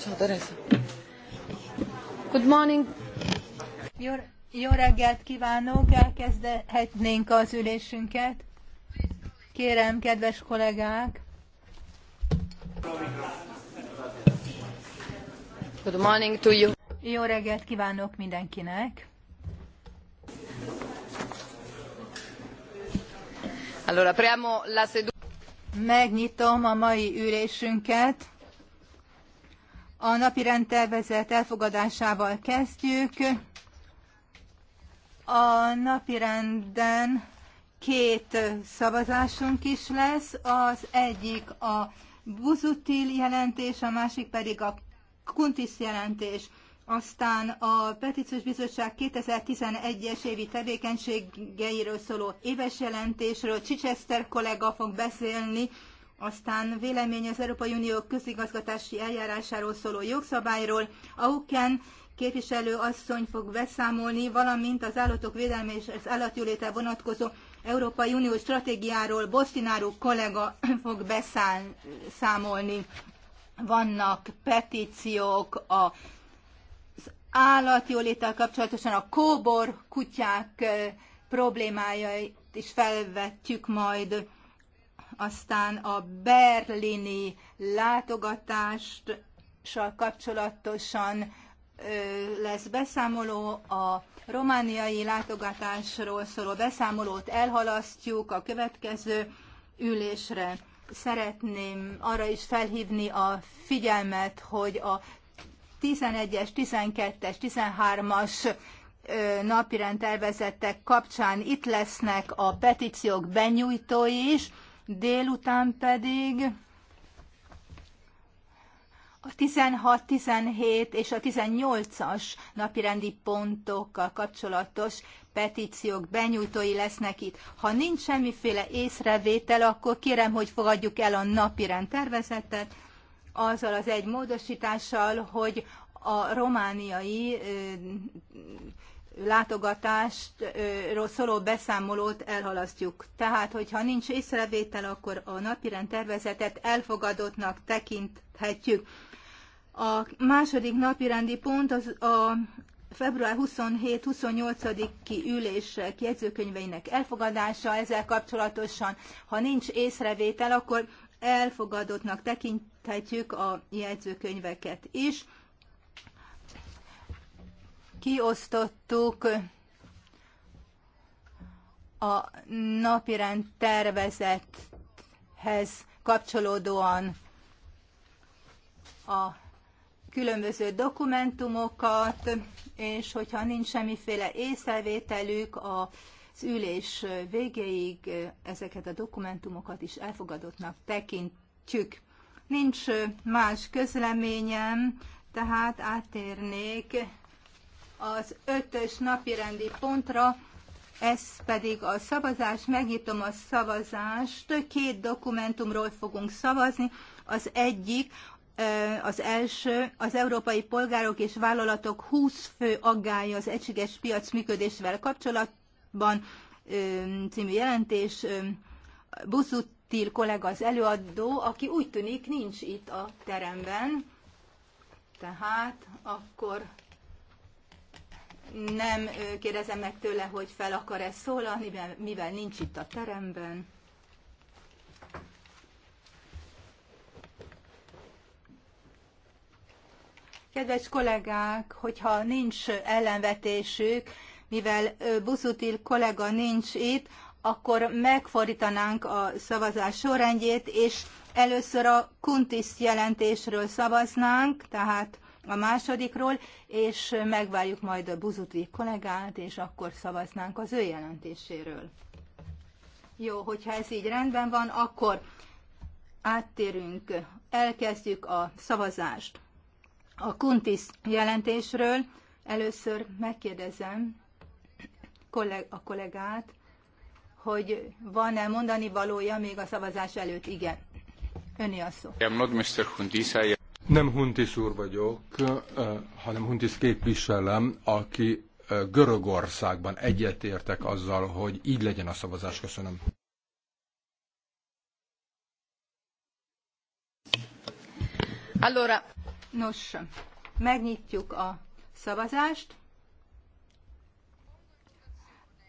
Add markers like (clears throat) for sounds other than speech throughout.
Ciao Teresa. Good morning. Jó, jó reggelt kívánok, elkezdhetnénk az ülésünket. Kérem, kedves kollégák. Good morning to you. Jó reggelt kívánok mindenkinek. Allora, apriamo la Megnyitom a mai ülésünket. A napi rendtervezet elfogadásával kezdjük. A napi renden két szavazásunk is lesz. Az egyik a Buzutil jelentés, a másik pedig a Kuntis jelentés. Aztán a Petíciós Bizottság 2011-es évi tevékenységeiről szóló éves jelentésről Csicseszter kollega fog beszélni, aztán vélemény az Európai Unió közigazgatási eljárásáról szóló jogszabályról. Auken képviselő asszony fog beszámolni, valamint az állatok védelme és az állatjóléte vonatkozó Európai Unió stratégiáról Bosszináró kollega (clears throat) fog beszámolni. Vannak petíciók a az állatjóléttel kapcsolatosan a kóbor kutyák problémájait is felvetjük majd aztán a berlini látogatást, kapcsolatosan lesz beszámoló, a romániai látogatásról szóló beszámolót elhalasztjuk a következő ülésre. Szeretném arra is felhívni a figyelmet, hogy a 11-es, 12-es, 13-as napirend tervezettek kapcsán itt lesznek a petíciók benyújtói is, délután pedig a 16, 17 és a 18-as napirendi pontokkal kapcsolatos petíciók benyújtói lesznek itt. Ha nincs semmiféle észrevétel, akkor kérem, hogy fogadjuk el a napirend tervezetet, azzal az egy módosítással, hogy a romániai látogatást, szóló beszámolót elhalasztjuk. Tehát, hogyha nincs észrevétel, akkor a napirend tervezetet elfogadottnak tekinthetjük. A második napirendi pont az a február 27-28-i ülés jegyzőkönyveinek elfogadása ezzel kapcsolatosan. Ha nincs észrevétel, akkor elfogadottnak tekinthetjük a jegyzőkönyveket is kiosztottuk a napirend tervezethez kapcsolódóan a különböző dokumentumokat, és hogyha nincs semmiféle észrevételük az ülés végéig, ezeket a dokumentumokat is elfogadottnak tekintjük. Nincs más közleményem, tehát átérnék az ötös napirendi pontra, ez pedig a szavazás. Megnyitom a szavazást. Két dokumentumról fogunk szavazni. Az egyik, az első, az európai polgárok és vállalatok 20 fő aggája az egységes piac működésével kapcsolatban című jelentés. Buszutil kollega az előadó, aki úgy tűnik nincs itt a teremben. Tehát akkor nem kérdezem meg tőle, hogy fel akar-e szólalni, mivel nincs itt a teremben. Kedves kollégák, hogyha nincs ellenvetésük, mivel Buszutil kollega nincs itt, akkor megfordítanánk a szavazás sorrendjét, és először a Kuntis jelentésről szavaznánk, tehát a másodikról, és megvárjuk majd a Buzutvi kollégát, és akkor szavaznánk az ő jelentéséről. Jó, hogyha ez így rendben van, akkor áttérünk, elkezdjük a szavazást. A Kuntis jelentésről először megkérdezem a kollégát, hogy van-e mondani valója még a szavazás előtt? Igen. Öni a szó. Yeah, nem Huntis úr vagyok, hanem Huntis képviselem, aki Görögországban egyetértek azzal, hogy így legyen a szavazás. Köszönöm. Allora. Nos, megnyitjuk a szavazást.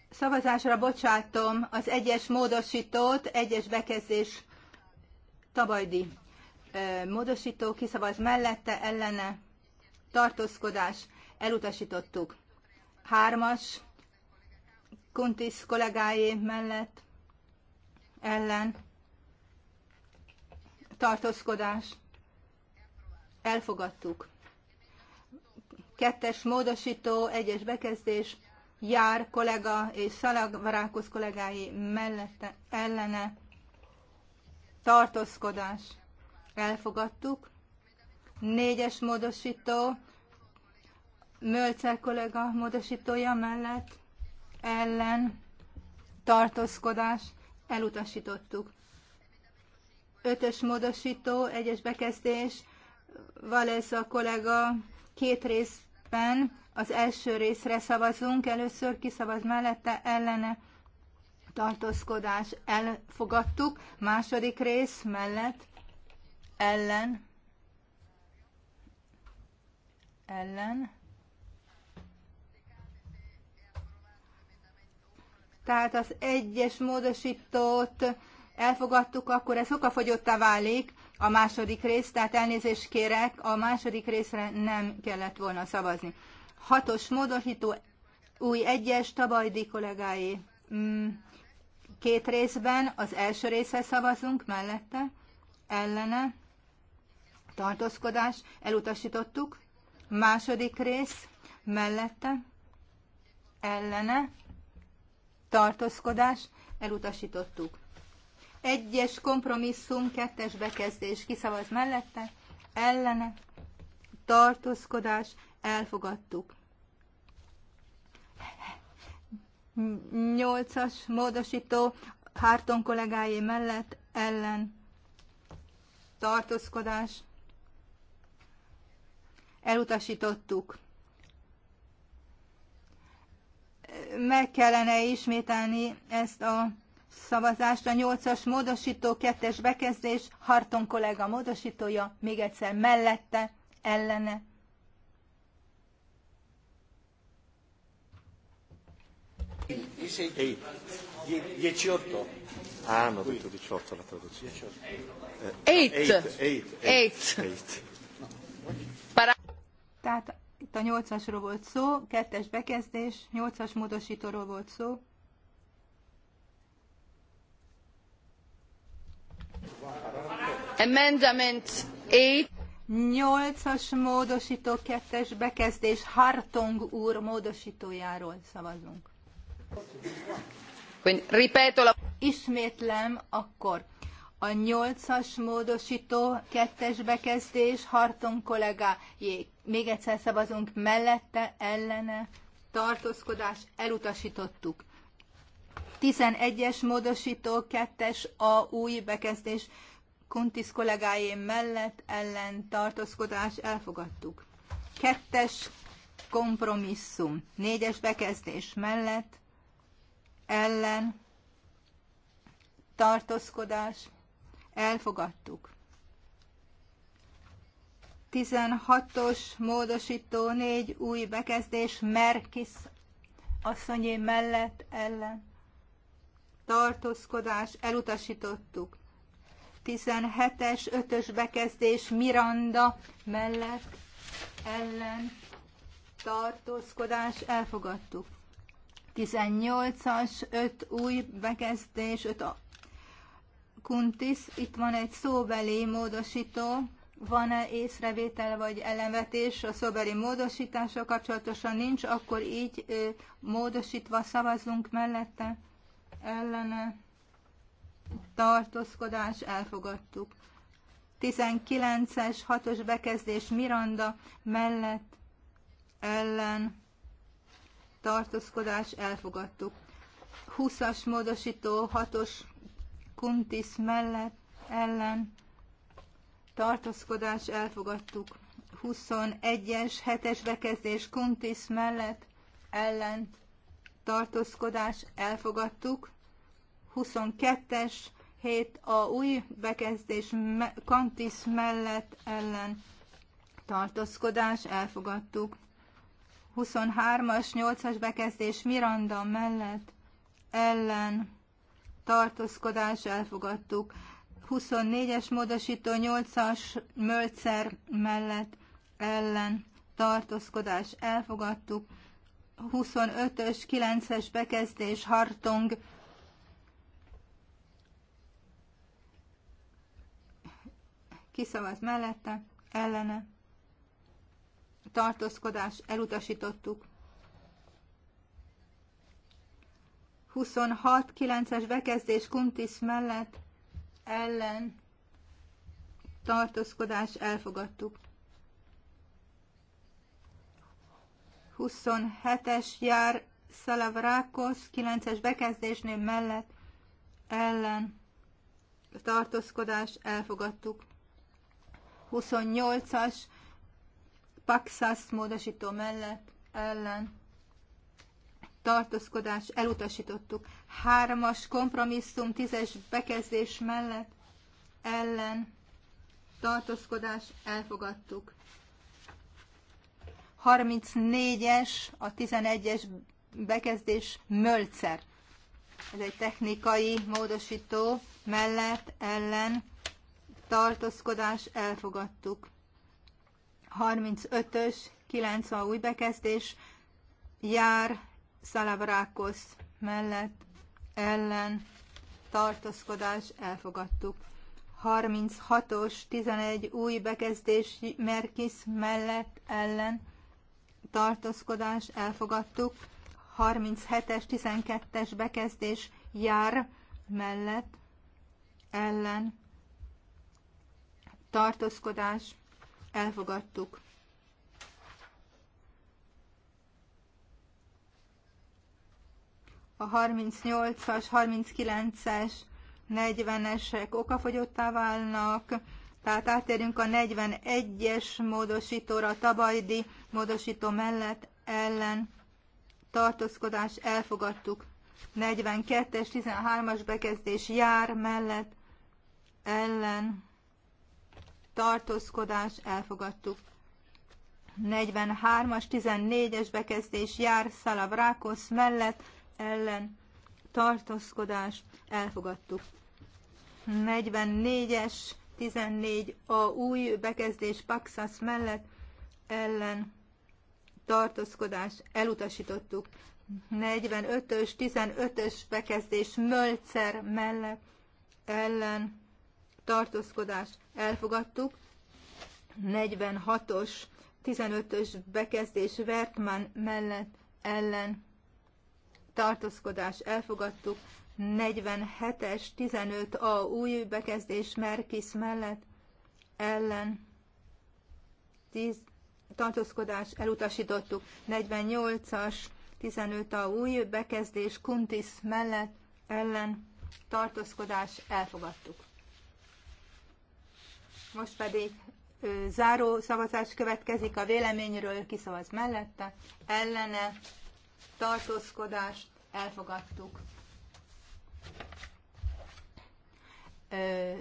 Szavazásra bocsátom az egyes módosítót, egyes bekezdés Tabajdi módosító kiszavaz mellette, ellene tartózkodás elutasítottuk. Hármas Kuntis kollégáé mellett ellen tartózkodás elfogadtuk. Kettes módosító, egyes bekezdés, jár kollega és szalagvarákos kollégái mellette ellene tartózkodás elfogadtuk. Négyes módosító, Mölcer kollega módosítója mellett ellen tartózkodás elutasítottuk. Ötös módosító, egyes bekezdés, Valesz a kollega két részben az első részre szavazunk, először kiszavaz mellette ellene tartózkodás elfogadtuk, második rész mellett ellen, ellen, tehát az egyes módosítót elfogadtuk, akkor ez okafogyottá válik a második rész, tehát elnézést kérek, a második részre nem kellett volna szavazni. Hatos módosító, új egyes, Tabajdi kollégái. Mm, két részben az első része szavazunk, mellette, ellene, tartózkodás, elutasítottuk. Második rész mellette, ellene, tartózkodás, elutasítottuk. Egyes kompromisszum, kettes bekezdés, kiszavaz mellette, ellene, tartózkodás, elfogadtuk. Nyolcas módosító, Hárton kollégáé mellett, ellen, tartózkodás, elutasítottuk. Meg kellene ismételni ezt a szavazást. A nyolcas módosító, kettes bekezdés, Harton kollega módosítója, még egyszer mellette, ellene. Eight. Ah, Eight. Eight. Eight. Eight. Eight. Eight. Eight. Eight. 8. Tehát itt a 8-asról volt szó, kettes bekezdés, 8-as módosítóról volt szó. Amendment 8. 8-as módosító, kettes bekezdés, Hartong úr módosítójáról szavazunk. Ismétlem akkor a nyolcas módosító, kettes bekezdés, Harton kollégájék. Még egyszer szavazunk mellette, ellene, tartózkodás, elutasítottuk. 11-es módosító, kettes a új bekezdés, Kuntis kollégájé mellett, ellen, tartózkodás, elfogadtuk. Kettes kompromisszum, négyes bekezdés mellett, ellen, tartózkodás, elfogadtuk. 16-os módosító négy új bekezdés Merkis asszonyé mellett ellen tartózkodás elutasítottuk. 17-es, 5-ös bekezdés Miranda mellett ellen tartózkodás elfogadtuk. 18-as, 5 új bekezdés, 5 Kuntis, itt van egy szóbeli módosító, van-e észrevétel vagy elemetés a szóbeli módosítással kapcsolatosan nincs, akkor így ö, módosítva szavazunk mellette, ellene, tartózkodás, elfogadtuk. 19-es, 6-os bekezdés Miranda mellett, ellen, tartózkodás, elfogadtuk. 20-as módosító, 6-os Kuntis mellett ellen tartózkodás elfogadtuk. 21-es, 7-es bekezdés Kuntis mellett ellen tartózkodás elfogadtuk. 22-es, 7 a új bekezdés Kantis mellett ellen tartózkodás elfogadtuk. 23-as, 8-as bekezdés Miranda mellett ellen tartózkodás elfogadtuk. 24-es módosító 8-as Mölcer mellett ellen tartózkodás elfogadtuk. 25-ös 9-es bekezdés Hartong kiszavaz mellette, ellene tartózkodás elutasítottuk. 26, 9-es bekezdés Kuntis mellett ellen tartózkodás elfogadtuk. 27-es jár Szalavrákosz 9-es bekezdésnél mellett ellen tartózkodás elfogadtuk. 28-as Paxas módosító mellett ellen tartózkodás elutasítottuk. Hármas kompromisszum, tízes bekezdés mellett ellen tartózkodás elfogadtuk. 34-es, a 11-es bekezdés Mölcer. Ez egy technikai módosító mellett ellen tartózkodás elfogadtuk. 35-ös, 90 új bekezdés jár Szalavrákosz mellett ellen tartózkodás elfogadtuk. 36-os 11 új bekezdés Merkis mellett ellen tartózkodás elfogadtuk. 37-es 12-es bekezdés jár mellett ellen tartózkodás elfogadtuk. a 38-as, 39-es, 40-esek okafogyottá válnak, tehát átérünk a 41-es módosítóra, a tabajdi módosító mellett ellen tartózkodás elfogadtuk. 42-es, 13-as bekezdés jár mellett ellen tartózkodás elfogadtuk. 43-as, 14-es bekezdés jár Szalavrákosz mellett ellen tartózkodás elfogadtuk. 44-es, 14 a új bekezdés Paxas mellett ellen tartózkodás elutasítottuk. 45-ös, 15-ös bekezdés Mölcer mellett ellen tartózkodás elfogadtuk. 46-os, 15-ös bekezdés Vertman mellett ellen tartózkodás elfogadtuk, 47-es 15a új bekezdés Merkis mellett ellen 10 tartózkodás elutasítottuk, 48-as 15a új bekezdés Kuntis mellett ellen tartózkodás elfogadtuk. Most pedig záró szavazás következik a véleményről, kiszavaz mellette, ellene tartózkodást elfogadtuk. Ö,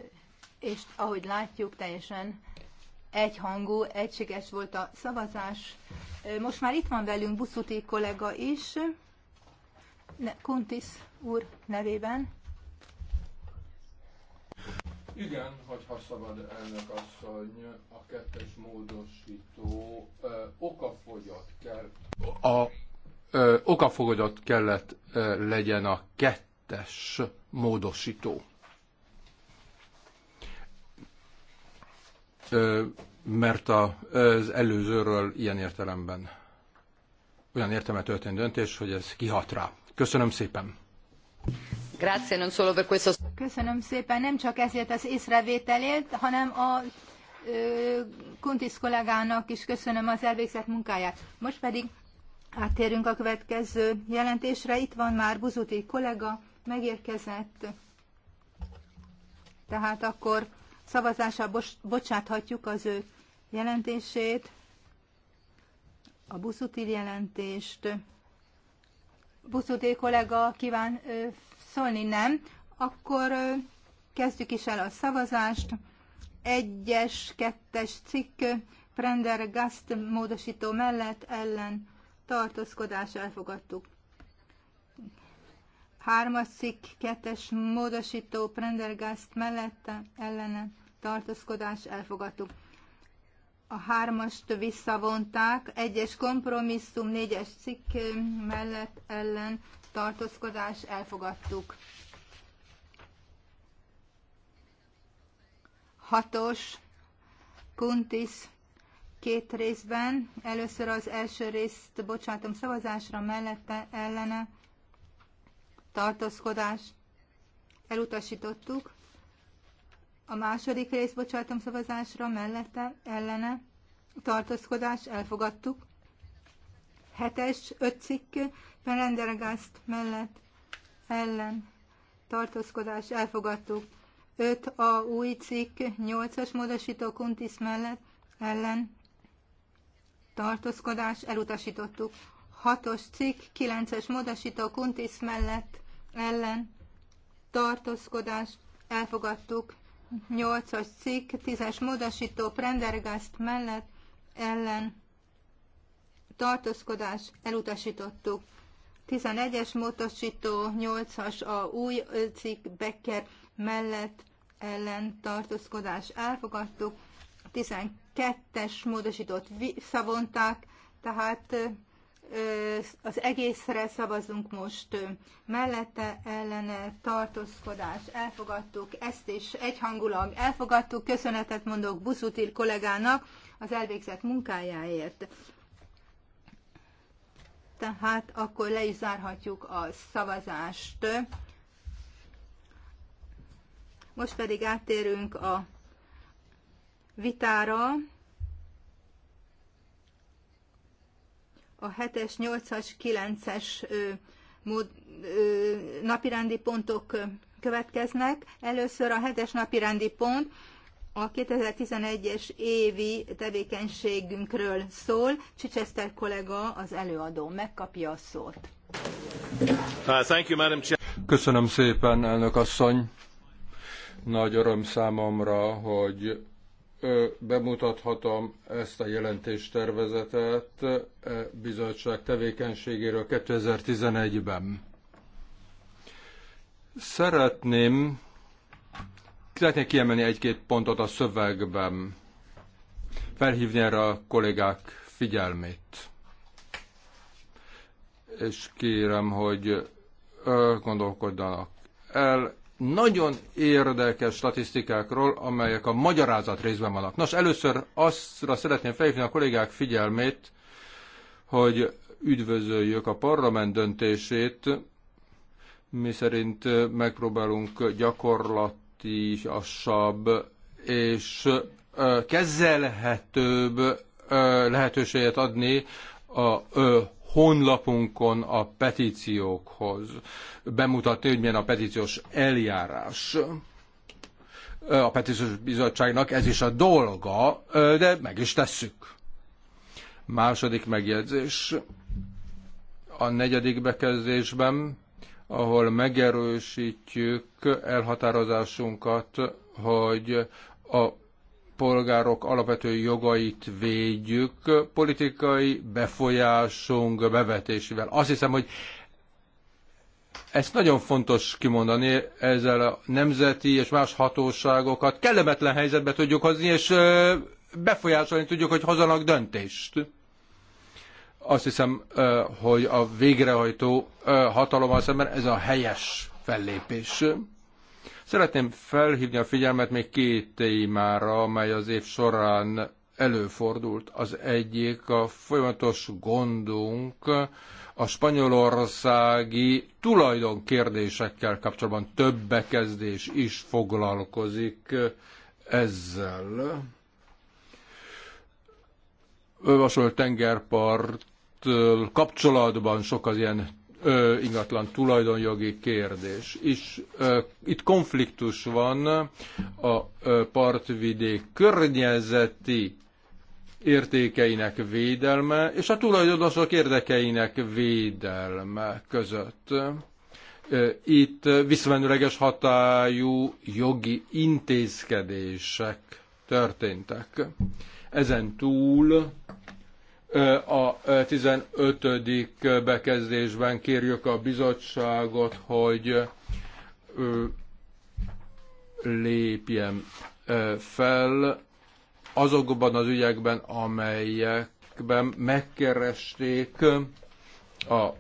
és ahogy látjuk, teljesen egyhangú, egységes volt a szavazás. Most már itt van velünk Buszuti kollega is, Kuntis úr nevében. Igen, hogyha szabad elnök asszony, a kettes módosító ö, okafogyat kell. A ö, okafogadott kellett ö, legyen a kettes módosító. Ö, mert a, az előzőről ilyen értelemben olyan értelme történt döntés, hogy ez kihat rá. Köszönöm szépen! Köszönöm szépen, nem csak ezért az észrevételért, hanem a Kuntis kollégának is köszönöm az elvégzett munkáját. Most pedig Áttérünk a következő jelentésre. Itt van már Buzuti kollega, megérkezett. Tehát akkor szavazásra bocsáthatjuk az ő jelentését, a Buzuti jelentést. Buzuti kollega kíván ö, szólni, nem? Akkor ö, kezdjük is el a szavazást. Egyes, kettes cikk, Prender Gast módosító mellett ellen tartózkodás elfogadtuk. Hármas cikk, kettes módosító Prendergast mellette ellene tartózkodás elfogadtuk. A hármast visszavonták, egyes kompromisszum, négyes cikk mellett ellen tartózkodás elfogadtuk. Hatos, Kuntis két részben. Először az első részt bocsátom szavazásra, mellette ellene tartózkodás elutasítottuk. A második részt bocsátom szavazásra, mellette ellene tartózkodás elfogadtuk. Hetes, öt cikk, rendelgázt mellett ellen tartózkodás elfogadtuk. 5 a új cikk 8-as módosító Kuntis mellett ellen tartózkodás, elutasítottuk. hatos cikk, 9-es módosító, Kuntis mellett, ellen, tartózkodás, elfogadtuk. 8-as cikk, 10-es módosító, Prendergast mellett, ellen, tartózkodás, elutasítottuk. 11-es módosító, 8-as a új cikk Becker mellett ellen tartózkodás elfogadtuk, 12-es módosítót visszavonták, tehát az egészre szavazunk most. Mellette ellene tartózkodás elfogadtuk, ezt is egyhangulag elfogadtuk. Köszönetet mondok Buszutil kollégának az elvégzett munkájáért. Tehát akkor le is zárhatjuk a szavazást. Most pedig áttérünk a vitára a 7-es, 8-as, 9-es napirendi pontok következnek. Először a 7-es napirendi pont a 2011-es évi tevékenységünkről szól. Csicseszter kollega, az előadó, megkapja a szót. Uh, Köszönöm szépen, elnök asszony. Nagy öröm számomra, hogy bemutathatom ezt a jelentéstervezetet bizottság tevékenységéről 2011-ben. Szeretném Szeretnék kiemelni egy-két pontot a szövegben, felhívni erre a kollégák figyelmét. És kérem, hogy gondolkodjanak el, nagyon érdekes statisztikákról, amelyek a magyarázat részben vannak. Nos, először azra szeretném felhívni a kollégák figyelmét, hogy üdvözöljük a parlament döntését, mi szerint megpróbálunk gyakorlatiasabb és kezelhetőbb lehetőséget adni a honlapunkon a petíciókhoz bemutatni, hogy milyen a petíciós eljárás a petíciós bizottságnak ez is a dolga, de meg is tesszük. Második megjegyzés. A negyedik bekezdésben, ahol megerősítjük elhatározásunkat, hogy a polgárok alapvető jogait védjük politikai befolyásunk bevetésével. Azt hiszem, hogy ezt nagyon fontos kimondani, ezzel a nemzeti és más hatóságokat kellemetlen helyzetbe tudjuk hozni, és befolyásolni tudjuk, hogy hozanak döntést. Azt hiszem, hogy a végrehajtó hatalommal szemben ez a helyes fellépés. Szeretném felhívni a figyelmet még két témára, amely az év során előfordult. Az egyik a folyamatos gondunk a spanyolországi tulajdonkérdésekkel kapcsolatban több bekezdés is foglalkozik ezzel. Ővasolt tengerpart kapcsolatban sok az ilyen ingatlan tulajdonjogi kérdés. És itt konfliktus van a partvidék környezeti értékeinek védelme és a tulajdonosok érdekeinek védelme között. Itt viszonylagos hatályú jogi intézkedések történtek. Ezen túl a 15. bekezdésben kérjük a bizottságot, hogy lépjem fel azokban az ügyekben, amelyekben megkeresték a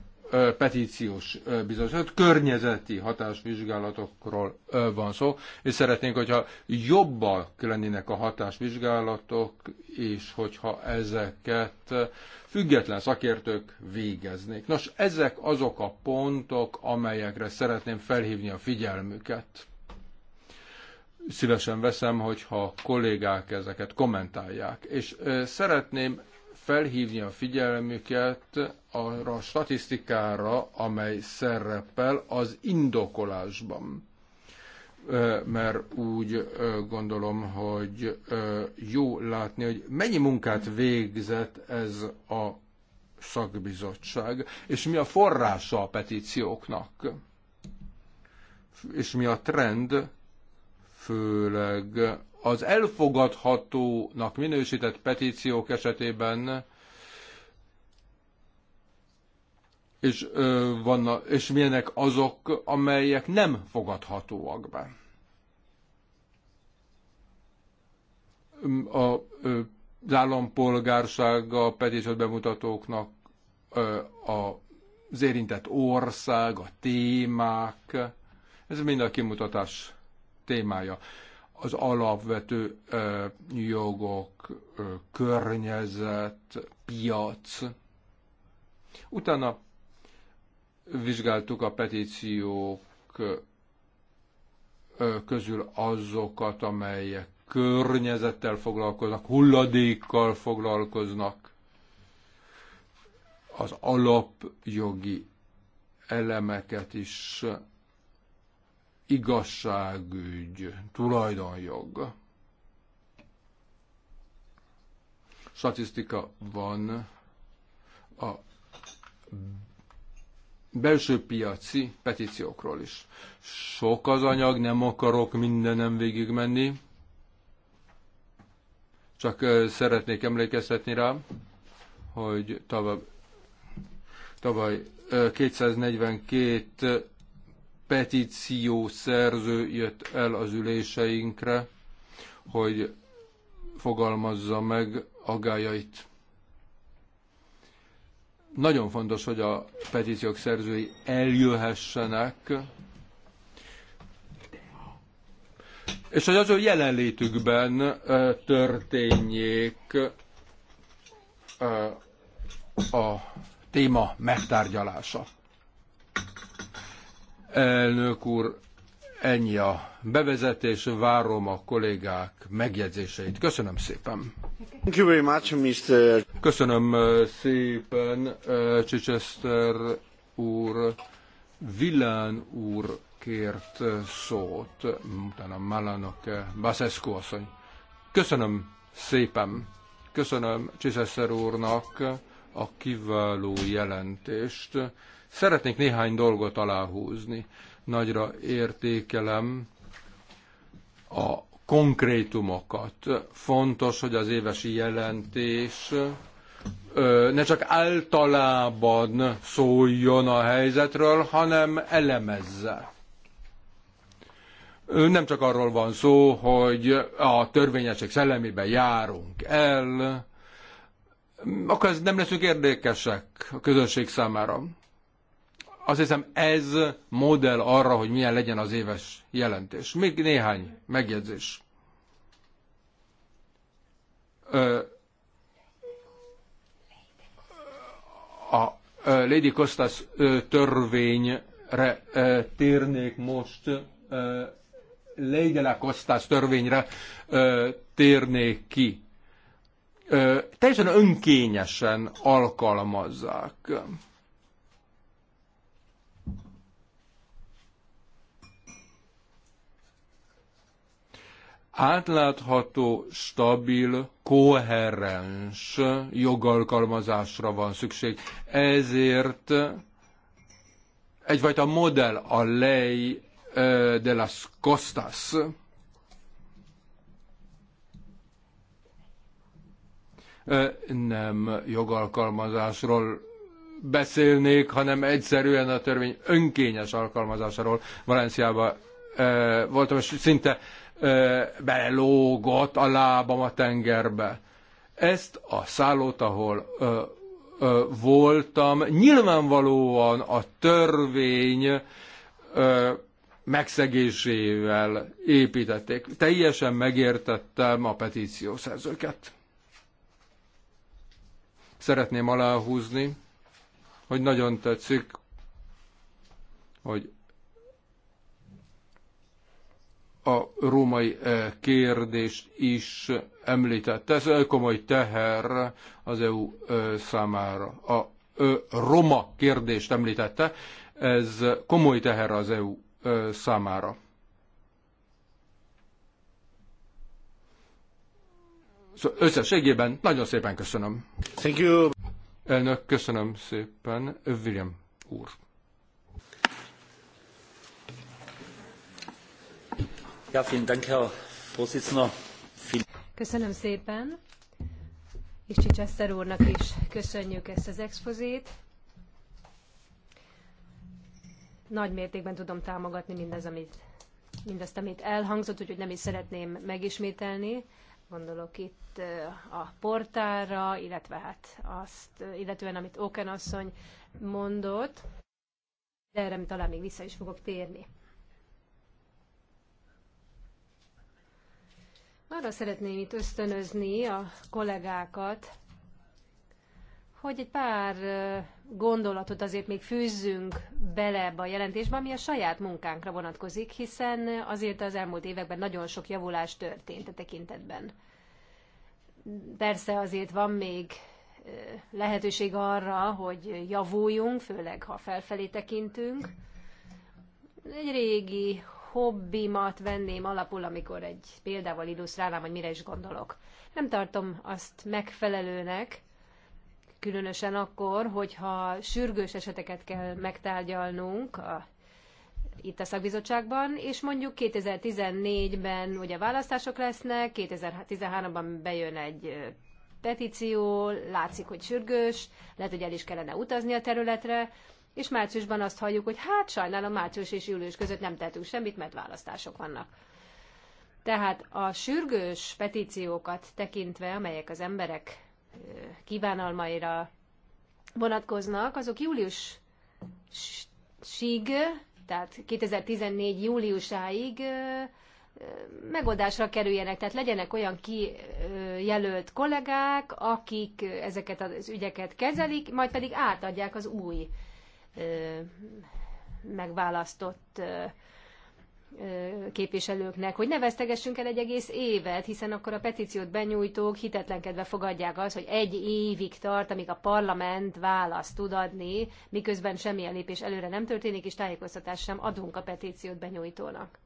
petíciós bizottság, környezeti hatásvizsgálatokról van szó, és szeretnénk, hogyha jobbak lennének a hatásvizsgálatok, és hogyha ezeket független szakértők végeznék. Nos, ezek azok a pontok, amelyekre szeretném felhívni a figyelmüket. Szívesen veszem, hogyha kollégák ezeket kommentálják, és szeretném felhívni a figyelmüket arra a statisztikára, amely szerepel az indokolásban. Mert úgy gondolom, hogy jó látni, hogy mennyi munkát végzett ez a szakbizottság, és mi a forrása a petícióknak, és mi a trend, főleg az elfogadhatónak minősített petíciók esetében és, ö, vannak, és milyenek azok, amelyek nem fogadhatóak be. A, ö, az állampolgársága petíciót bemutatóknak ö, a, az érintett ország, a témák, ez mind a kimutatás témája az alapvető jogok, környezet, piac. Utána vizsgáltuk a petíciók közül azokat, amelyek környezettel foglalkoznak, hulladékkal foglalkoznak, az alapjogi elemeket is igazságügy, tulajdonjog. Statisztika van a belső piaci petíciókról is. Sok az anyag, nem akarok mindenem végigmenni, csak szeretnék emlékeztetni rá, hogy tavaly, tavaly 242 petíció szerző jött el az üléseinkre, hogy fogalmazza meg agájait. Nagyon fontos, hogy a petíciók szerzői eljöhessenek, és hogy az ő jelenlétükben történjék a téma megtárgyalása. Elnök úr, ennyi a bevezetés, várom a kollégák megjegyzéseit. Köszönöm szépen. Thank you very much, Mr. Köszönöm szépen, Chichester úr. Villán úr kért szót, utána Malanok, Baszeszko asszony. Köszönöm szépen, köszönöm Csiszeszer úrnak a kiváló jelentést, Szeretnék néhány dolgot aláhúzni. Nagyra értékelem a konkrétumokat. Fontos, hogy az évesi jelentés ne csak általában szóljon a helyzetről, hanem elemezze. Nem csak arról van szó, hogy a törvényesség szellemében járunk el, akkor nem leszünk érdekesek a közönség számára. Azt hiszem ez modell arra, hogy milyen legyen az éves jelentés. Még néhány megjegyzés. A Lady Costas törvényre térnék most Lady la Costas törvényre térnék ki. teljesen önkényesen alkalmazzák. átlátható, stabil, koherens jogalkalmazásra van szükség. Ezért egyfajta modell a lei de las costas. Nem jogalkalmazásról beszélnék, hanem egyszerűen a törvény önkényes alkalmazásáról. Valenciában voltam, és szinte belelógott a lábam a tengerbe. Ezt a szállót, ahol ö, ö, voltam, nyilvánvalóan a törvény ö, megszegésével építették. Teljesen megértettem a petíció Szeretném aláhúzni, hogy nagyon tetszik, hogy a római eh, kérdést is említett. Ez komoly teher az EU eh, számára. A roma kérdést említette, ez komoly teher az EU eh, számára. Szóval összességében nagyon szépen köszönöm. Thank you. Elnök, köszönöm szépen. William úr. Köszönöm szépen, és chichester úrnak is köszönjük ezt az expozét. Nagy mértékben tudom támogatni mindez, amit, mindazt, amit elhangzott, úgyhogy nem is szeretném megismételni. Gondolok itt eh, a portára, illetve hát azt, eh, illetően amit Oken asszony mondott, de erre talán még vissza is fogok térni. Arra szeretném itt ösztönözni a kollégákat, hogy egy pár gondolatot azért még fűzzünk bele ebbe a jelentésbe, ami a saját munkánkra vonatkozik, hiszen azért az elmúlt években nagyon sok javulás történt a e tekintetben. Persze azért van még lehetőség arra, hogy javuljunk, főleg ha felfelé tekintünk. Egy régi hobbimat venném alapul, amikor egy példával illusztrálnám, hogy mire is gondolok. Nem tartom azt megfelelőnek, különösen akkor, hogyha sürgős eseteket kell megtárgyalnunk a, itt a szakbizottságban, és mondjuk 2014-ben ugye választások lesznek, 2013-ban bejön egy petíció, látszik, hogy sürgős, lehet, hogy el is kellene utazni a területre, és márciusban azt halljuk, hogy hát sajnálom, március és július között nem tettünk semmit, mert választások vannak. Tehát a sürgős petíciókat tekintve, amelyek az emberek kívánalmaira vonatkoznak, azok július síg, tehát 2014 júliusáig megoldásra kerüljenek, tehát legyenek olyan kijelölt kollégák, akik ezeket az ügyeket kezelik, majd pedig átadják az új megválasztott képviselőknek, hogy ne vesztegessünk el egy egész évet, hiszen akkor a petíciót benyújtók hitetlenkedve fogadják az, hogy egy évig tart, amíg a parlament választ tud adni, miközben semmilyen lépés előre nem történik, és tájékoztatást sem adunk a petíciót benyújtónak.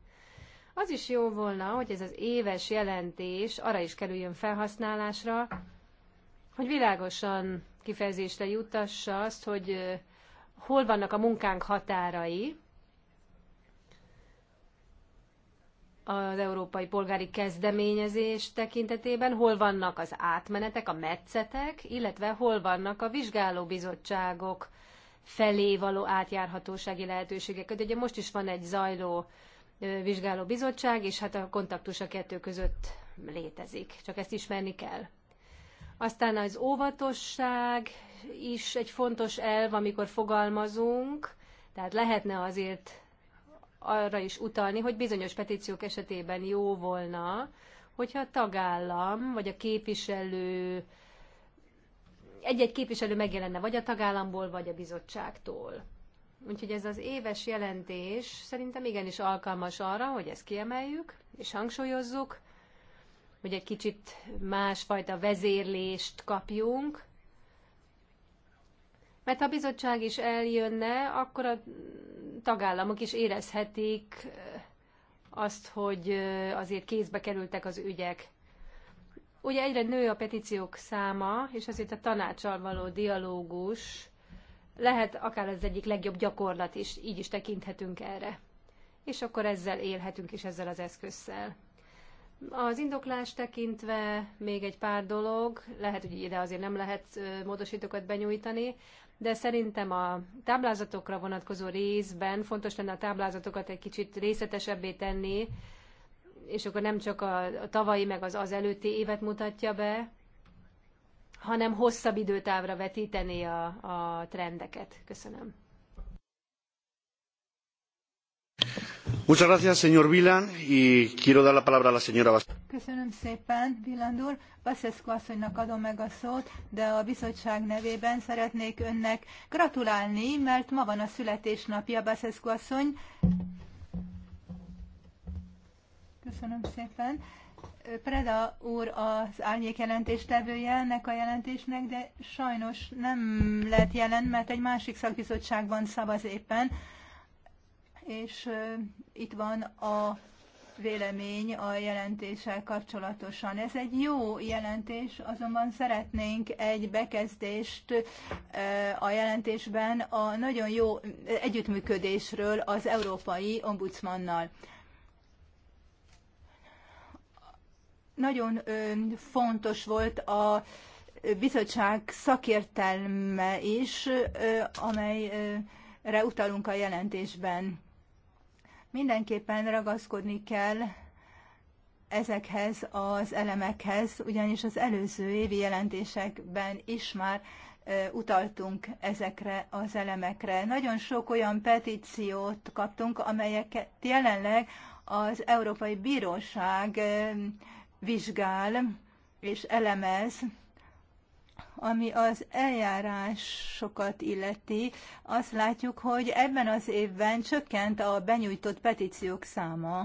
Az is jó volna, hogy ez az éves jelentés arra is kerüljön felhasználásra, hogy világosan kifejezésre juttassa azt, hogy hol vannak a munkánk határai az európai polgári kezdeményezés tekintetében, hol vannak az átmenetek, a metszetek, illetve hol vannak a vizsgálóbizottságok felé való átjárhatósági lehetőségek. Ugye most is van egy zajló vizsgálóbizottság, és hát a kontaktus a kettő között létezik, csak ezt ismerni kell. Aztán az óvatosság is egy fontos elv, amikor fogalmazunk, tehát lehetne azért arra is utalni, hogy bizonyos petíciók esetében jó volna, hogyha a tagállam vagy a képviselő, egy-egy képviselő megjelenne vagy a tagállamból, vagy a bizottságtól. Úgyhogy ez az éves jelentés szerintem igenis alkalmas arra, hogy ezt kiemeljük és hangsúlyozzuk, hogy egy kicsit másfajta vezérlést kapjunk, mert ha a bizottság is eljönne, akkor a tagállamok is érezhetik eh, azt, hogy eh, azért kézbe kerültek az ügyek. Ugye egyre nő a petíciók száma, és azért a tanácsal való dialógus lehet akár az egyik legjobb gyakorlat is, így is tekinthetünk erre. És akkor ezzel élhetünk is ezzel az eszközzel. Az indoklás tekintve még egy pár dolog, lehet, hogy ide azért nem lehet eh, módosítókat benyújtani de szerintem a táblázatokra vonatkozó részben fontos lenne a táblázatokat egy kicsit részletesebbé tenni, és akkor nem csak a, a tavalyi meg az az előtti évet mutatja be, hanem hosszabb időtávra vetíteni a, a trendeket. Köszönöm. Muchas Köszönöm szépen, Viland úr. Baszeszko asszonynak adom meg a szót, de a bizottság nevében szeretnék önnek gratulálni, mert ma van a születésnapja, Baszeszko asszony. Köszönöm szépen. Preda úr az árnyék jelentéstevője ennek a jelentésnek, de sajnos nem lett jelen, mert egy másik szakbizottságban szavaz éppen és itt van a vélemény a jelentéssel kapcsolatosan. Ez egy jó jelentés, azonban szeretnénk egy bekezdést a jelentésben a nagyon jó együttműködésről az Európai Ombudsmannal. Nagyon fontos volt a bizottság szakértelme is, amelyre utalunk a jelentésben Mindenképpen ragaszkodni kell ezekhez az elemekhez, ugyanis az előző évi jelentésekben is már utaltunk ezekre az elemekre. Nagyon sok olyan petíciót kaptunk, amelyeket jelenleg az Európai Bíróság vizsgál és elemez, ami az eljárásokat illeti, azt látjuk, hogy ebben az évben csökkent a benyújtott petíciók száma.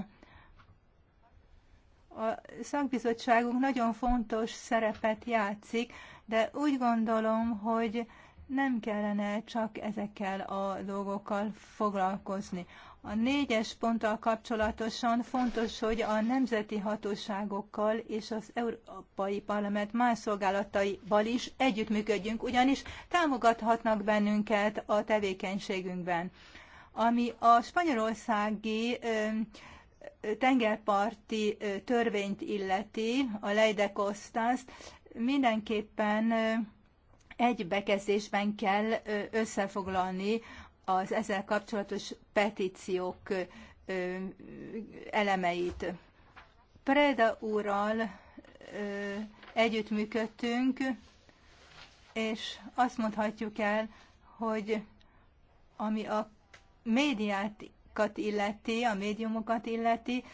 A szakbizottságunk nagyon fontos szerepet játszik, de úgy gondolom, hogy nem kellene csak ezekkel a dolgokkal foglalkozni. A négyes ponttal kapcsolatosan fontos, hogy a nemzeti hatóságokkal és az Európai Parlament más szolgálataival is együttműködjünk, ugyanis támogathatnak bennünket a tevékenységünkben. Ami a spanyolországi tengerparti törvényt illeti, a Leidekosztászt, mindenképpen egy bekezdésben kell összefoglalni az ezzel kapcsolatos petíciók elemeit. Preda úrral együttműködtünk, és azt mondhatjuk el, hogy ami a médiákat illeti, a médiumokat illeti,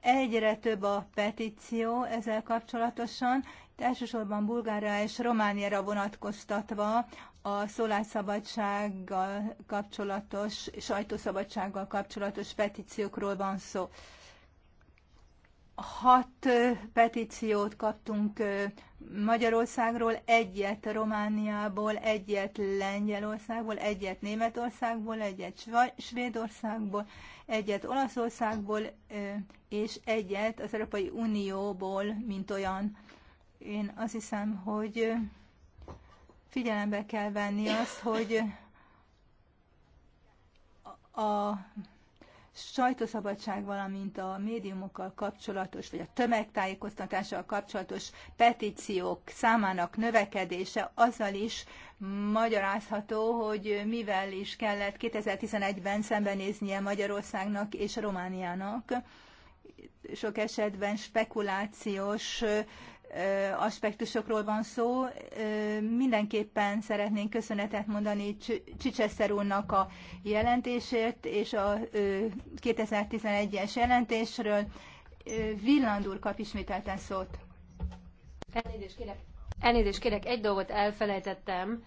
egyre több a petíció ezzel kapcsolatosan, elsősorban Bulgária és Romániára vonatkoztatva a szólásszabadsággal kapcsolatos, sajtószabadsággal kapcsolatos petíciókról van szó. Hat petíciót kaptunk Magyarországról, egyet Romániából, egyet Lengyelországból, egyet Németországból, egyet Svédországból, egyet Olaszországból, és egyet az Európai Unióból, mint olyan. Én azt hiszem, hogy figyelembe kell venni azt, hogy a sajtószabadság, valamint a médiumokkal kapcsolatos, vagy a tömegtájékoztatással kapcsolatos petíciók számának növekedése azzal is magyarázható, hogy mivel is kellett 2011-ben szembenéznie Magyarországnak és Romániának. Sok esetben spekulációs aspektusokról van szó. Mindenképpen szeretnénk köszönetet mondani Csicseszer úrnak a jelentésért és a 2011-es jelentésről. Villand úr kap ismételten szót. Elnézést kérek. Elnézést kérek, egy dolgot elfelejtettem.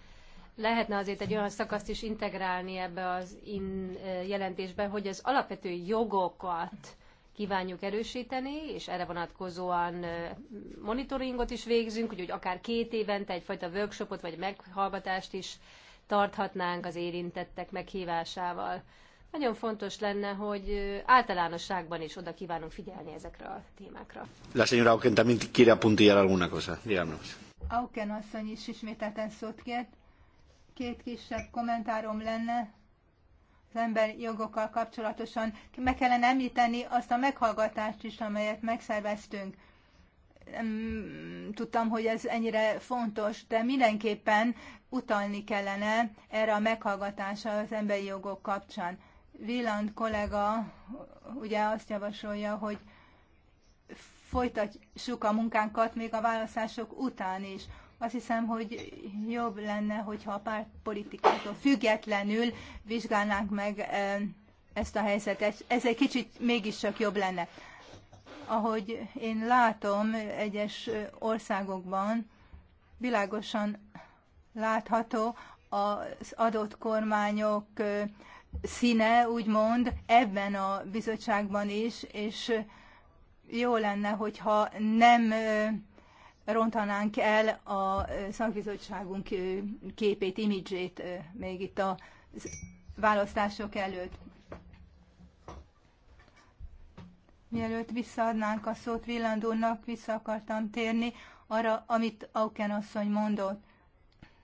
Lehetne azért egy olyan szakaszt is integrálni ebbe az in jelentésbe, hogy az alapvető jogokat kívánjuk erősíteni, és erre vonatkozóan monitoringot is végzünk, úgyhogy akár két évente egyfajta workshopot vagy meghallgatást is tarthatnánk az érintettek meghívásával. Nagyon fontos lenne, hogy általánosságban is oda kívánunk figyelni ezekre a témákra. La señora Auken también quiere apuntillar alguna cosa. Díganos. Auken asszony is ismételten szót kért. Két kisebb kommentárom lenne az emberi jogokkal kapcsolatosan meg kellene említeni azt a meghallgatást is, amelyet megszerveztünk. Nem tudtam, hogy ez ennyire fontos, de mindenképpen utalni kellene erre a meghallgatásra az emberi jogok kapcsán. Villand kollega ugye azt javasolja, hogy folytatjuk a munkánkat még a választások után is. Azt hiszem, hogy jobb lenne, hogyha a pártpolitikától függetlenül vizsgálnánk meg e, ezt a helyzetet. Ez egy kicsit mégiscsak jobb lenne. Ahogy én látom egyes országokban, világosan látható az adott kormányok e, színe, úgymond, ebben a bizottságban is, és jó lenne, hogyha nem e, rontanánk el a szakbizottságunk képét, imidzsét még itt a választások előtt. Mielőtt visszaadnánk a szót Villandónak, vissza akartam térni arra, amit Auken asszony mondott.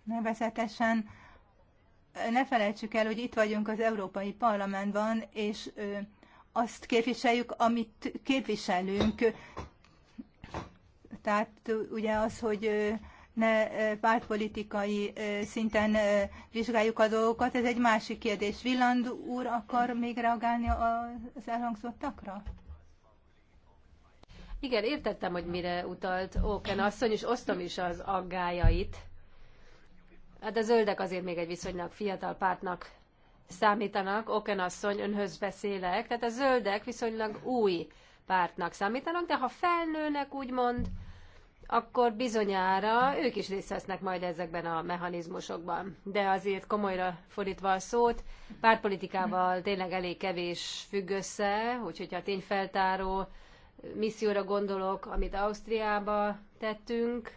Nevezetesen ne felejtsük el, hogy itt vagyunk az Európai Parlamentben, és azt képviseljük, amit képviselünk. Tehát ugye az, hogy ne pártpolitikai szinten vizsgáljuk a dolgokat, ez egy másik kérdés. Villand úr akar még reagálni az elhangzottakra? Igen, értettem, hogy mire utalt Óken asszony, és osztom is az aggájait. Hát a zöldek azért még egy viszonylag fiatal pártnak számítanak. Oken asszony, önhöz beszélek. Tehát a zöldek viszonylag új pártnak számítanak, de ha felnőnek, úgymond, akkor bizonyára ők is részt vesznek majd ezekben a mechanizmusokban. De azért komolyra fordítva a szót, pártpolitikával tényleg elég kevés függ össze, úgyhogy a tényfeltáró misszióra gondolok, amit Ausztriába tettünk,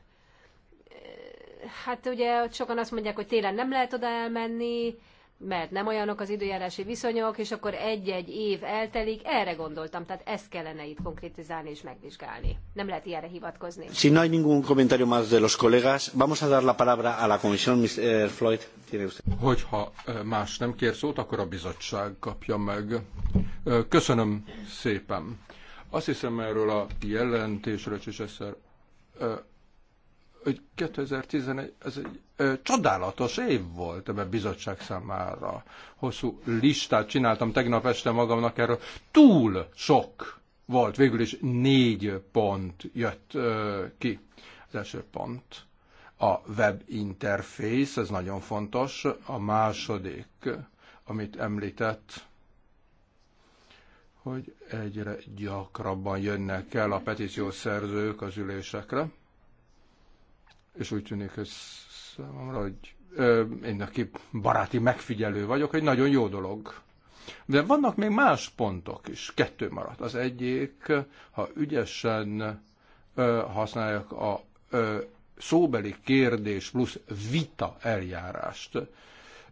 hát ugye sokan azt mondják, hogy télen nem lehet oda elmenni, mert nem olyanok az időjárási viszonyok, és akkor egy-egy év eltelik, erre gondoltam, tehát ezt kellene itt konkrétizálni és megvizsgálni. Nem lehet ilyenre hivatkozni. Si no hay ningún comentario más de los colegas, vamos a dar la palabra a la comisión, Mr. Floyd. Hogyha eh, más nem kér szót, akkor a bizottság kapja meg. Eh, köszönöm szépen. Azt hiszem erről a jelentésről, és eszer, eh, hogy 2011, ez egy csodálatos év volt ebben bizottság számára. Hosszú listát csináltam tegnap este magamnak erről. Túl sok volt, végül is négy pont jött ki. Az első pont a web interfész, ez nagyon fontos. A második, amit említett, hogy egyre gyakrabban jönnek el a petíciószerzők az ülésekre, és úgy tűnik, hogy számomra, hogy ö, én aki baráti megfigyelő vagyok, hogy nagyon jó dolog. De vannak még más pontok is, kettő maradt. Az egyik, ha ügyesen ö, használják a ö, szóbeli kérdés plusz vita eljárást,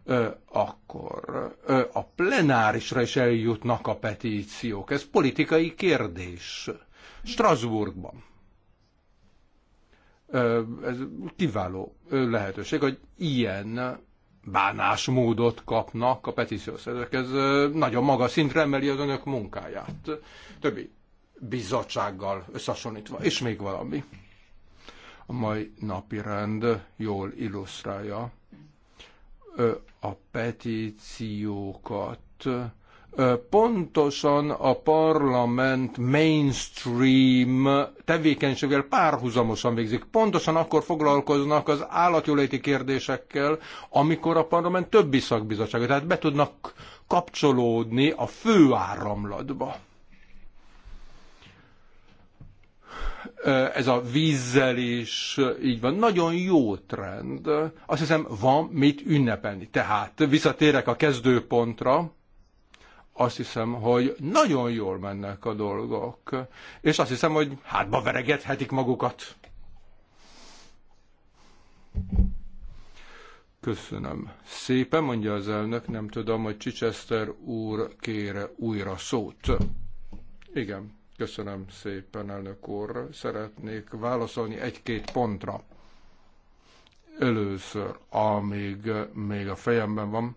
ö, akkor ö, a plenárisra is eljutnak a petíciók. Ez politikai kérdés. Strasbourgban ez kiváló lehetőség, hogy ilyen bánásmódot kapnak a petíciószerzők. Ez nagyon magas szintre emeli az önök munkáját. Többi bizottsággal összehasonlítva. És még valami. A mai napi rend jól illusztrálja a petíciókat pontosan a parlament mainstream tevékenységgel párhuzamosan végzik. Pontosan akkor foglalkoznak az állatjóléti kérdésekkel, amikor a parlament többi szakbizottsága. Tehát be tudnak kapcsolódni a fő áramlatba. Ez a vízzel is így van. Nagyon jó trend. Azt hiszem, van mit ünnepelni. Tehát visszatérek a kezdőpontra azt hiszem, hogy nagyon jól mennek a dolgok, és azt hiszem, hogy hátba veregethetik magukat. Köszönöm szépen, mondja az elnök, nem tudom, hogy Chichester úr kére újra szót. Igen, köszönöm szépen, elnök úr. Szeretnék válaszolni egy-két pontra. Először, amíg még a fejemben van,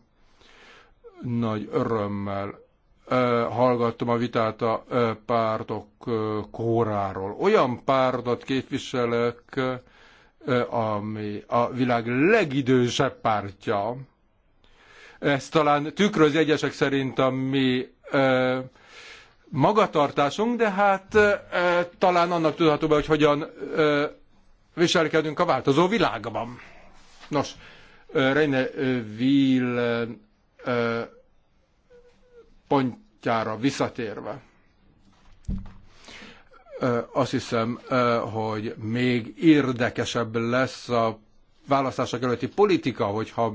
nagy örömmel hallgattam a vitát a pártok kóráról. Olyan pártot képviselek, ami a világ legidősebb pártja. Ez talán tükröz egyesek szerint a mi magatartásunk, de hát talán annak tudható be, hogy hogyan viselkedünk a változó világban. Nos, Reine Will pontjára visszatérve, azt hiszem, hogy még érdekesebb lesz a választások előtti politika, hogyha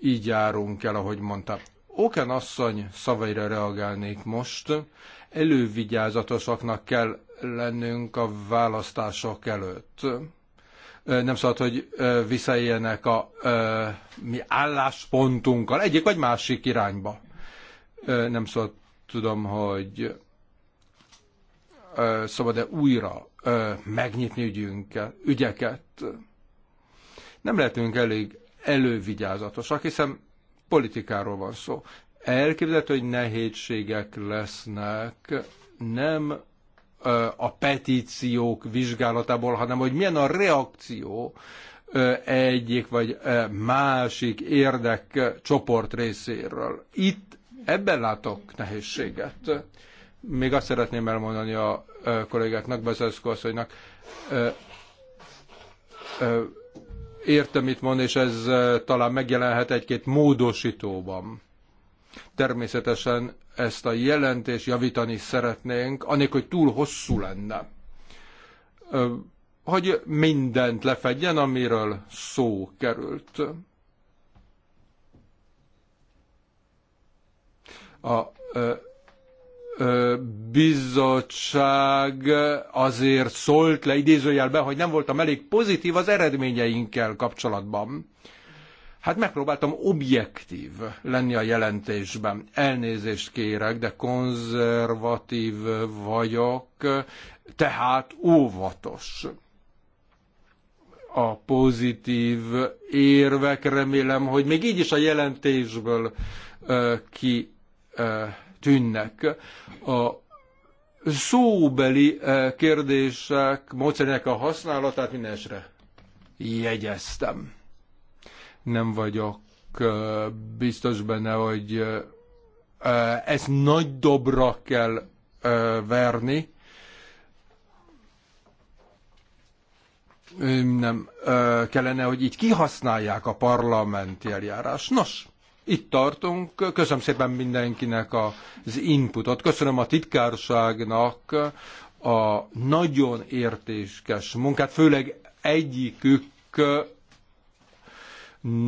így járunk el, ahogy mondta, Oken asszony szavaira reagálnék most. Elővigyázatosaknak kell lennünk a választások előtt. Nem szabad, hogy visszaéljenek a mi álláspontunkkal egyik vagy másik irányba nem szó tudom, hogy szabad-e újra megnyitni ügyünket, ügyeket. Nem lehetünk elég elővigyázatosak, hiszen politikáról van szó. Elképzelhető, hogy nehézségek lesznek, nem a petíciók vizsgálatából, hanem hogy milyen a reakció egyik vagy másik érdekcsoport részéről. Itt Ebben látok nehézséget. Még azt szeretném elmondani a kollégáknak, Bezeszko értem mit mond, és ez talán megjelenhet egy-két módosítóban. Természetesen ezt a jelentést javítani szeretnénk, anélkül, hogy túl hosszú lenne. Hogy mindent lefedjen, amiről szó került A bizottság azért szólt le idézőjelben, hogy nem voltam elég pozitív az eredményeinkkel kapcsolatban. Hát megpróbáltam objektív lenni a jelentésben. Elnézést kérek, de konzervatív vagyok, tehát óvatos. A pozitív érvek remélem, hogy még így is a jelentésből ki tűnnek. A szóbeli kérdések módszerének a használatát minden esre jegyeztem. Nem vagyok biztos benne, hogy ezt nagy dobra kell verni. Nem kellene, hogy így kihasználják a parlamenti eljárás. Nos, itt tartunk. Köszönöm szépen mindenkinek az inputot. Köszönöm a titkárságnak a nagyon értékes munkát, főleg egyikük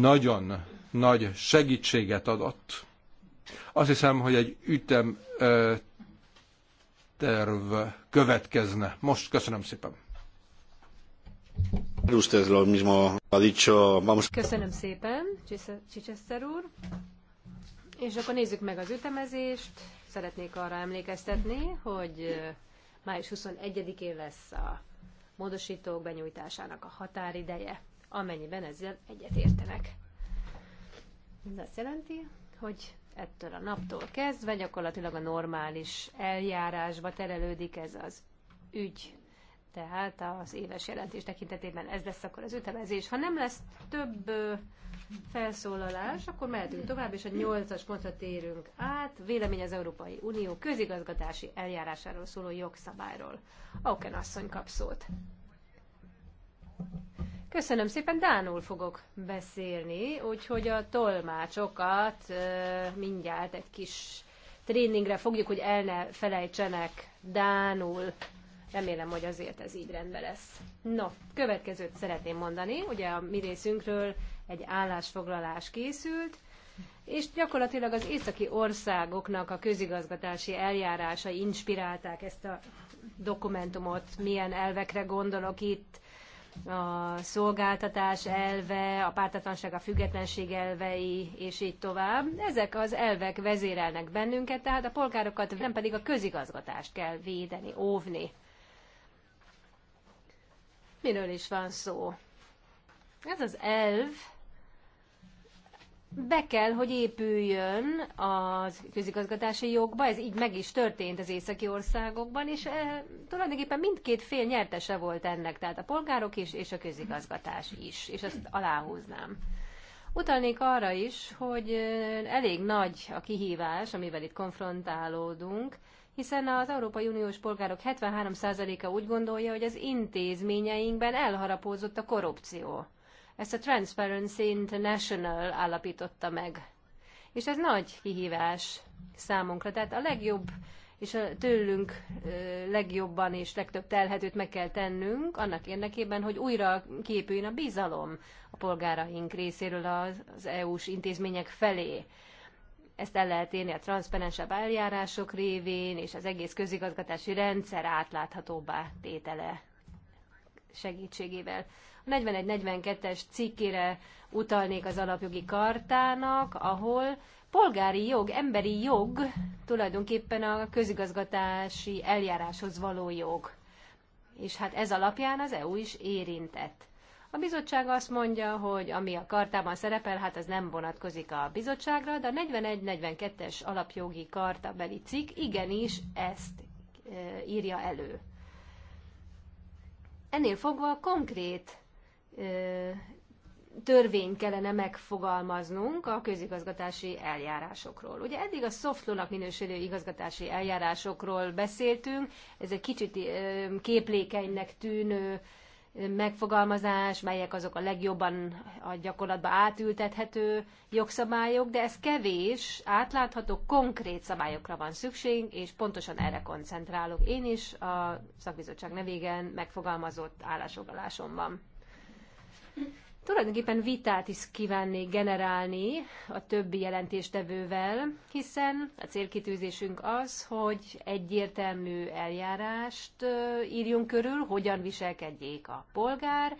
nagyon nagy segítséget adott. Azt hiszem, hogy egy ütem terv következne. Most köszönöm szépen. Köszönöm szépen, Csicseszter úr. És akkor nézzük meg az ütemezést. Szeretnék arra emlékeztetni, hogy május 21-én lesz a módosítók benyújtásának a határideje, amennyiben ezzel egyetértenek. Ez azt jelenti, hogy ettől a naptól kezdve gyakorlatilag a normális eljárásba terelődik ez az ügy. Tehát az éves jelentés tekintetében ez lesz akkor az ütemezés. Ha nem lesz több felszólalás, akkor mehetünk tovább, és a nyolcas pontra térünk át. Vélemény az Európai Unió közigazgatási eljárásáról szóló jogszabályról. Auken asszony kap szót. Köszönöm szépen, Dánul fogok beszélni, úgyhogy a tolmácsokat mindjárt egy kis tréningre fogjuk, hogy el ne felejtsenek Dánul Remélem, hogy azért ez így rendben lesz. No, következőt szeretném mondani. Ugye a mi részünkről egy állásfoglalás készült, és gyakorlatilag az északi országoknak a közigazgatási eljárása inspirálták ezt a dokumentumot, milyen elvekre gondolok itt, a szolgáltatás elve, a pártatlanság, a függetlenség elvei, és így tovább. Ezek az elvek vezérelnek bennünket, tehát a polgárokat, nem pedig a közigazgatást kell védeni, óvni. Miről is van szó? Ez az elv be kell, hogy épüljön a közigazgatási jogba, ez így meg is történt az északi országokban, és e, tulajdonképpen mindkét fél nyertese volt ennek, tehát a polgárok is, és a közigazgatás is, és ezt aláhúznám. Utalnék arra is, hogy eh, elég nagy a kihívás, amivel itt konfrontálódunk, hiszen az Európai Uniós polgárok 73%-a úgy gondolja, hogy az intézményeinkben elharapózott a korrupció. Ezt a Transparency International állapította meg. És ez nagy kihívás számunkra. Tehát a legjobb és a tőlünk legjobban és legtöbb telhetőt meg kell tennünk annak érdekében, hogy újra képüljön a bizalom a polgáraink részéről az EU-s intézmények felé ezt el lehet érni a transzparensebb eljárások révén, és az egész közigazgatási rendszer átláthatóbbá tétele segítségével. A 41-42-es cikkére utalnék az alapjogi kartának, ahol polgári jog, emberi jog tulajdonképpen a közigazgatási eljáráshoz való jog. És hát ez alapján az EU is érintett. A bizottság azt mondja, hogy ami a kartában szerepel, hát az nem vonatkozik a bizottságra, de a 41-42-es alapjogi kartabeli cikk igenis ezt e, írja elő. Ennél fogva konkrét e, törvény kellene megfogalmaznunk a közigazgatási eljárásokról. Ugye eddig a szoftlónak minősülő igazgatási eljárásokról beszéltünk, ez egy kicsit e, képlékenynek tűnő megfogalmazás, melyek azok a legjobban a gyakorlatba átültethető jogszabályok, de ez kevés, átlátható, konkrét szabályokra van szükség, és pontosan erre koncentrálok én is a szakbizottság nevégen megfogalmazott állásfoglalásomban. Tulajdonképpen vitát is kívánnék generálni a többi jelentéstevővel, hiszen a célkitűzésünk az, hogy egyértelmű eljárást írjunk körül, hogyan viselkedjék a polgár,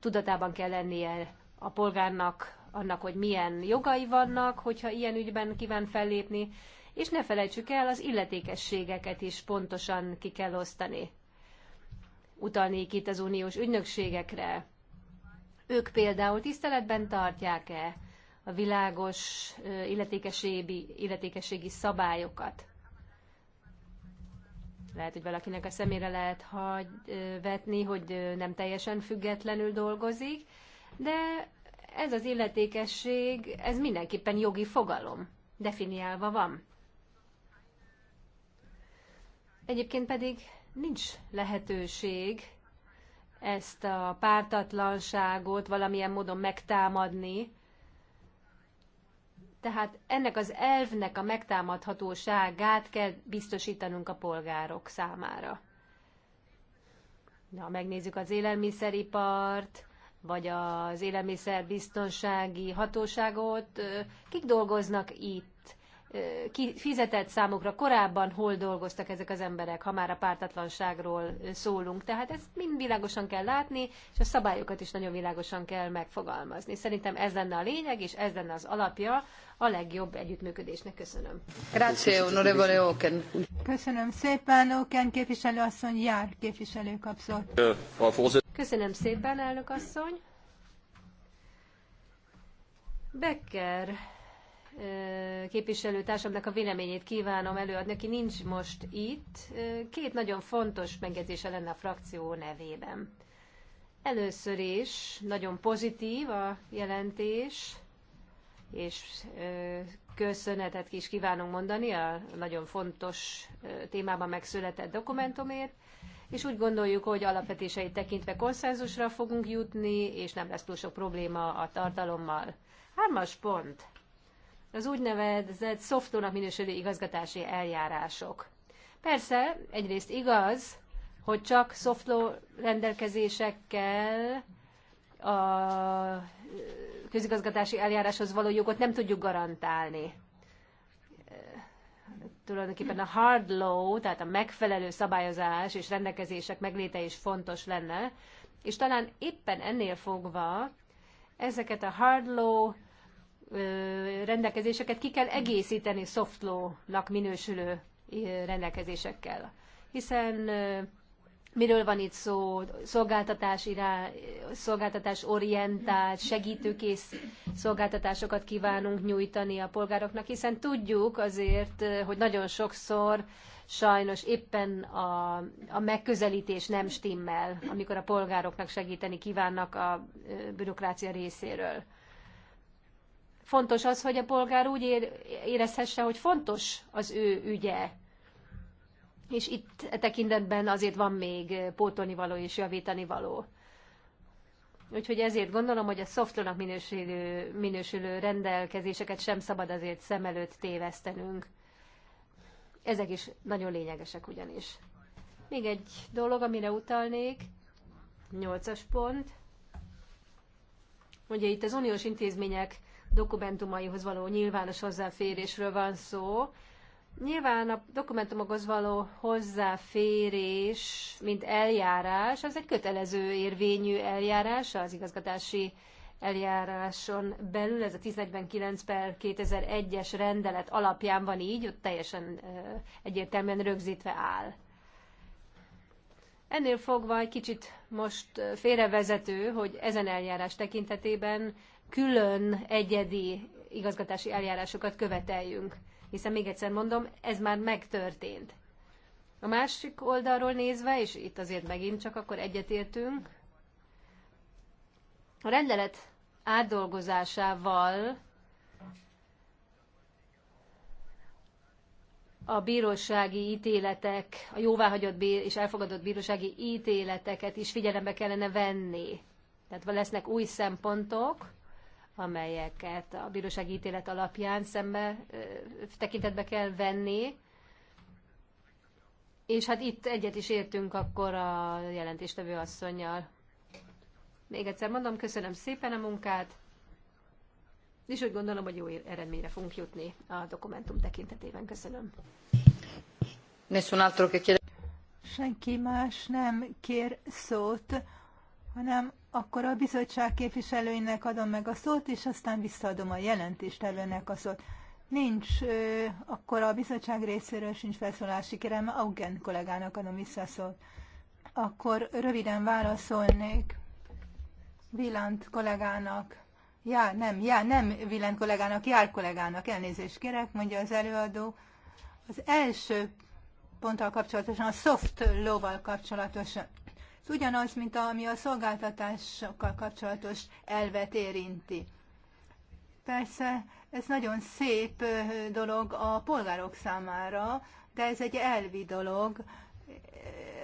tudatában kell lennie a polgárnak annak, hogy milyen jogai vannak, hogyha ilyen ügyben kíván fellépni, és ne felejtsük el, az illetékességeket is pontosan ki kell osztani. Utalnék itt az uniós ügynökségekre, ők például tiszteletben tartják-e a világos illetékeségi, illetékeségi szabályokat? Lehet, hogy valakinek a szemére lehet hagy, vetni, hogy nem teljesen függetlenül dolgozik, de ez az illetékesség, ez mindenképpen jogi fogalom, definiálva van. Egyébként pedig nincs lehetőség ezt a pártatlanságot valamilyen módon megtámadni. Tehát ennek az elvnek a megtámadhatóságát kell biztosítanunk a polgárok számára. Na, megnézzük az élelmiszeripart, vagy az élelmiszerbiztonsági hatóságot. Kik dolgoznak itt? fizetett számokra korábban hol dolgoztak ezek az emberek, ha már a pártatlanságról szólunk. Tehát ezt mind világosan kell látni, és a szabályokat is nagyon világosan kell megfogalmazni. Szerintem ez lenne a lényeg, és ez lenne az alapja a legjobb együttműködésnek. Köszönöm. Grazie, onorevole Oken. Köszönöm szépen, Oken képviselő asszony, jár képviselő kapszott. Köszönöm szépen, elnök asszony. Becker képviselőtársamnak a véleményét kívánom előadni, aki nincs most itt. Két nagyon fontos megjegyzése lenne a frakció nevében. Először is nagyon pozitív a jelentés, és köszönetet is kívánunk mondani a nagyon fontos témában megszületett dokumentumért, és úgy gondoljuk, hogy alapvetéseit tekintve konszenzusra fogunk jutni, és nem lesz túl sok probléma a tartalommal. Hármas pont az úgynevezett szoftónak minősülő igazgatási eljárások. Persze, egyrészt igaz, hogy csak softló rendelkezésekkel a közigazgatási eljáráshoz való jogot nem tudjuk garantálni. Tulajdonképpen a hard law, tehát a megfelelő szabályozás és rendelkezések megléte is fontos lenne, és talán éppen ennél fogva ezeket a hard law rendelkezéseket ki kell egészíteni soft law-nak minősülő rendelkezésekkel. Hiszen miről van itt szó, szolgáltatás, irá, szolgáltatás orientált, segítőkész szolgáltatásokat kívánunk nyújtani a polgároknak, hiszen tudjuk azért, hogy nagyon sokszor sajnos éppen a, a megközelítés nem stimmel, amikor a polgároknak segíteni kívánnak a bürokrácia részéről. Fontos az, hogy a polgár úgy érezhesse, hogy fontos az ő ügye. És itt e tekintetben azért van még pótolni való és javítani való. Úgyhogy ezért gondolom, hogy a szoftlonak minősülő, minősülő rendelkezéseket sem szabad azért szem előtt tévesztenünk. Ezek is nagyon lényegesek ugyanis. Még egy dolog, amire utalnék, nyolcas pont. Ugye itt az uniós intézmények dokumentumaihoz való nyilvános hozzáférésről van szó. Nyilván a dokumentumokhoz való hozzáférés, mint eljárás, az egy kötelező érvényű eljárás az igazgatási eljáráson belül, ez a 1049 per 2001-es rendelet alapján van így, ott teljesen egyértelműen rögzítve áll. Ennél fogva egy kicsit most félrevezető, hogy ezen eljárás tekintetében külön egyedi igazgatási eljárásokat követeljünk. Hiszen még egyszer mondom, ez már megtörtént. A másik oldalról nézve, és itt azért megint csak akkor egyetértünk, a rendelet átdolgozásával a bírósági ítéletek, a jóváhagyott és elfogadott bírósági ítéleteket is figyelembe kellene venni. Tehát lesznek új szempontok, amelyeket a bírósági ítélet alapján szembe tekintetbe kell venni. És hát itt egyet is értünk akkor a jelentéstevő asszonyjal. Még egyszer mondom, köszönöm szépen a munkát, és úgy gondolom, hogy jó eredményre fogunk jutni a dokumentum tekintetében. Köszönöm. Senki más nem kér szót hanem akkor a bizottság képviselőinek adom meg a szót, és aztán visszaadom a jelentéstevőnek a szót. Nincs, akkor a bizottság részéről sincs felszólási kérem, Augen kollégának adom vissza a szót. Akkor röviden válaszolnék Vilant kollégának. Já, nem, já, nem Vilant kollégának, Jár kollégának, elnézést kérek, mondja az előadó. Az első ponttal kapcsolatosan, a soft law-val kapcsolatosan ez ugyanaz, mint ami a szolgáltatásokkal kapcsolatos elvet érinti. Persze ez nagyon szép dolog a polgárok számára, de ez egy elvi dolog.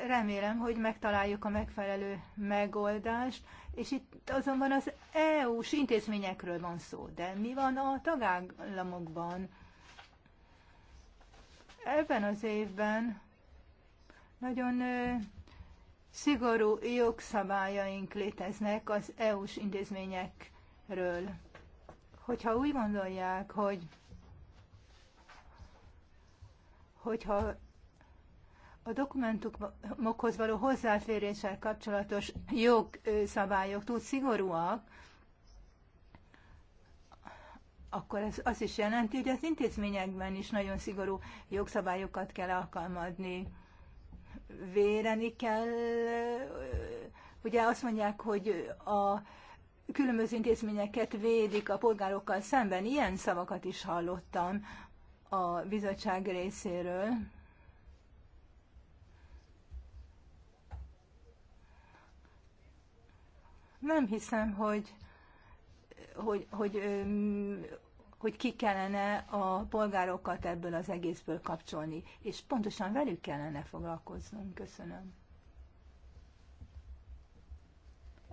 Remélem, hogy megtaláljuk a megfelelő megoldást, és itt azonban az EU-s intézményekről van szó, de mi van a tagállamokban? Ebben az évben nagyon Szigorú jogszabályaink léteznek az EU-s intézményekről. Hogyha úgy gondolják, hogy hogyha a dokumentumokhoz való hozzáféréssel kapcsolatos jogszabályok túl szigorúak, akkor ez azt is jelenti, hogy az intézményekben is nagyon szigorú jogszabályokat kell alkalmazni véreni kell. Ugye azt mondják, hogy a különböző intézményeket védik a polgárokkal szemben. Ilyen szavakat is hallottam a bizottság részéről. Nem hiszem, hogy, hogy, hogy hogy ki kellene a polgárokat ebből az egészből kapcsolni, és pontosan velük kellene foglalkoznunk. Köszönöm.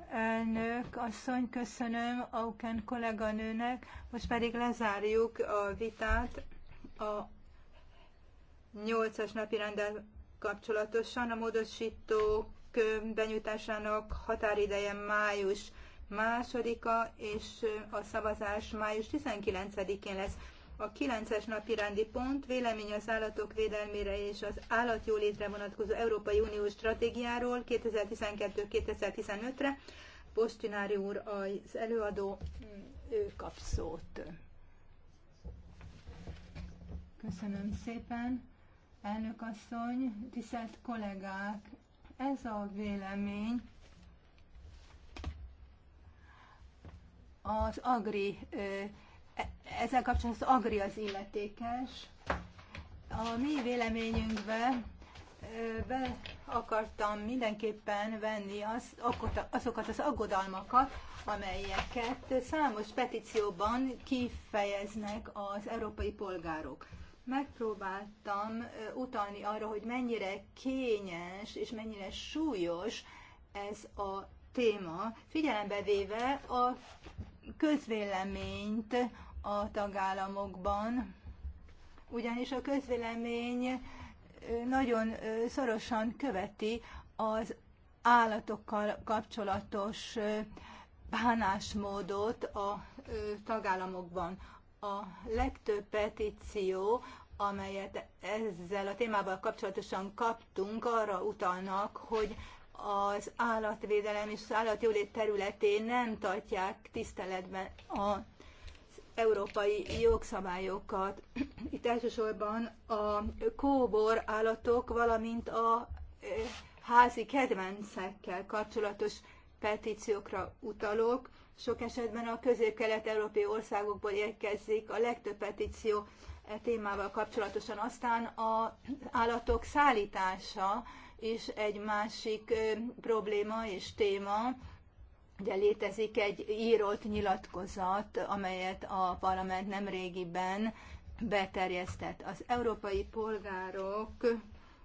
Elnök asszony, köszönöm Auken kolléganőnek. Most pedig lezárjuk a vitát a nyolcas napi rendel kapcsolatosan. A módosítók benyújtásának határideje május másodika, és a szavazás május 19-én lesz. A 9-es napi rendi pont vélemény az állatok védelmére és az állatjólétre vonatkozó Európai Unió stratégiáról 2012-2015-re. Postinári úr az előadó, mm, ő kap szót. Köszönöm szépen, elnök asszony, tisztelt kollégák! Ez a vélemény az Agri, e, ezzel kapcsolatban az Agri az illetékes. A mi véleményünkbe be akartam mindenképpen venni az, azokat az aggodalmakat, amelyeket számos petícióban kifejeznek az európai polgárok. Megpróbáltam utalni arra, hogy mennyire kényes és mennyire súlyos ez a téma, figyelembe véve a közvéleményt a tagállamokban, ugyanis a közvélemény nagyon szorosan követi az állatokkal kapcsolatos bánásmódot a tagállamokban. A legtöbb petíció, amelyet ezzel a témával kapcsolatosan kaptunk, arra utalnak, hogy az állatvédelem és az állatjólét területén nem tartják tiszteletben az európai jogszabályokat. Itt elsősorban a kóbor állatok, valamint a eh, házi kedvencekkel kapcsolatos petíciókra utalok. Sok esetben a közép-kelet-európai országokból érkezik a legtöbb petíció e témával kapcsolatosan. Aztán az állatok szállítása, is egy másik probléma és téma. Ugye létezik egy írott nyilatkozat, amelyet a parlament nem régiben beterjesztett. Az európai polgárok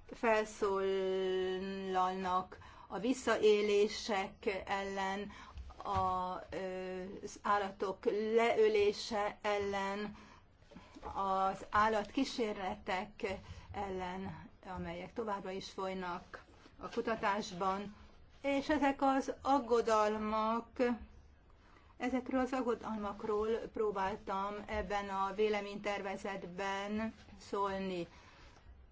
felszólalnak a visszaélések ellen, az állatok leölése ellen, az állatkísérletek ellen amelyek továbbra is folynak a kutatásban, és ezek az aggodalmak, ezekről az aggodalmakról próbáltam ebben a véleménytervezetben szólni.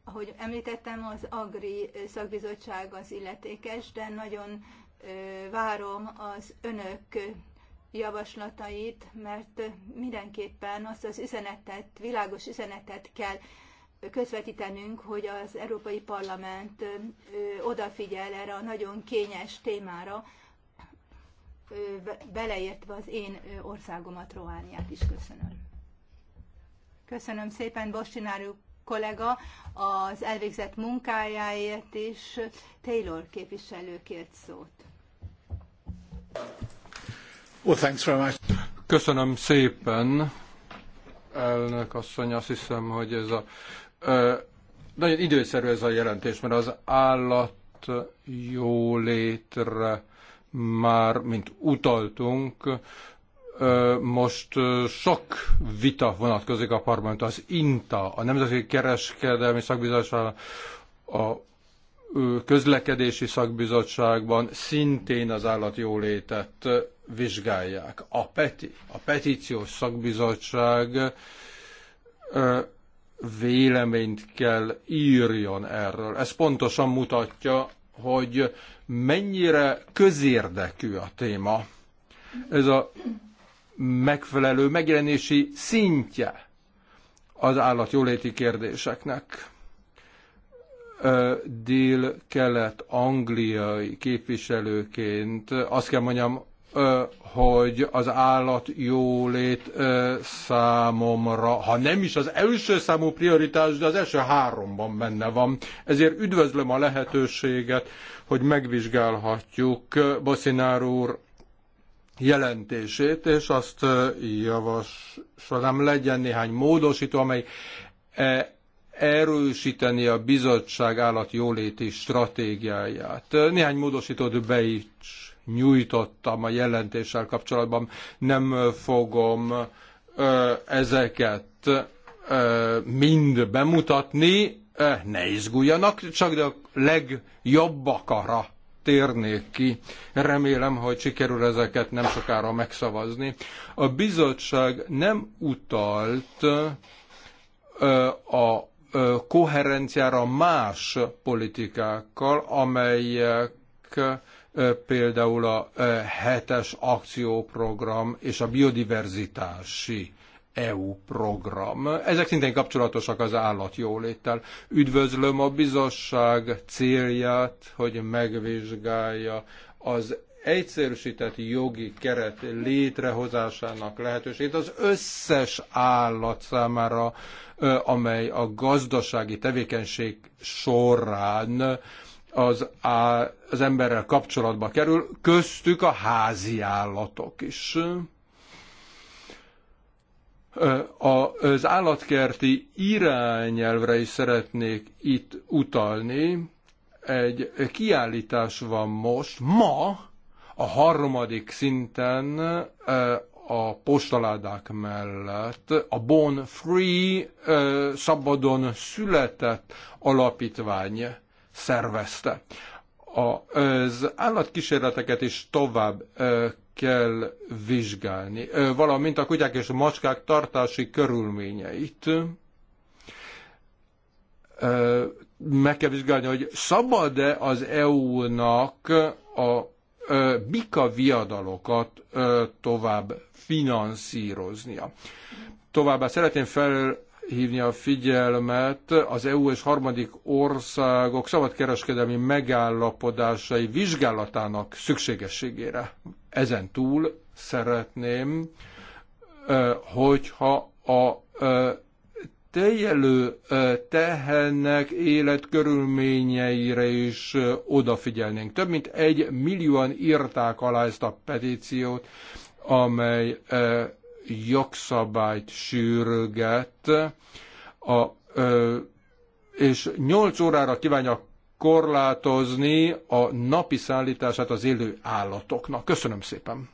Ahogy említettem, az Agri szakbizottság az illetékes, de nagyon várom az önök javaslatait, mert mindenképpen azt az üzenetet, világos üzenetet kell közvetítenünk, hogy az Európai Parlament odafigyel erre a nagyon kényes témára, beleértve az én országomat, Romániát is köszönöm. Köszönöm szépen Bostinárú kollega az elvégzett munkájáért is. Taylor képviselő kért szót. Well, thanks very much. Köszönöm szépen, elnök asszony, azt hiszem, hogy ez a nagyon időszerű ez a jelentés, mert az állat létre már, mint utaltunk, most sok vita vonatkozik a parlament, az INTA, a Nemzeti Kereskedelmi Szakbizottság, a közlekedési szakbizottságban szintén az jólétet vizsgálják. A, PETI, a petíciós szakbizottság véleményt kell írjon erről. Ez pontosan mutatja, hogy mennyire közérdekű a téma. Ez a megfelelő megjelenési szintje az állatjóléti kérdéseknek. Dél-kelet-angliai képviselőként azt kell mondjam, hogy az állat jólét számomra, ha nem is az első számú prioritás, de az első háromban benne van. Ezért üdvözlöm a lehetőséget, hogy megvizsgálhatjuk Boszinár úr jelentését, és azt javaslom, legyen néhány módosító, amely erősíteni a bizottság állatjóléti stratégiáját. Néhány módosítót be is nyújtottam a jelentéssel kapcsolatban. Nem fogom ezeket mind bemutatni, ne izguljanak, csak a legjobbakara térnék ki. Remélem, hogy sikerül ezeket nem sokára megszavazni. A bizottság nem utalt a koherenciára más politikákkal, amelyek például a hetes akcióprogram és a biodiverzitási EU program. Ezek szintén kapcsolatosak az állatjóléttel. Üdvözlöm a bizottság célját, hogy megvizsgálja az egyszerűsített jogi keret létrehozásának lehetőségét az összes állat számára, amely a gazdasági tevékenység során az, az emberrel kapcsolatba kerül, köztük a házi állatok is. Az állatkerti irányelvre is szeretnék itt utalni. Egy kiállítás van most, ma, a harmadik szinten a postaládák mellett a Bon Free szabadon született alapítvány szervezte. Az állatkísérleteket is tovább kell vizsgálni, valamint a kutyák és a macskák tartási körülményeit meg kell vizsgálni, hogy szabad-e az EU-nak a bika viadalokat tovább finanszíroznia. Továbbá szeretném fel hívni a figyelmet az EU és harmadik országok szabadkereskedelmi megállapodásai vizsgálatának szükségességére. Ezen túl szeretném, hogyha a teljelő tehennek életkörülményeire is odafigyelnénk. Több mint egy millióan írták alá ezt a petíciót, amely jogszabályt sürget, a, ö, és 8 órára kívánja korlátozni a napi szállítását az élő állatoknak. Köszönöm szépen!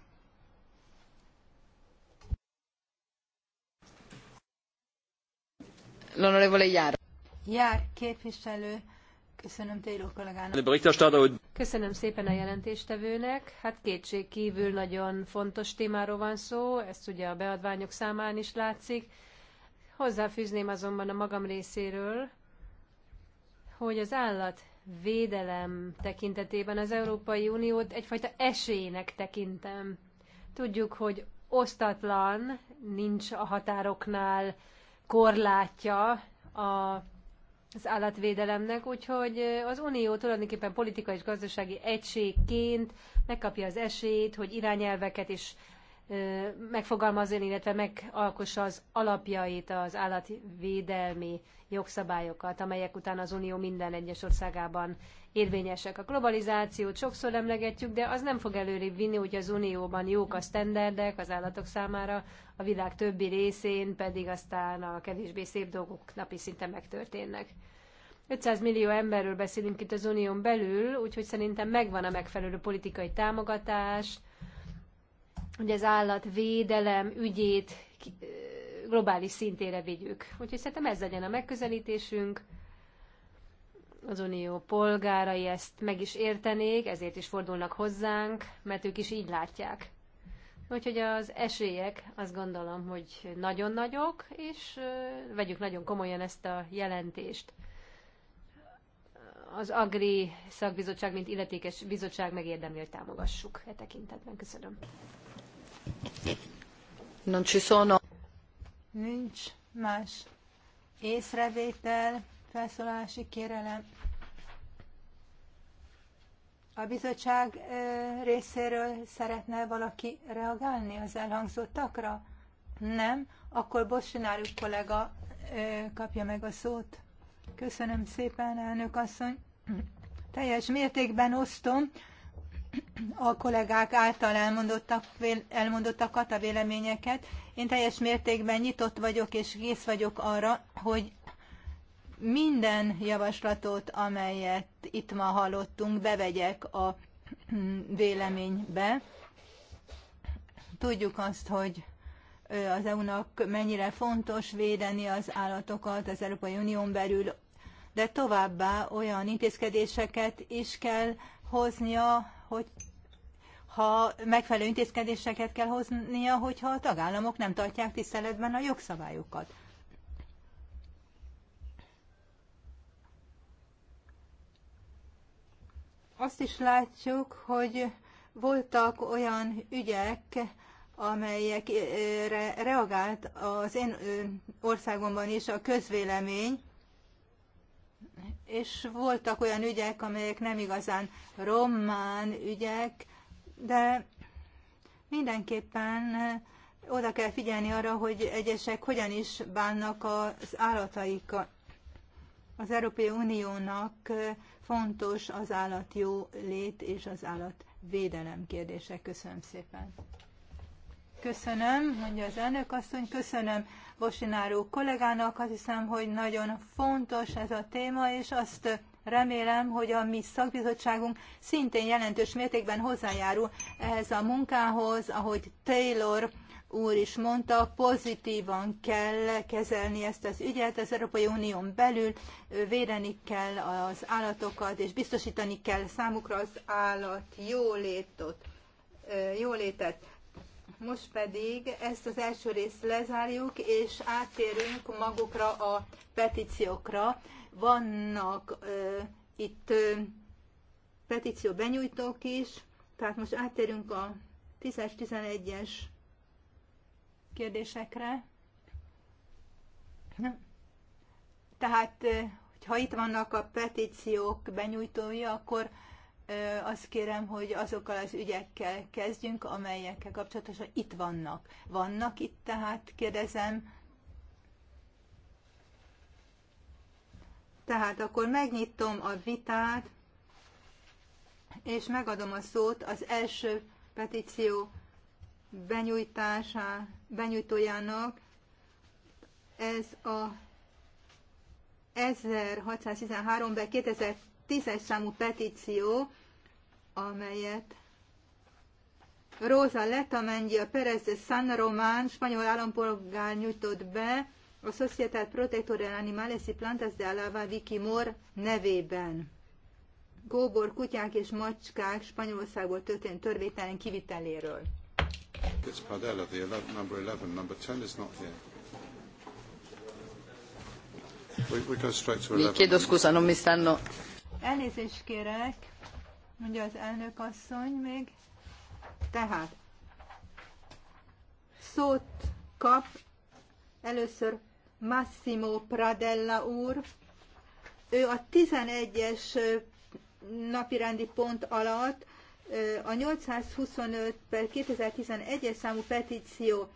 L'onorevole Jár. Jár képviselő. Köszönöm Taylor kollégának. Köszönöm szépen a jelentéstevőnek. Hát kétség kívül nagyon fontos témáról van szó, ezt ugye a beadványok számán is látszik. Hozzáfűzném azonban a magam részéről, hogy az állat védelem tekintetében az Európai Uniót egyfajta esélynek tekintem. Tudjuk, hogy osztatlan, nincs a határoknál korlátja a az állatvédelemnek, úgyhogy az Unió tulajdonképpen politikai és gazdasági egységként megkapja az esélyt, hogy irányelveket is megfogalmazni, illetve megalkossa az alapjait, az állatvédelmi jogszabályokat, amelyek után az Unió minden egyes országában érvényesek. A globalizációt sokszor emlegetjük, de az nem fog előrébb vinni, hogy az Unióban jók a sztenderdek az állatok számára, a világ többi részén pedig aztán a kevésbé szép dolgok napi szinte megtörténnek. 500 millió emberről beszélünk itt az unión belül, úgyhogy szerintem megvan a megfelelő politikai támogatás, hogy az állatvédelem ügyét globális szintére vigyük. Úgyhogy szerintem ez legyen a megközelítésünk az unió polgárai ezt meg is értenék, ezért is fordulnak hozzánk, mert ők is így látják. Úgyhogy az esélyek azt gondolom, hogy nagyon nagyok, és vegyük nagyon komolyan ezt a jelentést. Az Agri szakbizottság, mint illetékes bizottság megérdemli, hogy támogassuk e tekintetben. Köszönöm. Non ci sono. Nincs más észrevétel felszólalási kérelem. A bizottság részéről szeretne valaki reagálni az elhangzottakra? Nem? Akkor Bosinári kollega kapja meg a szót. Köszönöm szépen, elnök asszony. Teljes mértékben osztom a kollégák által elmondottak, elmondottakat, a véleményeket. Én teljes mértékben nyitott vagyok és kész vagyok arra, hogy minden javaslatot, amelyet itt ma hallottunk, bevegyek a véleménybe. Tudjuk azt, hogy az EU-nak mennyire fontos védeni az állatokat az Európai Unión belül, de továbbá olyan intézkedéseket is kell hoznia, hogy ha megfelelő intézkedéseket kell hoznia, hogyha a tagállamok nem tartják tiszteletben a jogszabályokat. Azt is látjuk, hogy voltak olyan ügyek, amelyekre reagált az én országomban is a közvélemény, és voltak olyan ügyek, amelyek nem igazán román ügyek, de mindenképpen oda kell figyelni arra, hogy egyesek hogyan is bánnak az állataikkal. Az Európai Uniónak fontos az állat jó lét és az állat védelem kérdése. Köszönöm szépen. Köszönöm, mondja az elnök asszony, köszönöm Bosináró kollégának, azt hiszem, hogy nagyon fontos ez a téma, és azt remélem, hogy a mi szakbizottságunk szintén jelentős mértékben hozzájárul ehhez a munkához, ahogy Taylor úr is mondta, pozitívan kell kezelni ezt az ügyet, az Európai Unión belül védeni kell az állatokat, és biztosítani kell számukra az állat jólétot, jólétet. Most pedig ezt az első részt lezárjuk, és áttérünk magukra a petíciókra. Vannak ö, itt ö, petíció benyújtók is, tehát most áttérünk a 10-11-es kérdésekre. Tehát, ha itt vannak a petíciók benyújtói, akkor azt kérem, hogy azokkal az ügyekkel kezdjünk, amelyekkel kapcsolatosan itt vannak. Vannak itt tehát, kérdezem. Tehát akkor megnyitom a vitát, és megadom a szót az első petíció benyújtásá, benyújtójának ez a 1613 ben 2010-es számú petíció, amelyet Rosa a Perez de San Román, spanyol állampolgár nyújtott be a Societat Protectora de Animales y Plantas de Alava Mor nevében. Góbor kutyák és macskák Spanyolországból történt törvételen kiviteléről. It's Padella, the 11, number 11. Number 10 is not here. We, we go straight to 11. chiedo scusa, non mi stanno... Elnézést kérek, mondja az elnök asszony még. Tehát, szót kap először Massimo Pradella úr. Ő a 11-es napirendi pont alatt a 825 per 2011-es számú petíció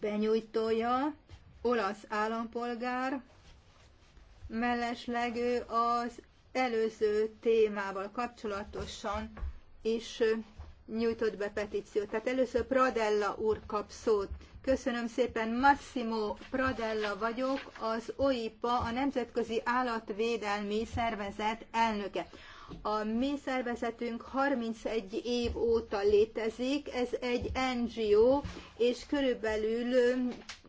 benyújtója, olasz állampolgár, mellesleg ő az előző témával kapcsolatosan is nyújtott be petíciót. Tehát először Pradella úr kap szót. Köszönöm szépen, Massimo Pradella vagyok, az OIPA, a Nemzetközi Állatvédelmi Szervezet elnöke. A mi szervezetünk 31 év óta létezik, ez egy NGO, és körülbelül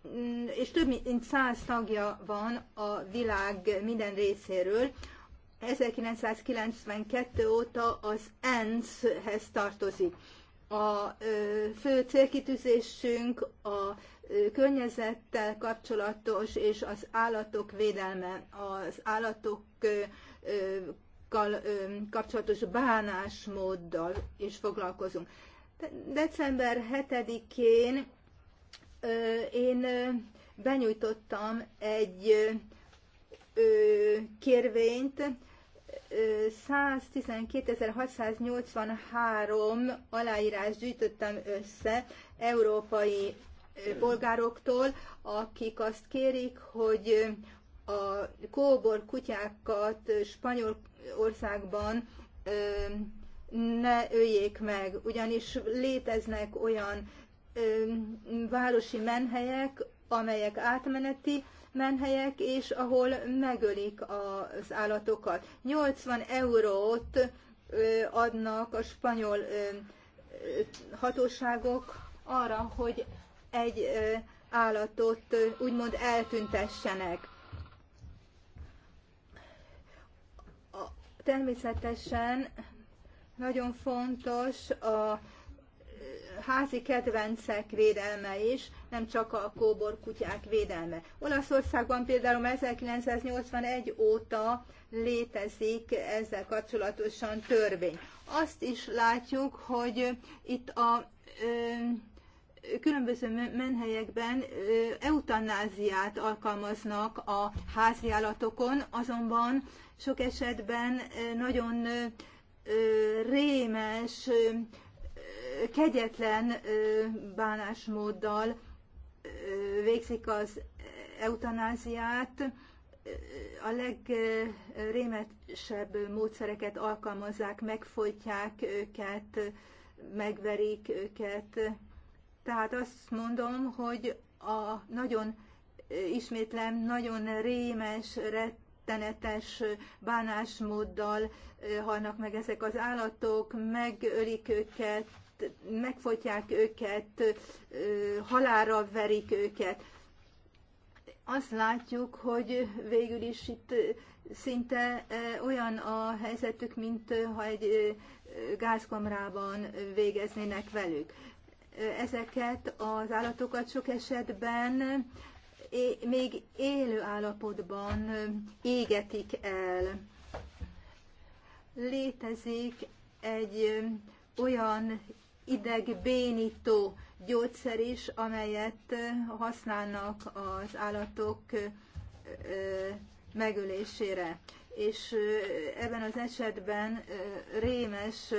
mm, és több mint 100 tagja van a világ minden részéről. 1992 óta az ENSZ-hez tartozik. A fő célkitűzésünk a környezettel kapcsolatos és az állatok védelme, az állatok kapcsolatos bánásmóddal is foglalkozunk. December 7-én én benyújtottam egy kérvényt, 112.683 aláírás gyűjtöttem össze európai polgároktól, akik azt kérik, hogy a kóbor kutyákat spanyol országban ne öljék meg, ugyanis léteznek olyan városi menhelyek, amelyek átmeneti menhelyek, és ahol megölik az állatokat. 80 eurót adnak a spanyol hatóságok arra, hogy egy állatot úgymond eltüntessenek. Természetesen nagyon fontos a házi kedvencek védelme is, nem csak a kóbor kutyák védelme. Olaszországban például 1981 óta létezik ezzel kapcsolatosan törvény. Azt is látjuk, hogy itt a különböző menhelyekben eutanáziát alkalmaznak a háziállatokon, azonban sok esetben nagyon rémes, kegyetlen bánásmóddal végzik az eutanáziát, a legrémesebb módszereket alkalmazzák, megfojtják őket, megverik őket, tehát azt mondom, hogy a nagyon, ismétlem, nagyon rémes, rettenetes bánásmóddal halnak meg ezek az állatok, megölik őket, megfotják őket, halára verik őket. Azt látjuk, hogy végül is itt szinte olyan a helyzetük, mint ha egy gázkamrában végeznének velük ezeket az állatokat sok esetben még élő állapotban égetik el. Létezik egy olyan idegbénító gyógyszer is, amelyet használnak az állatok megölésére. És ebben az esetben rémes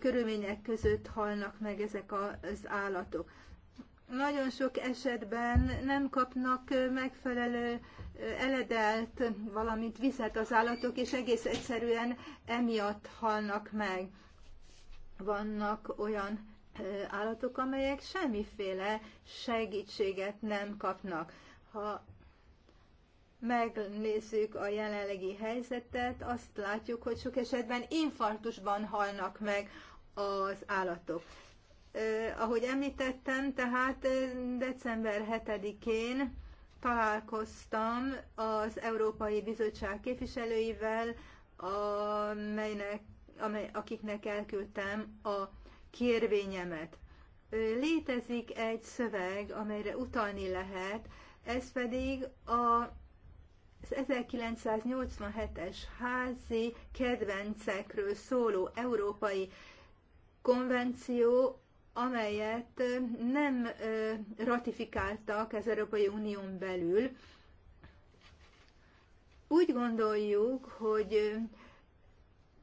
körülmények között halnak meg ezek az állatok. Nagyon sok esetben nem kapnak megfelelő eh, eledelt, valamint vizet az állatok, és egész egyszerűen emiatt halnak meg. Vannak olyan eh, állatok, amelyek semmiféle segítséget nem kapnak. Ha megnézzük a jelenlegi helyzetet, azt látjuk, hogy sok esetben infarktusban halnak meg az állatok. Ahogy említettem, tehát december 7-én találkoztam az Európai Bizottság képviselőivel, amelynek, amely, akiknek elküldtem a kérvényemet. Létezik egy szöveg, amelyre utalni lehet, ez pedig a az 1987-es házi kedvencekről szóló európai konvenció, amelyet nem ratifikáltak az Európai Unión belül. Úgy gondoljuk, hogy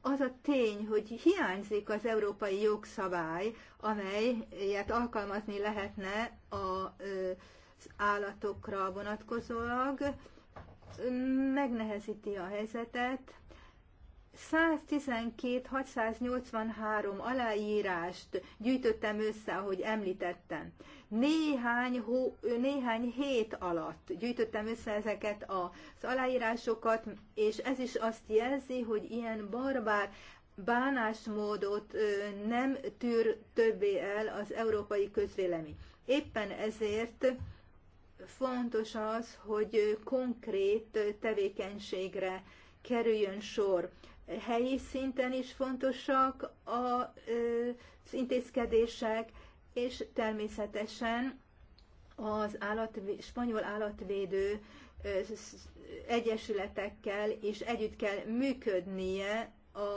az a tény, hogy hiányzik az európai jogszabály, amelyet alkalmazni lehetne az állatokra vonatkozólag, megnehezíti a helyzetet. 112-683 aláírást gyűjtöttem össze, ahogy említettem. Néhány, hó, néhány hét alatt gyűjtöttem össze ezeket az aláírásokat, és ez is azt jelzi, hogy ilyen barbár bánásmódot nem tűr többé el az európai közvélemény. Éppen ezért Fontos az, hogy konkrét tevékenységre kerüljön sor. Helyi szinten is fontosak az intézkedések, és természetesen az állat, spanyol állatvédő egyesületekkel is együtt kell működnie a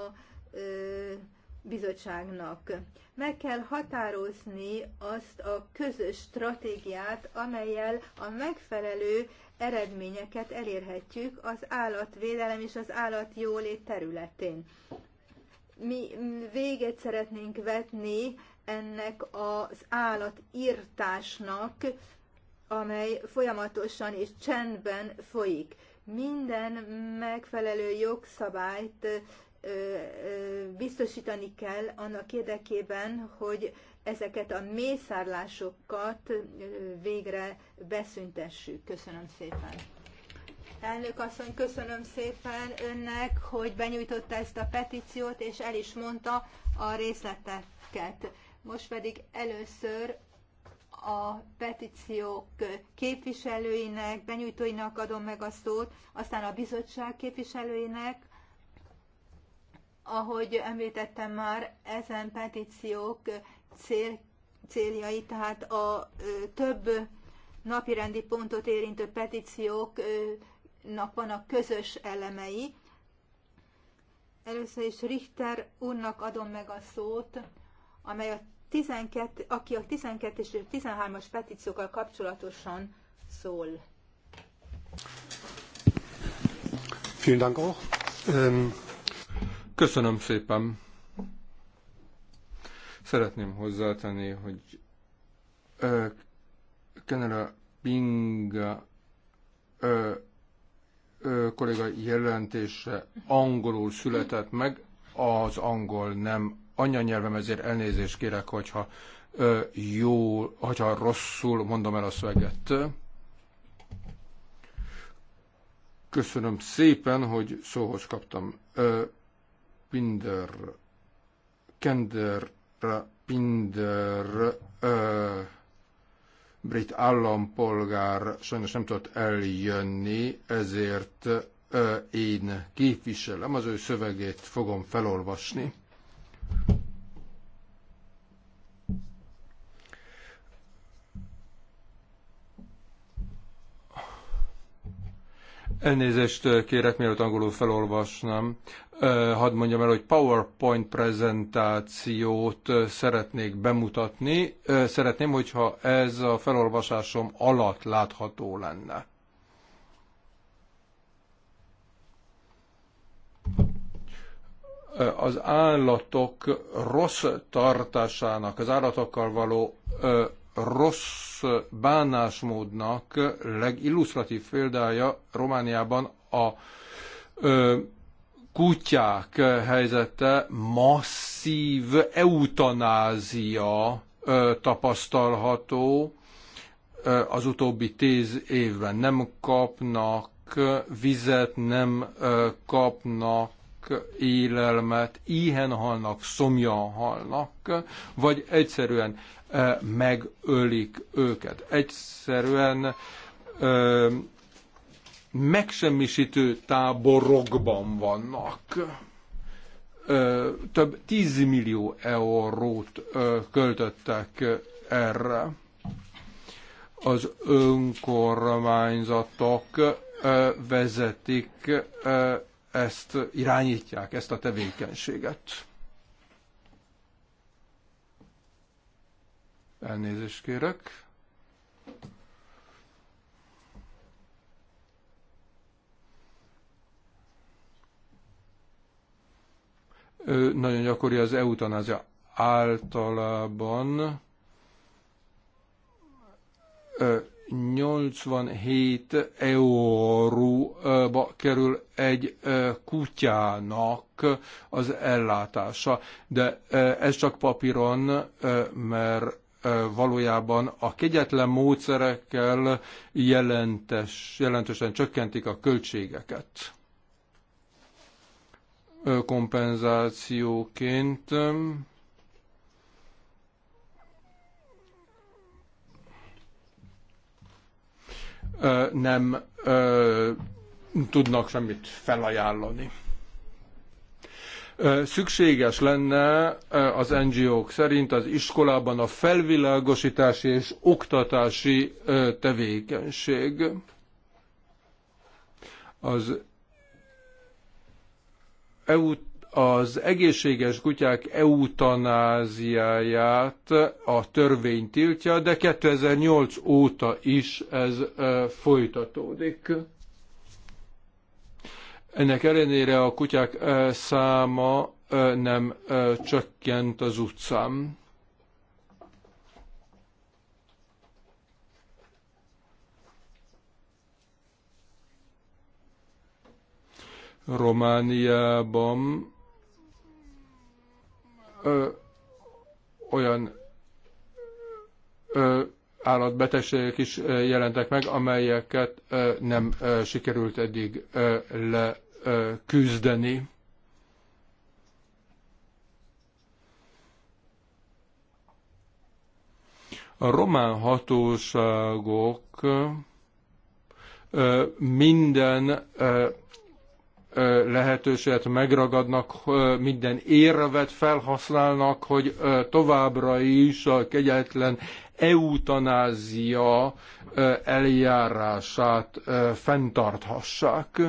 bizottságnak. Meg kell határozni azt a közös stratégiát, amelyel a megfelelő eredményeket elérhetjük az állatvédelem és az állatjólét területén. Mi véget szeretnénk vetni ennek az állatírtásnak, amely folyamatosan és csendben folyik. Minden megfelelő jogszabályt biztosítani kell annak érdekében, hogy ezeket a mészárlásokat végre beszüntessük. Köszönöm szépen. Elnök asszony, köszönöm szépen önnek, hogy benyújtotta ezt a petíciót, és el is mondta a részleteket. Most pedig először a petíciók képviselőinek, benyújtóinak adom meg a szót, aztán a bizottság képviselőinek, ahogy említettem már, ezen petíciók cél, céljai, tehát a több napirendi pontot érintő petícióknak vannak közös elemei. Először is Richter úrnak adom meg a szót, amely a 12, aki a 12 és 13-as petíciókkal kapcsolatosan szól. Vielen Dank auch. Ähm, Köszönöm szépen. Szeretném hozzátenni, hogy Kenera Pinga ö, ö, kolléga jelentése angolul született meg, az angol nem anyanyelvem, ezért elnézést kérek, hogyha ö, jó, hogyha rosszul mondom el a szöveget. Köszönöm szépen, hogy szóhoz kaptam. Ö, Pinder, kender, Pinder ö, brit állampolgár sajnos nem tudott eljönni, ezért ö, én képviselem, az ő szövegét fogom felolvasni. Elnézést kérek, mielőtt angolul felolvasnám. Hadd mondjam el, hogy PowerPoint prezentációt szeretnék bemutatni. Szeretném, hogyha ez a felolvasásom alatt látható lenne. az állatok rossz tartásának, az állatokkal való rossz bánásmódnak legillusztratív példája Romániában a ö, kutyák helyzete masszív eutanázia ö, tapasztalható ö, az utóbbi tíz évben. Nem kapnak vizet, nem ö, kapnak élelmet, éhen halnak, szomjan halnak, vagy egyszerűen megölik őket. Egyszerűen megsemmisítő táborokban vannak. Több 10 millió eurót költöttek erre. Az önkormányzatok vezetik ezt, irányítják ezt a tevékenységet. Elnézést kérek. Ö, nagyon gyakori az eutanázia. Általában ö, 87 euróba kerül egy kutyának az ellátása, de ez csak papíron, mert valójában a kegyetlen módszerekkel jelentes, jelentősen csökkentik a költségeket. Kompenzációként nem tudnak semmit felajánlani. Szükséges lenne az NGO-k szerint az iskolában a felvilágosítási és oktatási tevékenység. Az EU az egészséges kutyák eutanáziáját a törvény tiltja, de 2008 óta is ez folytatódik. Ennek ellenére a kutyák száma nem csökkent az utcán. Romániában ö, olyan ö, állatbetegségek is jelentek meg, amelyeket ö, nem ö, sikerült eddig ö, le küzdeni. A román hatóságok minden lehetőséget megragadnak, minden érvet felhasználnak, hogy továbbra is a kegyetlen eutanázia eljárását fenntarthassák.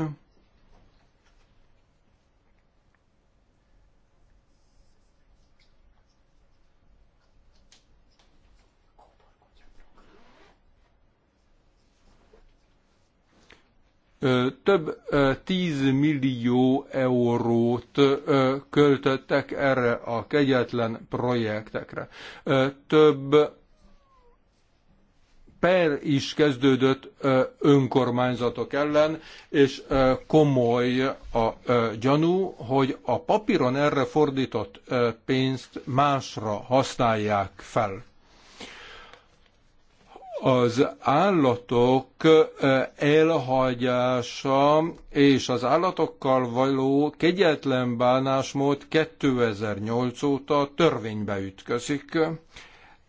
több tízmillió eurót költöttek erre a kegyetlen projektekre. Több per is kezdődött önkormányzatok ellen, és komoly a gyanú, hogy a papíron erre fordított pénzt másra használják fel az állatok elhagyása és az állatokkal való kegyetlen bánásmód 2008 óta törvénybe ütközik.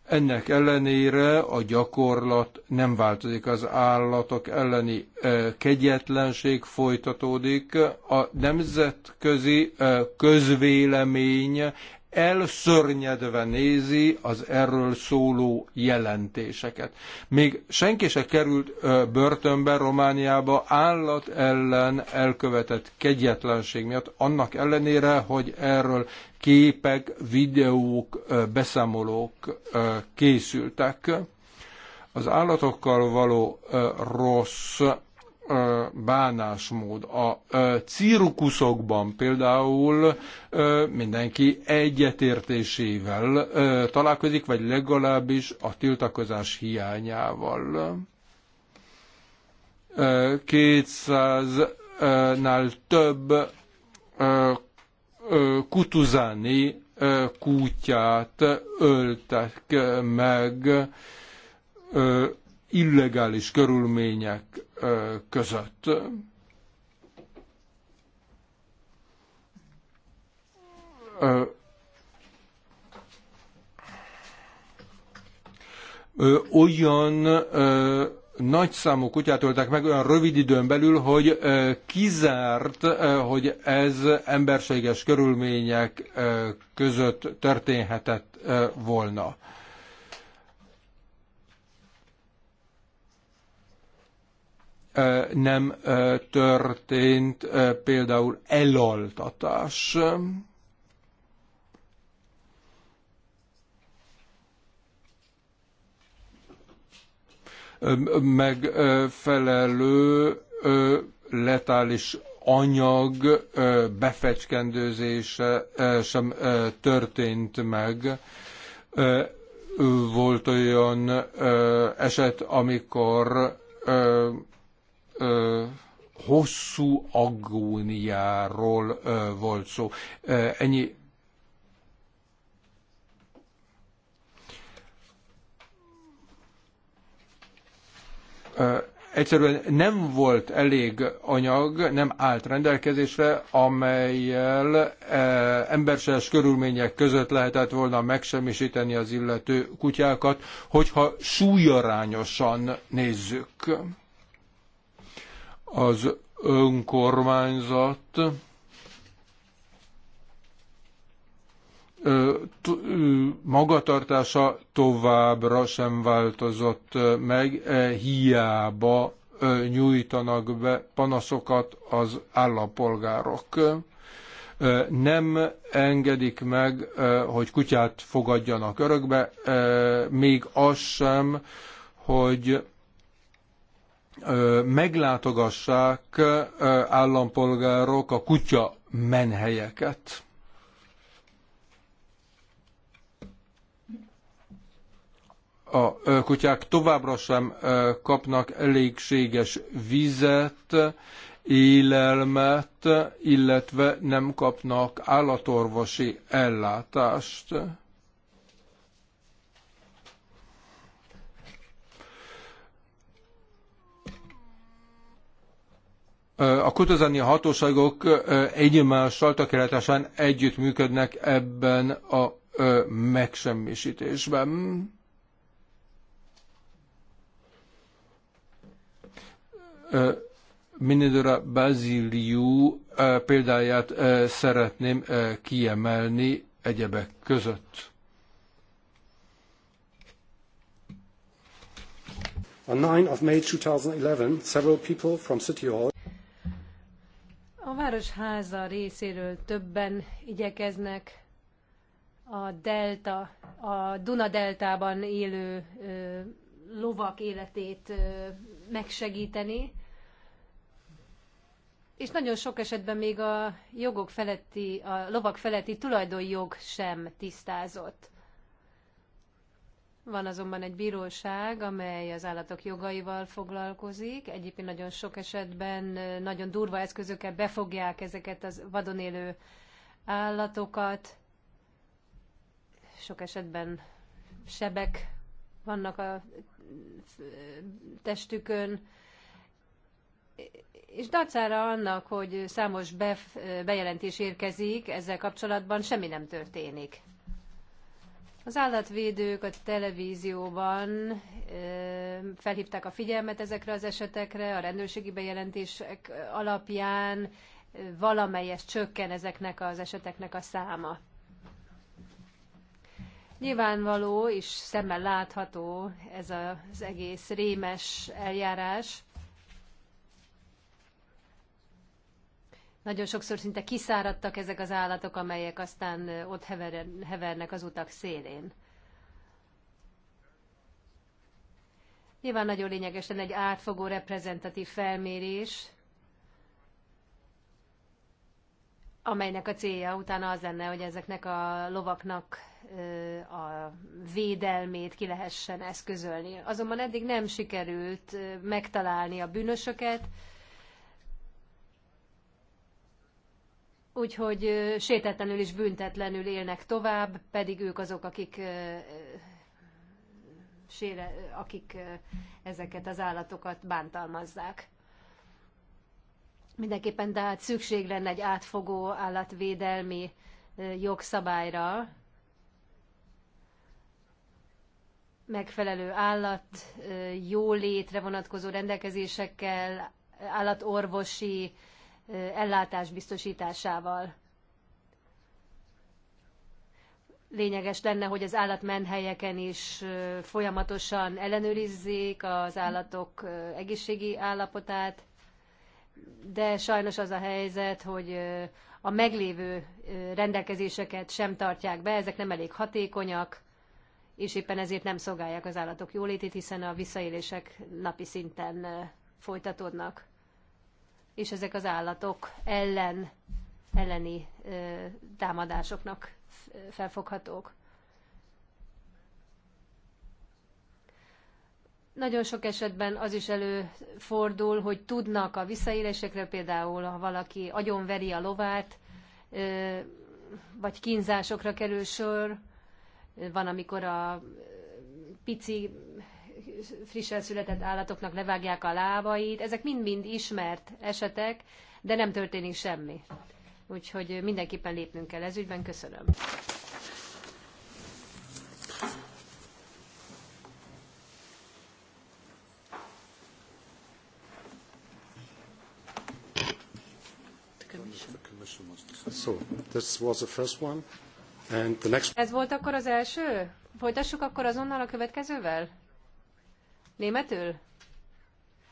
Ennek ellenére a gyakorlat nem változik, az állatok elleni kegyetlenség folytatódik, a nemzetközi közvélemény elszörnyedve nézi az erről szóló jelentéseket. Még senki se került börtönbe Romániába állat ellen elkövetett kegyetlenség miatt, annak ellenére, hogy erről képek, videók, beszámolók készültek. Az állatokkal való rossz bánásmód. A cirkuszokban például mindenki egyetértésével találkozik, vagy legalábbis a tiltakozás hiányával. 200-nál több kutuzáni kutyát öltek meg illegális körülmények között. Olyan nagy számú kutyát öltek meg olyan rövid időn belül, hogy kizárt, hogy ez emberséges körülmények között történhetett volna. nem történt például elaltatás. megfelelő letális anyag befecskendőzése sem történt meg. Volt olyan eset, amikor ö, hosszú agóniáról ö, volt szó. Ö, ennyi ö, egyszerűen nem volt elég anyag, nem állt rendelkezésre, amelyel e, emberses körülmények között lehetett volna megsemmisíteni az illető kutyákat, hogyha súlyarányosan nézzük. Az önkormányzat magatartása továbbra sem változott meg, hiába nyújtanak be panaszokat az állampolgárok. Nem engedik meg, hogy kutyát fogadjanak örökbe, még az sem, hogy meglátogassák állampolgárok a kutya menhelyeket. a kutyák továbbra sem kapnak elégséges vizet, élelmet, illetve nem kapnak állatorvosi ellátást. A kutozani hatóságok egymással tökéletesen együttműködnek ebben a megsemmisítésben. Minidora Basiliu példáját szeretném kiemelni egyebek között. On 9 of May 2011, several people from City Hall a Városháza részéről többen igyekeznek a delta, a Duna deltában élő ö, lovak életét ö, megsegíteni, és nagyon sok esetben még a jogok feletti, a lovak feletti tulajdonjog sem tisztázott. Van azonban egy bíróság, amely az állatok jogaival foglalkozik. Egyébként nagyon sok esetben nagyon durva eszközökkel befogják ezeket az vadon élő állatokat. Sok esetben sebek vannak a testükön, és dacára annak, hogy számos bejelentés érkezik ezzel kapcsolatban, semmi nem történik. Az állatvédők a televízióban felhívták a figyelmet ezekre az esetekre, a rendőrségi bejelentések alapján valamelyes csökken ezeknek az eseteknek a száma. Nyilvánvaló és szemmel látható ez az egész rémes eljárás, Nagyon sokszor szinte kiszáradtak ezek az állatok, amelyek aztán ott hevernek az utak szélén. Nyilván nagyon lényegesen egy átfogó reprezentatív felmérés, amelynek a célja utána az lenne, hogy ezeknek a lovaknak a védelmét ki lehessen eszközölni. Azonban eddig nem sikerült megtalálni a bűnösöket, úgyhogy sétetlenül és büntetlenül élnek tovább, pedig ők azok, akik sére, akik ezeket az állatokat bántalmazzák. Mindenképpen tehát szükség lenne egy átfogó állatvédelmi jogszabályra, megfelelő állat létre vonatkozó rendelkezésekkel, állatorvosi ellátás biztosításával. Lényeges lenne, hogy az állatmenhelyeken is folyamatosan ellenőrizzék az állatok egészségi állapotát, de sajnos az a helyzet, hogy a meglévő rendelkezéseket sem tartják be, ezek nem elég hatékonyak, és éppen ezért nem szolgálják az állatok jólétét, hiszen a visszaélések napi szinten folytatódnak és ezek az állatok ellen, elleni ö, támadásoknak felfoghatók. Nagyon sok esetben az is előfordul, hogy tudnak a visszaélésekre, például ha valaki agyonveri a lovát, ö, vagy kínzásokra kerül sor, van, amikor a pici frissen született állatoknak levágják a lábait. Ezek mind-mind ismert esetek, de nem történik semmi. Úgyhogy mindenképpen lépnünk kell ez ügyben. Köszönöm. So, this was the first one. And the next... Ez volt akkor az első? Folytassuk akkor azonnal a következővel? Németül?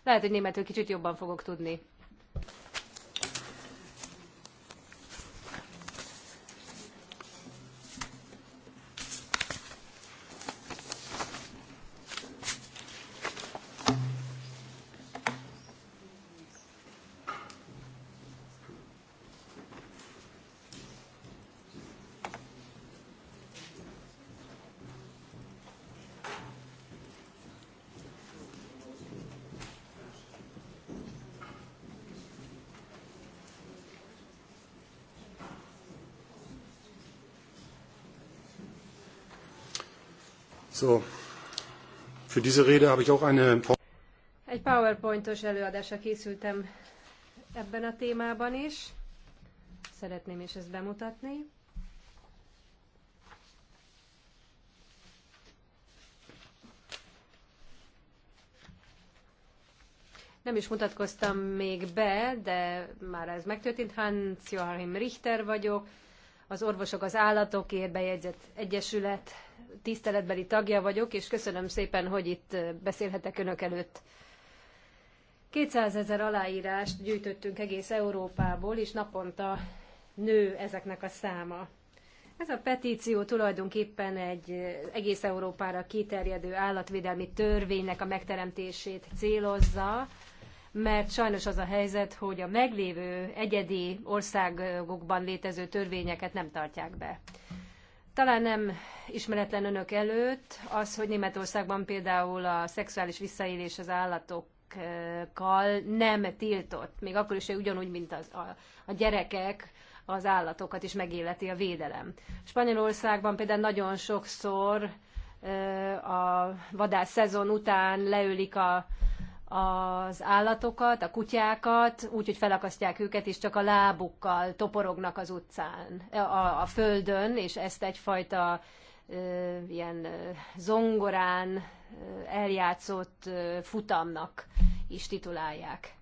Lehet, hogy németül kicsit jobban fogok tudni. So, für diese Rede habe ich auch eine... Egy PowerPointos előadásra készültem ebben a témában is. Szeretném is ezt bemutatni. nem is mutatkoztam még be, de már ez megtörtént. Hans Joachim Richter vagyok, az Orvosok az Állatokért bejegyzett egyesület tiszteletbeli tagja vagyok, és köszönöm szépen, hogy itt beszélhetek önök előtt. 200 ezer aláírást gyűjtöttünk egész Európából, és naponta nő ezeknek a száma. Ez a petíció tulajdonképpen egy egész Európára kiterjedő állatvédelmi törvénynek a megteremtését célozza, mert sajnos az a helyzet, hogy a meglévő egyedi országokban létező törvényeket nem tartják be. Talán nem ismeretlen önök előtt az, hogy Németországban például a szexuális visszaélés az állatokkal nem tiltott, még akkor is, hogy ugyanúgy, mint az, a, a gyerekek, az állatokat is megéleti a védelem. Spanyolországban például nagyon sokszor a vadász szezon után leülik a az állatokat, a kutyákat, úgy, hogy felakasztják őket, és csak a lábukkal toporognak az utcán, a, a földön, és ezt egyfajta ö, ilyen zongorán eljátszott futamnak is titulálják.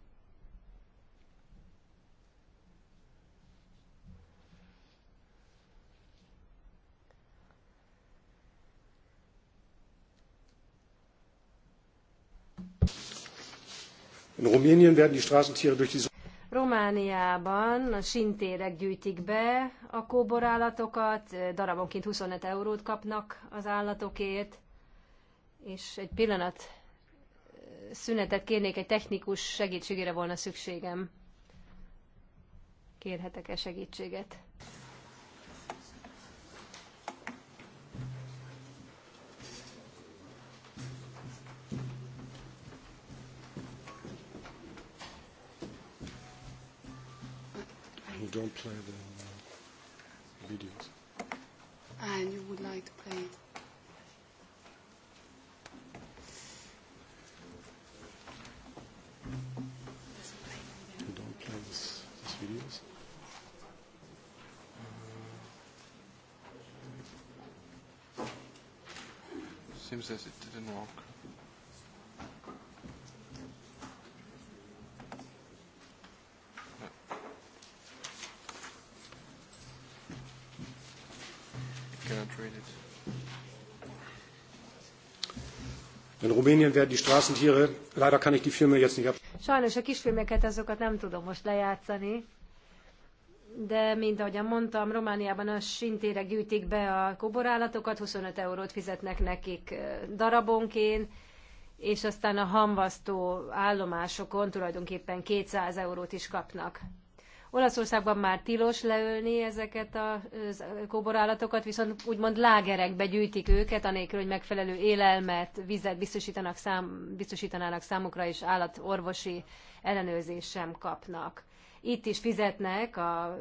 In Rumänien werden die Straßentiere durch die Romániában a sintérek gyűjtik be a kóborállatokat, darabonként 25 eurót kapnak az állatokért, és egy pillanat szünetet kérnék, egy technikus segítségére volna szükségem. Kérhetek-e segítséget? don't play the uh, videos. And you would like to play it. You don't play this, these videos. Seems as it didn't work. In Rumänien werden die Straßentiere, leider kann ich die Filme jetzt nicht ab. Sajnos a kisfilmeket azokat nem tudom most lejátszani, de mint ahogyan mondtam, Romániában a sintére gyűjtik be a koborállatokat, 25 eurót fizetnek nekik darabonként, és aztán a hamvasztó állomásokon tulajdonképpen 200 eurót is kapnak. Olaszországban már tilos leölni ezeket a kóborállatokat, viszont úgymond lágerekbe gyűjtik őket, anélkül, hogy megfelelő élelmet, vizet biztosítanak szám, biztosítanának számukra, és állatorvosi ellenőrzés sem kapnak. Itt is fizetnek a,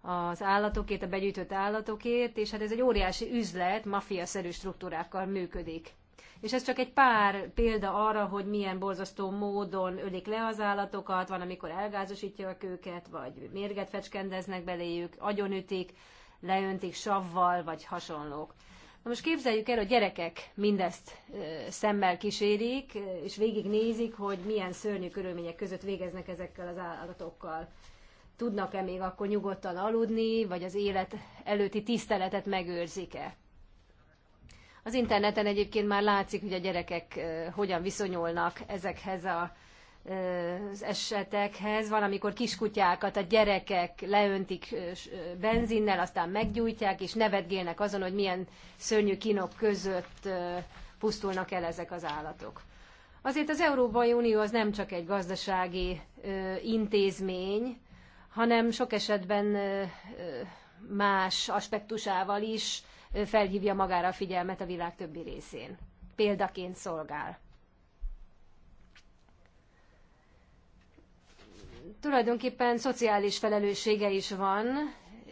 az állatokért, a begyűjtött állatokért, és hát ez egy óriási üzlet, mafiaszerű struktúrákkal működik. És ez csak egy pár példa arra, hogy milyen borzasztó módon ölik le az állatokat, van, amikor elgázosítják őket, vagy mérget fecskendeznek beléjük, agyonütik, leöntik savval, vagy hasonlók. Na most képzeljük el, hogy gyerekek mindezt szemmel kísérik, és végignézik, hogy milyen szörnyű körülmények között végeznek ezekkel az állatokkal. Tudnak-e még akkor nyugodtan aludni, vagy az élet előtti tiszteletet megőrzik-e? Az interneten egyébként már látszik, hogy a gyerekek hogyan viszonyulnak ezekhez a az esetekhez. Van, amikor kiskutyákat a gyerekek leöntik benzinnel, aztán meggyújtják, és nevetgélnek azon, hogy milyen szörnyű kínok között pusztulnak el ezek az állatok. Azért az Európai Unió az nem csak egy gazdasági intézmény, hanem sok esetben más aspektusával is felhívja magára a figyelmet a világ többi részén. Példaként szolgál. Tulajdonképpen szociális felelőssége is van,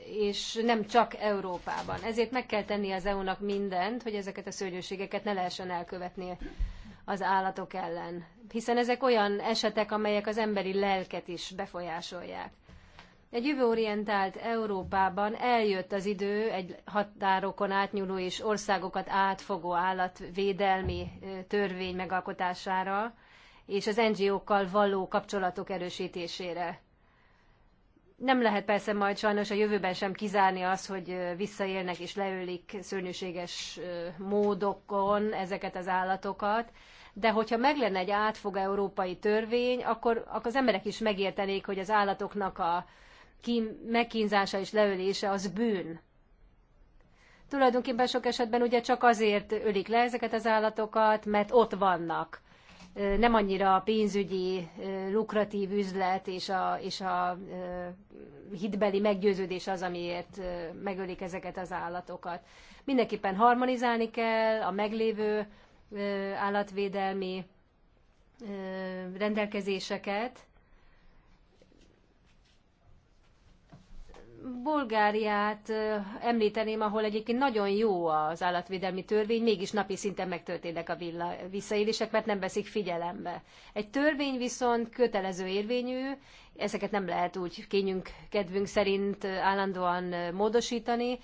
és nem csak Európában. Ezért meg kell tenni az EU-nak mindent, hogy ezeket a szörnyűségeket ne lehessen elkövetni az állatok ellen. Hiszen ezek olyan esetek, amelyek az emberi lelket is befolyásolják. Egy jövőorientált Európában eljött az idő egy határokon átnyúló és országokat átfogó állatvédelmi törvény megalkotására és az NGO-kkal való kapcsolatok erősítésére. Nem lehet persze majd sajnos a jövőben sem kizárni az, hogy visszaélnek és leölik szörnyűséges módokon ezeket az állatokat, de hogyha meg lenne egy átfogó európai törvény, akkor, akkor az emberek is megértenék, hogy az állatoknak a, megkínzása és leölése az bűn. Tulajdonképpen sok esetben ugye csak azért ölik le ezeket az állatokat, mert ott vannak. Nem annyira a pénzügyi, lukratív üzlet és a, és a hitbeli meggyőződés az, amiért megölik ezeket az állatokat. Mindenképpen harmonizálni kell a meglévő állatvédelmi rendelkezéseket, Bulgáriát említeném, ahol egyébként nagyon jó az állatvédelmi törvény, mégis napi szinten megtörténnek a villa, visszaélések, mert nem veszik figyelembe. Egy törvény viszont kötelező érvényű, ezeket nem lehet úgy kényünk, kedvünk szerint állandóan módosítani,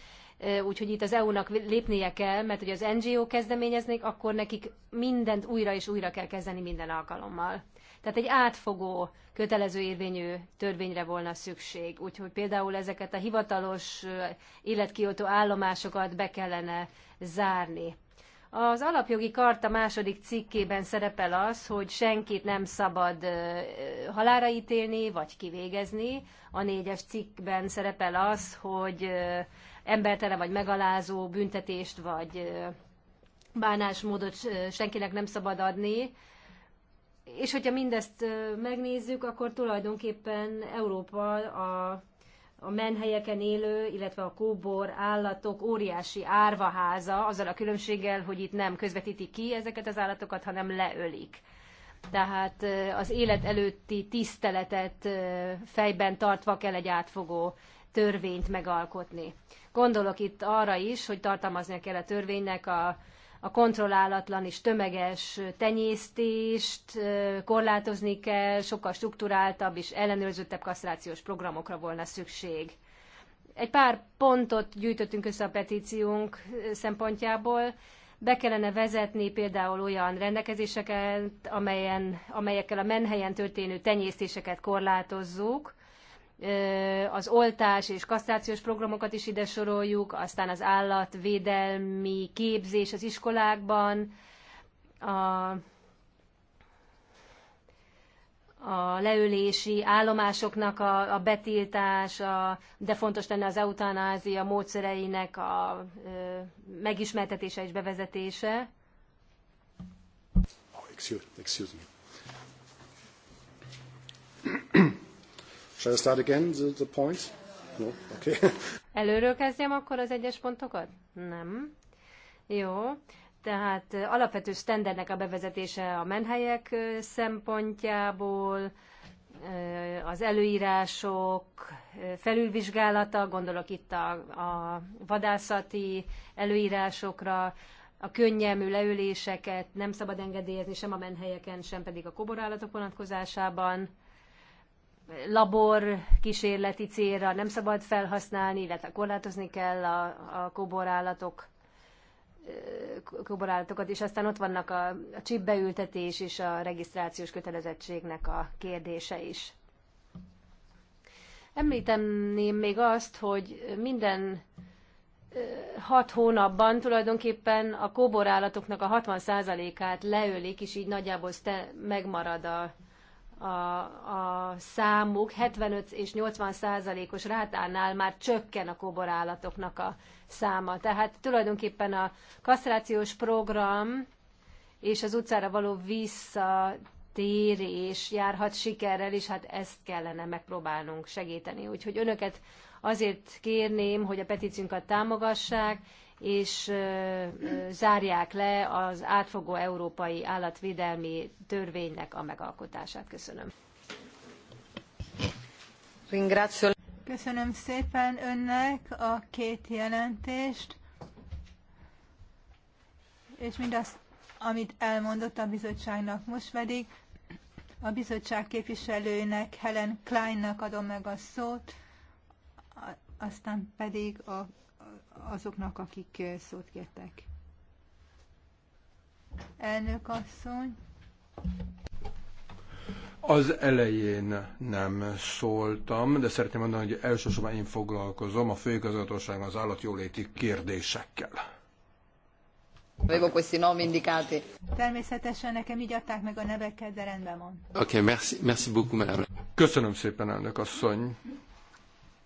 úgyhogy itt az EU-nak lépnie kell, mert hogy az NGO kezdeményeznék, akkor nekik mindent újra és újra kell kezdeni minden alkalommal. Tehát egy átfogó, kötelező érvényű törvényre volna szükség. Úgyhogy például ezeket a hivatalos életkiotó állomásokat be kellene zárni. Az alapjogi karta második cikkében szerepel az, hogy senkit nem szabad halára ítélni, vagy kivégezni. A négyes cikkben szerepel az, hogy embertelen vagy megalázó büntetést, vagy bánásmódot senkinek nem szabad adni, és hogyha mindezt megnézzük, akkor tulajdonképpen Európa a, a menhelyeken élő, illetve a kóbor állatok óriási árvaháza, azzal a különbséggel, hogy itt nem közvetítik ki ezeket az állatokat, hanem leölik. Tehát az élet előtti tiszteletet fejben tartva kell egy átfogó törvényt megalkotni. Gondolok itt arra is, hogy tartalmaznia kell a törvénynek a a kontrollálatlan és tömeges tenyésztést korlátozni kell, sokkal struktúráltabb és ellenőrzöttebb kasztrációs programokra volna szükség. Egy pár pontot gyűjtöttünk össze a petíciónk szempontjából. Be kellene vezetni például olyan rendelkezéseket, amelyen, amelyekkel a menhelyen történő tenyésztéseket korlátozzuk, az oltás és kasztrációs programokat is ide soroljuk, aztán az állatvédelmi képzés az iskolákban, a, a leülési állomásoknak a, a betiltás, a, de fontos lenne az eutanázia módszereinek a, a megismertetése és bevezetése. Oh, excuse, excuse me. Shall I start again the, the points? No? Okay. (laughs) Előről kezdjem akkor az egyes pontokat? Nem. Jó. Tehát alapvető standardnek a bevezetése a menhelyek szempontjából, az előírások felülvizsgálata, gondolok itt a, a vadászati előírásokra, a könnyelmű leüléseket nem szabad engedélyezni sem a menhelyeken, sem pedig a koborállatok vonatkozásában labor kísérleti célra nem szabad felhasználni, illetve korlátozni kell a, a kóborállatok kóborállatokat, és aztán ott vannak a, a csipbeültetés és a regisztrációs kötelezettségnek a kérdése is. Említeném még azt, hogy minden hat hónapban tulajdonképpen a kóborállatoknak a 60%-át leölik, és így nagyjából megmarad a a, a számuk 75 és 80 százalékos rátánál már csökken a koborállatoknak a száma. Tehát tulajdonképpen a kasztrációs program és az utcára való visszatérés járhat sikerrel, és hát ezt kellene megpróbálnunk segíteni. Úgyhogy önöket azért kérném, hogy a petíciónkat támogassák, és zárják le az átfogó európai állatvédelmi törvénynek a megalkotását. Köszönöm. Köszönöm szépen önnek a két jelentést, és mindazt, amit elmondott a bizottságnak. Most pedig a bizottság képviselőjének Helen Kleinnak adom meg a szót aztán pedig a, azoknak, akik szót kértek. Elnök asszony. Az elején nem szóltam, de szeretném mondani, hogy elsősorban én foglalkozom a főigazgatóság az állatjóléti kérdésekkel. Természetesen nekem így adták meg a neveket, de rendben van. Oké, okay, merci, merci beaucoup, madame. Köszönöm szépen, elnök asszony.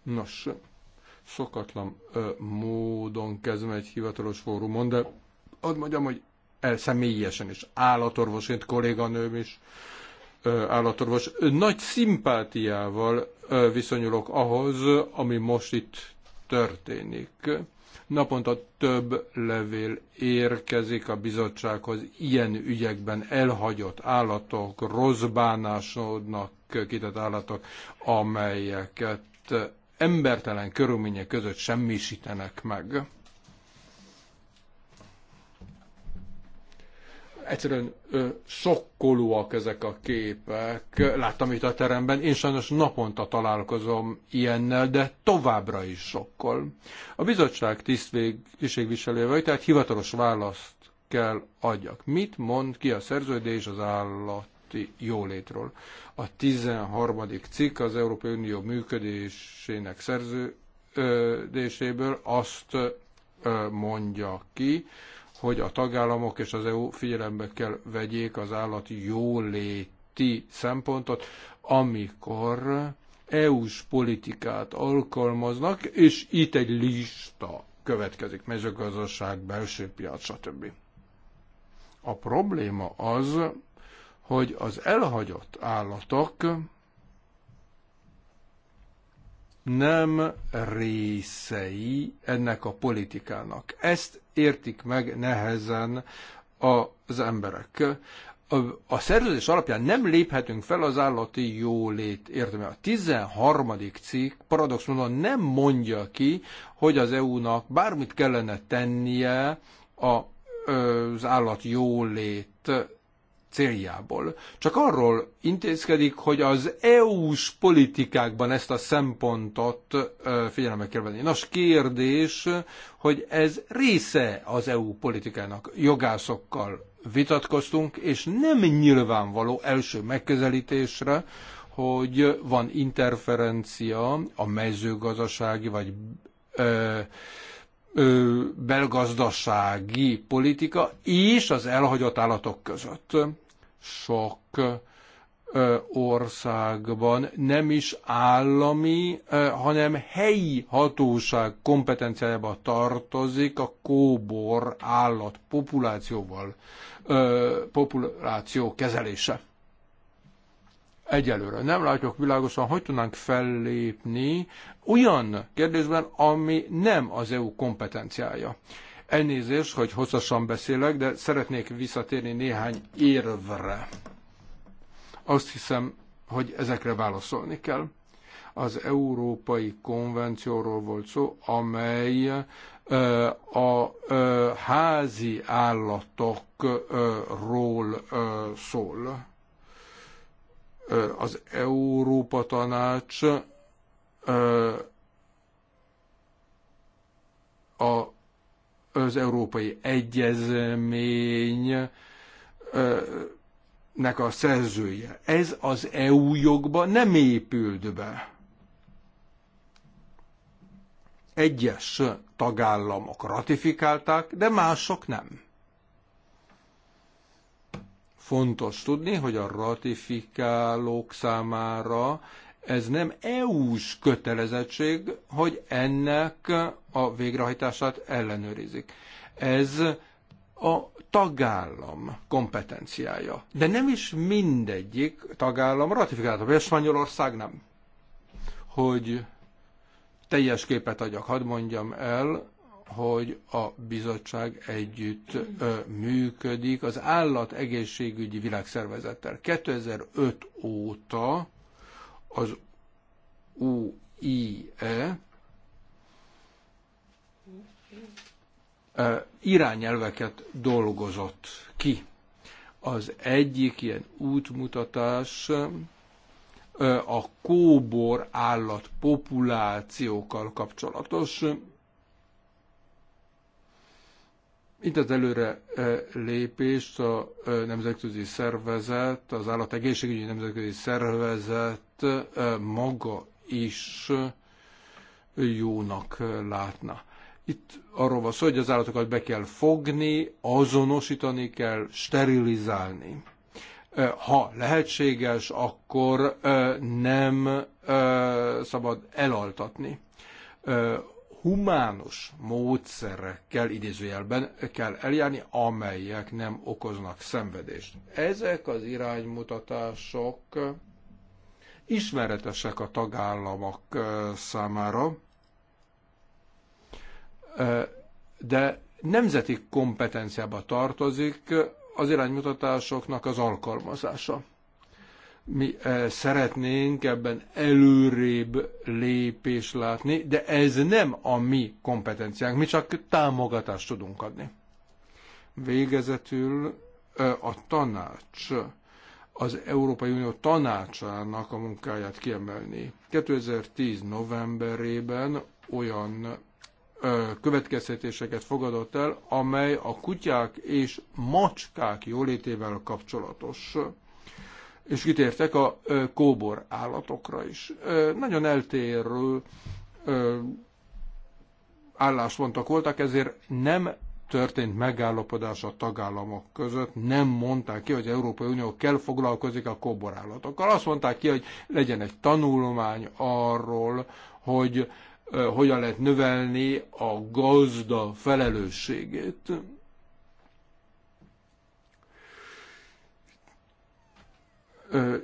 Nos, szokatlan ö, módon kezdem egy hivatalos fórumon, de ad mondjam, hogy el személyesen is állatorvosként kolléganőm is ö, állatorvos. Nagy szimpátiával ö, viszonyulok ahhoz, ami most itt történik. Naponta több levél érkezik a bizottsághoz ilyen ügyekben elhagyott állatok, rossz bánásodnak kitett állatok, amelyeket embertelen körülmények között semmisítenek meg. Egyszerűen ö, sokkolóak ezek a képek. Láttam itt a teremben, én sajnos naponta találkozom ilyennel, de továbbra is sokkol. A bizottság tisztségviselővel, tehát hivatalos választ kell adjak. Mit mond ki a szerződés az állat közötti jólétről. A 13. cikk az Európai Unió működésének szerződéséből azt mondja ki, hogy a tagállamok és az EU figyelembe kell vegyék az állati jóléti szempontot, amikor EU-s politikát alkalmaznak, és itt egy lista következik, mezőgazdaság, belső piac, stb. A probléma az, hogy az elhagyott állatok nem részei ennek a politikának. Ezt értik meg nehezen az emberek. A szerződés alapján nem léphetünk fel az állati jólét értelme. A 13. cikk paradox módon nem mondja ki, hogy az EU-nak bármit kellene tennie az állat jólét céljából. Csak arról intézkedik, hogy az EU-s politikákban ezt a szempontot figyelembe kell venni. Nos, kérdés, hogy ez része az EU politikának. Jogászokkal vitatkoztunk, és nem nyilvánvaló első megközelítésre, hogy van interferencia a mezőgazdasági vagy ö, ö, belgazdasági politika és az elhagyott állatok között sok országban nem is állami, hanem helyi hatóság kompetenciájába tartozik a kóbor állat populációval, populáció kezelése. Egyelőre nem látjuk világosan, hogy tudnánk fellépni olyan kérdésben, ami nem az EU kompetenciája. Elnézést, hogy hosszasan beszélek, de szeretnék visszatérni néhány érvre. Azt hiszem, hogy ezekre válaszolni kell. Az Európai Konvencióról volt szó, amely a házi állatokról szól. Az Európa Tanács a az Európai egyezménynek a szerzője. Ez az EU jogba nem épült be. Egyes tagállamok ratifikálták, de mások nem. Fontos tudni, hogy a ratifikálók számára ez nem EU-s kötelezettség, hogy ennek a végrehajtását ellenőrizik. Ez a tagállam kompetenciája. De nem is mindegyik tagállam ratifikálta, vagy Spanyolország nem. Hogy teljes képet adjak, hadd mondjam el, hogy a bizottság együtt ö, működik az állat egészségügyi világszervezettel. 2005 óta az UIE e, irányelveket dolgozott ki. Az egyik ilyen útmutatás e, a kóbor állat populációkkal kapcsolatos, itt az előre lépést a nemzetközi szervezet, az állategészségügyi nemzetközi szervezet maga is jónak látna. Itt arról van szó, hogy az állatokat be kell fogni, azonosítani kell, sterilizálni. Ha lehetséges, akkor nem szabad elaltatni humános módszerekkel idézőjelben kell eljárni, amelyek nem okoznak szenvedést. Ezek az iránymutatások ismeretesek a tagállamok számára, de nemzeti kompetenciába tartozik az iránymutatásoknak az alkalmazása mi eh, szeretnénk ebben előrébb lépés látni, de ez nem a mi kompetenciánk, mi csak támogatást tudunk adni. Végezetül eh, a tanács, az Európai Unió tanácsának a munkáját kiemelni. 2010 novemberében olyan eh, következtetéseket fogadott el, amely a kutyák és macskák jólétével kapcsolatos és kitértek a kóbor állatokra is. Nagyon eltérő álláspontok voltak, ezért nem történt megállapodás a tagállamok között, nem mondták ki, hogy Európai Unió kell foglalkozik a állatokkal Azt mondták ki, hogy legyen egy tanulmány arról, hogy hogyan lehet növelni a gazda felelősségét.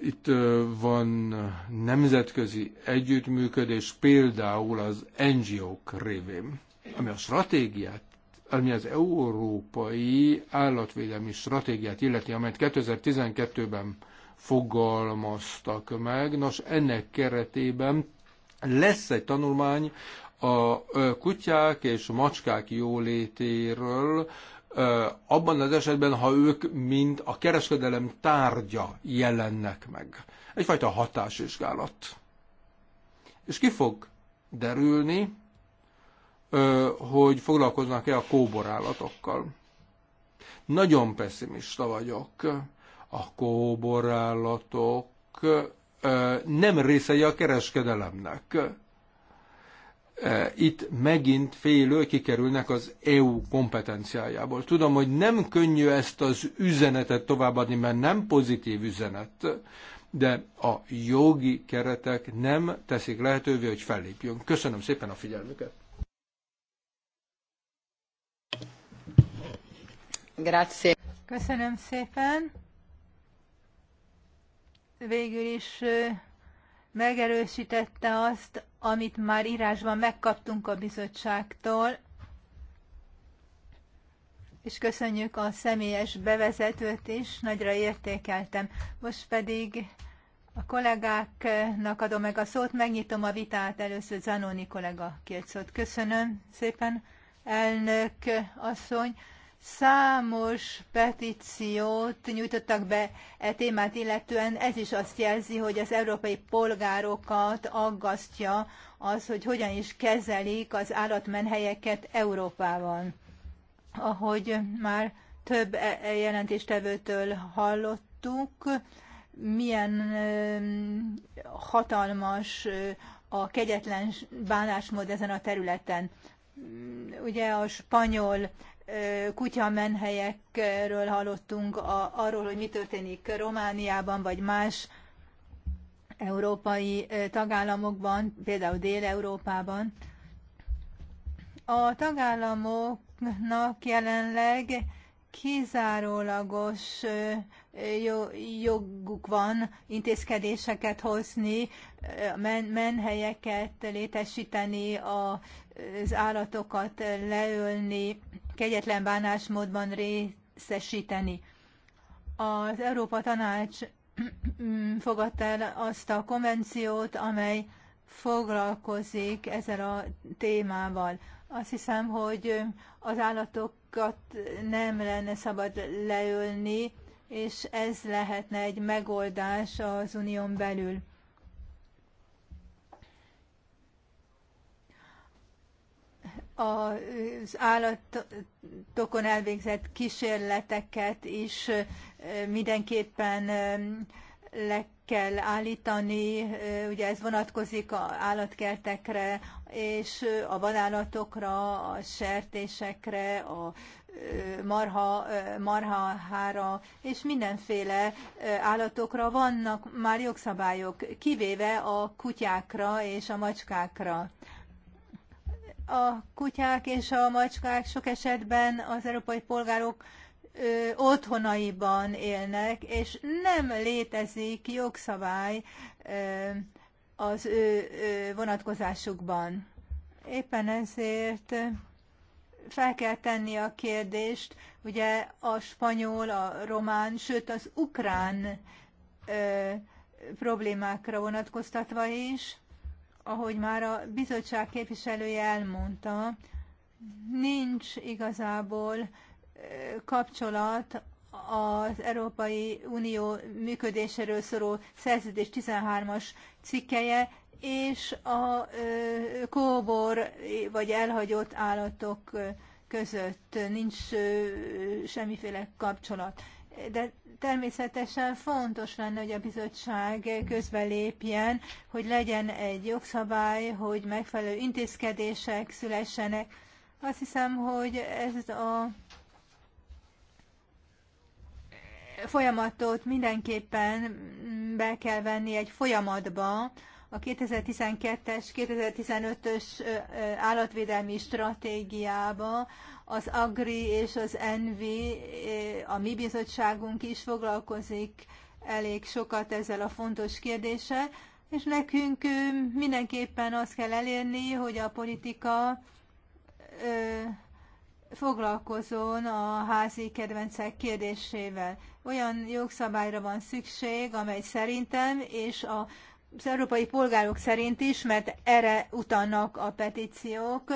Itt van nemzetközi együttműködés, például az NGO-k révén, ami a stratégiát ami az európai állatvédelmi stratégiát illeti, amelyet 2012-ben fogalmaztak meg. Nos, ennek keretében lesz egy tanulmány a kutyák és macskák jólétéről abban az esetben, ha ők mind a kereskedelem tárgya jelennek meg. Egyfajta hatásvizsgálat. És ki fog derülni, hogy foglalkoznak-e a kóborállatokkal. Nagyon pessimista vagyok. A kóborállatok nem részei a kereskedelemnek. E, itt megint félő kikerülnek az EU kompetenciájából. Tudom, hogy nem könnyű ezt az üzenetet továbbadni, mert nem pozitív üzenet, de a jogi keretek nem teszik lehetővé, hogy fellépjünk. Köszönöm szépen a figyelmüket! Grazie. Köszönöm szépen! Végül is megerősítette azt, amit már írásban megkaptunk a bizottságtól, és köszönjük a személyes bevezetőt is, nagyra értékeltem. Most pedig a kollégáknak adom meg a szót, megnyitom a vitát, először Zanoni kollega kért szót. Köszönöm szépen, elnök asszony. Számos petíciót nyújtottak be e témát illetően, ez is azt jelzi, hogy az európai polgárokat aggasztja az, hogy hogyan is kezelik az állatmenhelyeket Európában. Ahogy már több e- e- jelentéstevőtől hallottuk, milyen hatalmas a kegyetlen bánásmód ezen a területen. Ugye a spanyol kutyamenhelyekről hallottunk, a, arról, hogy mi történik Romániában vagy más európai tagállamokban, például Dél-Európában. A tagállamoknak jelenleg kizárólagos joguk van intézkedéseket hozni, menhelyeket létesíteni, az állatokat leölni, kegyetlen bánásmódban részesíteni. Az Európa Tanács (clears throat) fogadta el azt a konvenciót, amely foglalkozik ezzel a témával. Azt hiszem, hogy az állatokat nem lenne szabad leölni, és ez lehetne egy megoldás az unión belül. az állatokon elvégzett kísérleteket is mindenképpen le kell állítani, ugye ez vonatkozik az állatkertekre, és a vadállatokra, a sertésekre, a marha, marhahára, és mindenféle állatokra vannak már jogszabályok, kivéve a kutyákra és a macskákra a kutyák és a macskák sok esetben az európai polgárok ö, otthonaiban élnek, és nem létezik jogszabály ö, az ő ö, vonatkozásukban. Éppen ezért fel kell tenni a kérdést, ugye a spanyol, a román, sőt az ukrán ö, problémákra vonatkoztatva is, ahogy már a bizottság képviselője elmondta, nincs igazából kapcsolat az Európai Unió működéséről szóló szerződés 13-as cikkeje és a kóbor vagy elhagyott állatok között nincs semmiféle kapcsolat de természetesen fontos lenne, hogy a bizottság közbelépjen, hogy legyen egy jogszabály, hogy megfelelő intézkedések szülessenek. Azt hiszem, hogy ez a folyamatot mindenképpen be kell venni egy folyamatba, a 2012-es, 2015-ös állatvédelmi stratégiába az AGRI és az ENVI, a mi bizottságunk is foglalkozik elég sokat ezzel a fontos kérdéssel, és nekünk mindenképpen azt kell elérni, hogy a politika foglalkozon a házi kedvencek kérdésével. Olyan jogszabályra van szükség, amely szerintem és a az európai polgárok szerint is, mert erre utalnak a petíciók.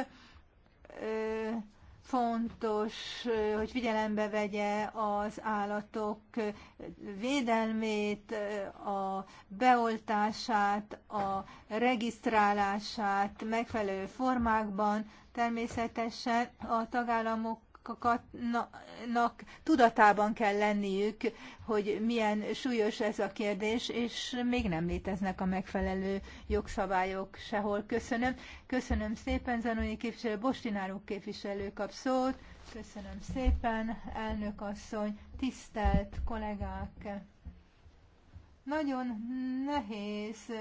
Fontos, hogy figyelembe vegye az állatok védelmét, a beoltását, a regisztrálását megfelelő formákban. Természetesen a tagállamok polgároknak tudatában kell lenniük, hogy milyen súlyos ez a kérdés, és még nem léteznek a megfelelő jogszabályok sehol. Köszönöm. Köszönöm szépen, Zanoni képviselő, Bostináruk képviselő kap szót. Köszönöm szépen, elnök asszony, tisztelt kollégák. Nagyon nehéz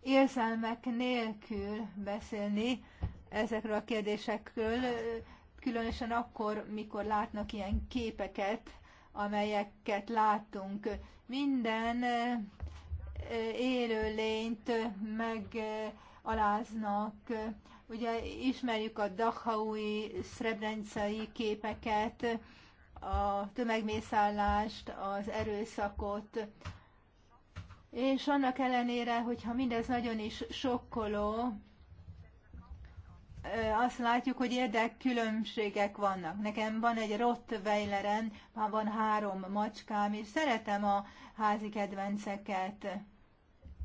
érzelmek nélkül beszélni ezekről a kérdésekről különösen akkor, mikor látnak ilyen képeket, amelyeket látunk. Minden eh, eh, élőlényt eh, megaláznak. Ugye ismerjük a Dachaui, Srebrencai képeket, a tömegmészállást, az erőszakot, és annak ellenére, hogyha mindez nagyon is sokkoló, azt látjuk, hogy érdekkülönbségek vannak. Nekem van egy Rottweileren, van három macskám, és szeretem a házi kedvenceket.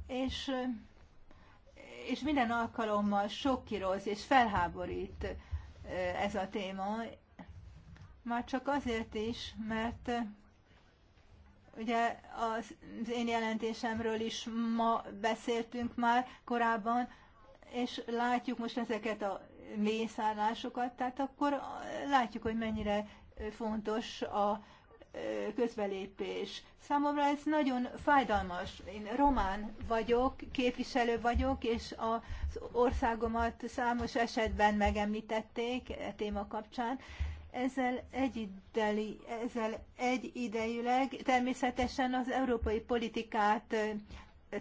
És, és minden alkalommal sokkiroz és felháborít ez a téma. Már csak azért is, mert ugye az én jelentésemről is ma beszéltünk már korábban, és látjuk most ezeket a mészállásokat, tehát akkor látjuk, hogy mennyire fontos a közbelépés. Számomra ez nagyon fájdalmas. Én román vagyok, képviselő vagyok, és az országomat számos esetben megemlítették e téma kapcsán. Ezzel, egyideli, ezzel egyidejűleg természetesen az európai politikát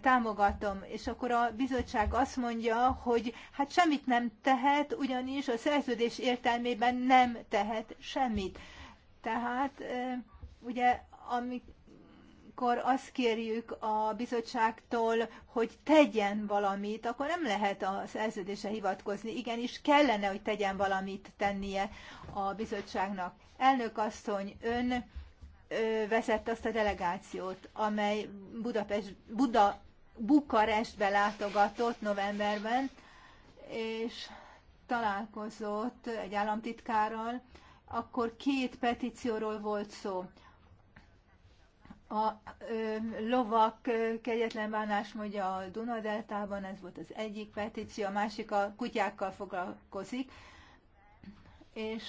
támogatom, és akkor a bizottság azt mondja, hogy hát semmit nem tehet, ugyanis a szerződés értelmében nem tehet semmit. Tehát ugye, amikor azt kérjük a bizottságtól, hogy tegyen valamit, akkor nem lehet a szerződése hivatkozni. Igenis kellene, hogy tegyen valamit tennie a bizottságnak. Elnök asszony, ön vezette azt a delegációt, amely Budapest, Buda, Bukarestbe látogatott novemberben, és találkozott egy államtitkárral, akkor két petícióról volt szó. A ö, lovak ö, kegyetlen bánásmódja a Dunadeltában, ez volt az egyik petíció, a másik a kutyákkal foglalkozik, és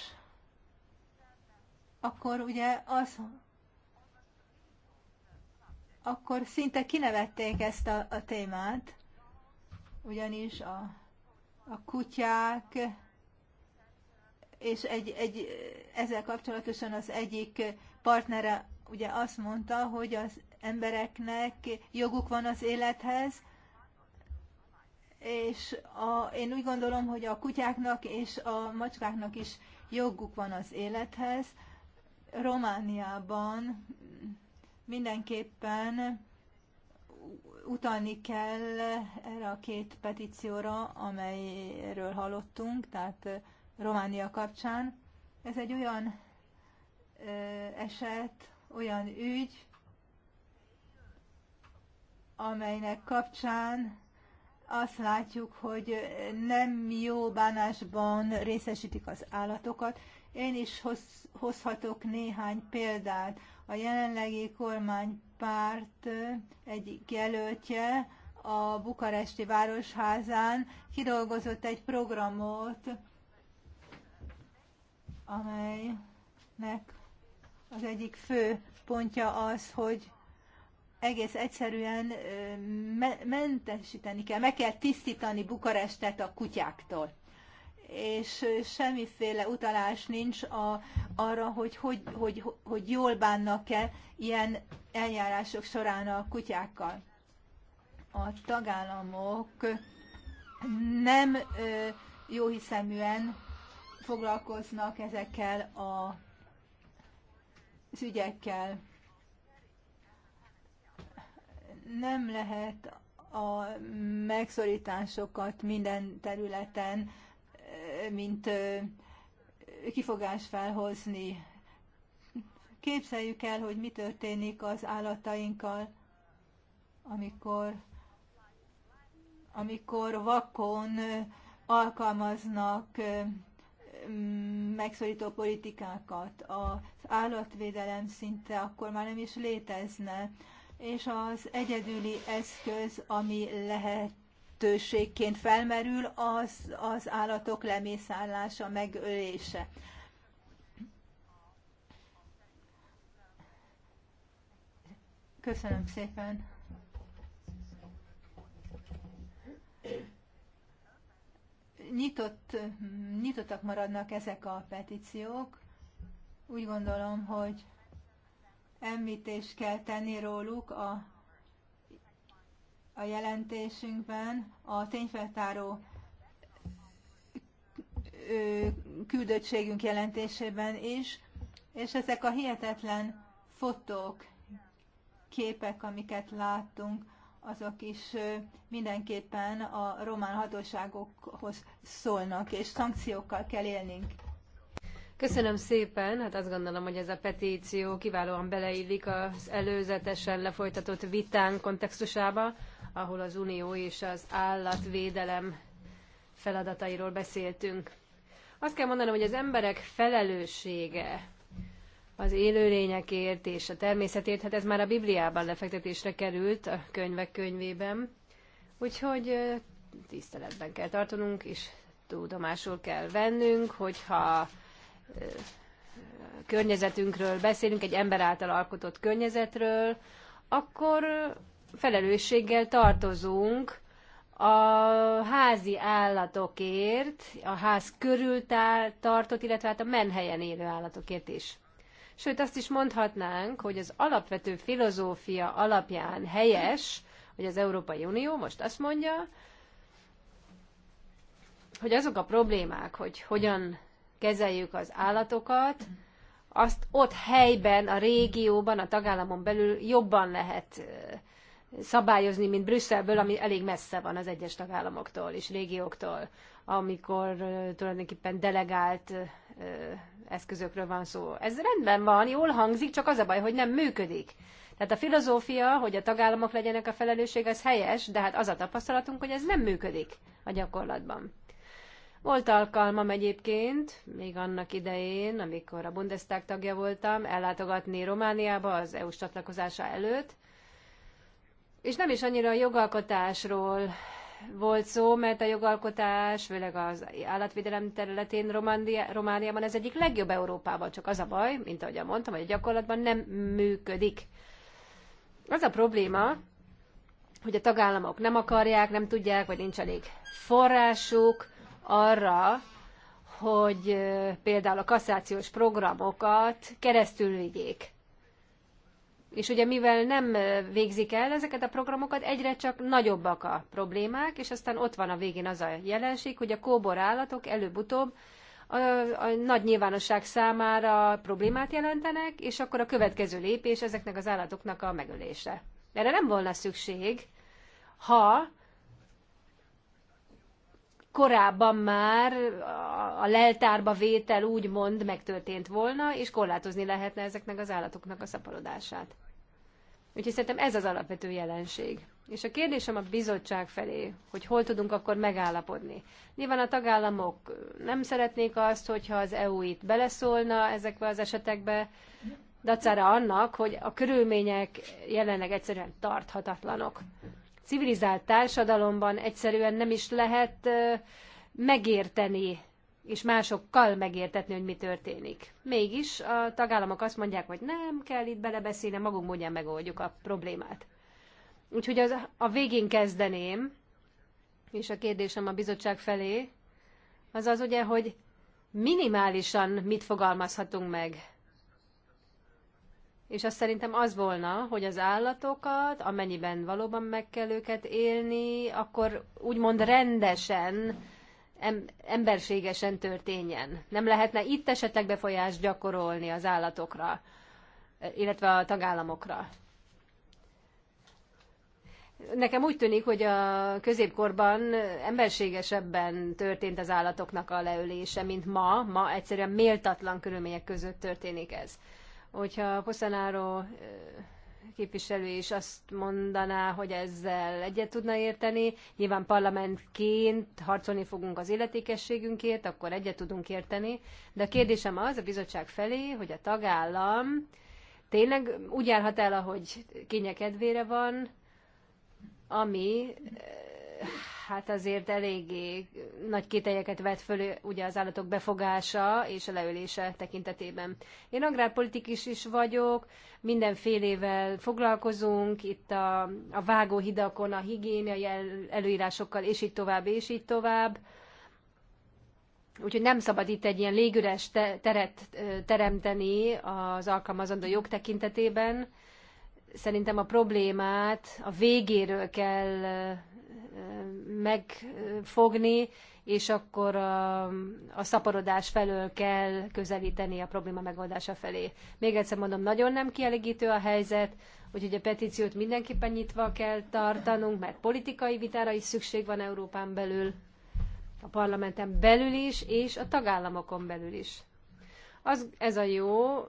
akkor ugye az akkor szinte kinevették ezt a, a témát, ugyanis a, a kutyák, és egy, egy, ezzel kapcsolatosan az egyik partnere ugye azt mondta, hogy az embereknek joguk van az élethez, és a, én úgy gondolom, hogy a kutyáknak és a macskáknak is joguk van az élethez. Romániában Mindenképpen utalni kell erre a két petícióra, amelyről hallottunk, tehát Románia kapcsán. Ez egy olyan eset, olyan ügy, amelynek kapcsán azt látjuk, hogy nem jó bánásban részesítik az állatokat. Én is hoz, hozhatok néhány példát. A jelenlegi kormánypárt egyik jelöltje a bukaresti városházán kidolgozott egy programot, amelynek az egyik fő pontja az, hogy egész egyszerűen mentesíteni kell, meg kell tisztítani Bukarestet a kutyáktól és semmiféle utalás nincs a, arra, hogy hogy, hogy hogy jól bánnak-e ilyen eljárások során a kutyákkal. A tagállamok nem jóhiszeműen foglalkoznak ezekkel a, az ügyekkel. Nem lehet a megszorításokat minden területen mint kifogás felhozni. Képzeljük el, hogy mi történik az állatainkkal, amikor, amikor vakon alkalmaznak megszorító politikákat. Az állatvédelem szinte akkor már nem is létezne, és az egyedüli eszköz, ami lehet lehetőségként felmerül az, az állatok lemészállása, megölése. Köszönöm szépen. Nyitott, nyitottak maradnak ezek a petíciók. Úgy gondolom, hogy említést kell tenni róluk a a jelentésünkben a tényfeltáró küldöttségünk jelentésében is, és ezek a hihetetlen fotók, képek, amiket láttunk, azok is mindenképpen a román hatóságokhoz szólnak, és szankciókkal kell élnünk. Köszönöm szépen, hát azt gondolom, hogy ez a petíció kiválóan beleillik az előzetesen lefolytatott vitán kontextusába ahol az Unió és az állatvédelem feladatairól beszéltünk. Azt kell mondanom, hogy az emberek felelőssége az élőlényekért és a természetért, hát ez már a Bibliában lefektetésre került, a könyvek könyvében. Úgyhogy tiszteletben kell tartanunk, és tudomásul kell vennünk, hogyha környezetünkről beszélünk, egy ember által alkotott környezetről, akkor felelősséggel tartozunk a házi állatokért, a ház körül tartott, illetve hát a menhelyen élő állatokért is. Sőt, azt is mondhatnánk, hogy az alapvető filozófia alapján helyes, hogy az Európai Unió most azt mondja, hogy azok a problémák, hogy hogyan kezeljük az állatokat, azt ott helyben, a régióban, a tagállamon belül jobban lehet szabályozni, mint Brüsszelből, ami elég messze van az egyes tagállamoktól és régióktól, amikor tulajdonképpen delegált eszközökről van szó. Ez rendben van, jól hangzik, csak az a baj, hogy nem működik. Tehát a filozófia, hogy a tagállamok legyenek a felelősség, az helyes, de hát az a tapasztalatunk, hogy ez nem működik a gyakorlatban. Volt alkalmam egyébként, még annak idején, amikor a Bundestag tagja voltam, ellátogatni Romániába az EU-s csatlakozása előtt, és nem is annyira a jogalkotásról volt szó, mert a jogalkotás, főleg az állatvédelem területén Románia, Romániában ez egyik legjobb Európában, csak az a baj, mint ahogy mondtam, hogy a gyakorlatban nem működik. Az a probléma, hogy a tagállamok nem akarják, nem tudják, vagy nincs elég forrásuk arra, hogy például a kasszációs programokat keresztül vigyék. És ugye mivel nem végzik el ezeket a programokat, egyre csak nagyobbak a problémák, és aztán ott van a végén az a jelenség, hogy a kóbor állatok előbb-utóbb a, a nagy nyilvánosság számára problémát jelentenek, és akkor a következő lépés ezeknek az állatoknak a megölése. Erre nem volna szükség, ha korábban már a leltárba vétel úgymond megtörtént volna, és korlátozni lehetne ezeknek az állatoknak a szaporodását. Úgyhogy szerintem ez az alapvető jelenség. És a kérdésem a bizottság felé, hogy hol tudunk akkor megállapodni. Nyilván a tagállamok nem szeretnék azt, hogyha az EU itt beleszólna ezekbe az esetekbe, dacára annak, hogy a körülmények jelenleg egyszerűen tarthatatlanok civilizált társadalomban egyszerűen nem is lehet megérteni és másokkal megértetni, hogy mi történik. Mégis a tagállamok azt mondják, hogy nem kell itt belebeszélni, magunk módján megoldjuk a problémát. Úgyhogy az, a végén kezdeném, és a kérdésem a bizottság felé, az az ugye, hogy minimálisan mit fogalmazhatunk meg és azt szerintem az volna, hogy az állatokat, amennyiben valóban meg kell őket élni, akkor úgymond rendesen, em- emberségesen történjen. Nem lehetne itt esetleg befolyást gyakorolni az állatokra, illetve a tagállamokra. Nekem úgy tűnik, hogy a középkorban emberségesebben történt az állatoknak a leölése, mint ma. Ma egyszerűen méltatlan körülmények között történik ez. Hogyha Poszanáró képviselő is azt mondaná, hogy ezzel egyet tudna érteni, nyilván parlamentként harcolni fogunk az illetékességünkért, akkor egyet tudunk érteni, de a kérdésem az a bizottság felé, hogy a tagállam tényleg úgy járhat el, ahogy kényekedvére van, ami hát azért eléggé nagy kételyeket vet föl ugye az állatok befogása és a leölése tekintetében. Én agrárpolitikus is vagyok, minden fél évvel foglalkozunk, itt a, a vágóhidakon, a higiéniai előírásokkal, és így tovább, és így tovább. Úgyhogy nem szabad itt egy ilyen légüres teret teremteni az alkalmazandó jog tekintetében. Szerintem a problémát a végéről kell megfogni, és akkor a, a szaporodás felől kell közelíteni a probléma megoldása felé. Még egyszer mondom, nagyon nem kielégítő a helyzet, úgyhogy a petíciót mindenképpen nyitva kell tartanunk, mert politikai vitára is szükség van Európán belül, a parlamenten belül is, és a tagállamokon belül is. Az, ez a jó,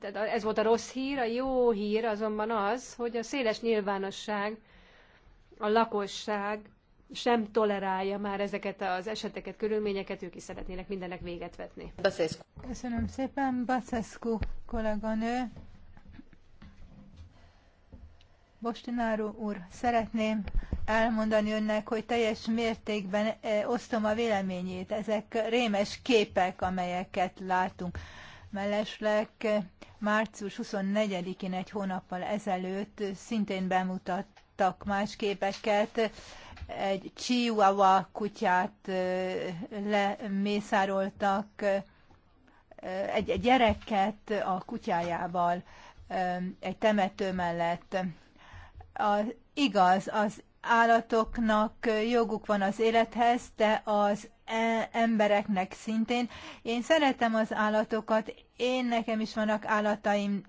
tehát ez volt a rossz hír, a jó hír azonban az, hogy a széles nyilvánosság a lakosság sem tolerálja már ezeket az eseteket, körülményeket, ők is szeretnének mindennek véget vetni. Baszeszku. Köszönöm szépen, Baszeszku kolléganő. Bostináró úr, szeretném elmondani önnek, hogy teljes mértékben eh, osztom a véleményét. Ezek rémes képek, amelyeket látunk. Mellesleg eh, március 24-én egy hónappal ezelőtt szintén bemutat láttak más képeket, egy chihuahua kutyát lemészároltak, egy gyereket a kutyájával egy temető mellett. A, igaz, az állatoknak joguk van az élethez, de az E, embereknek szintén. Én szeretem az állatokat, én nekem is vannak állataim,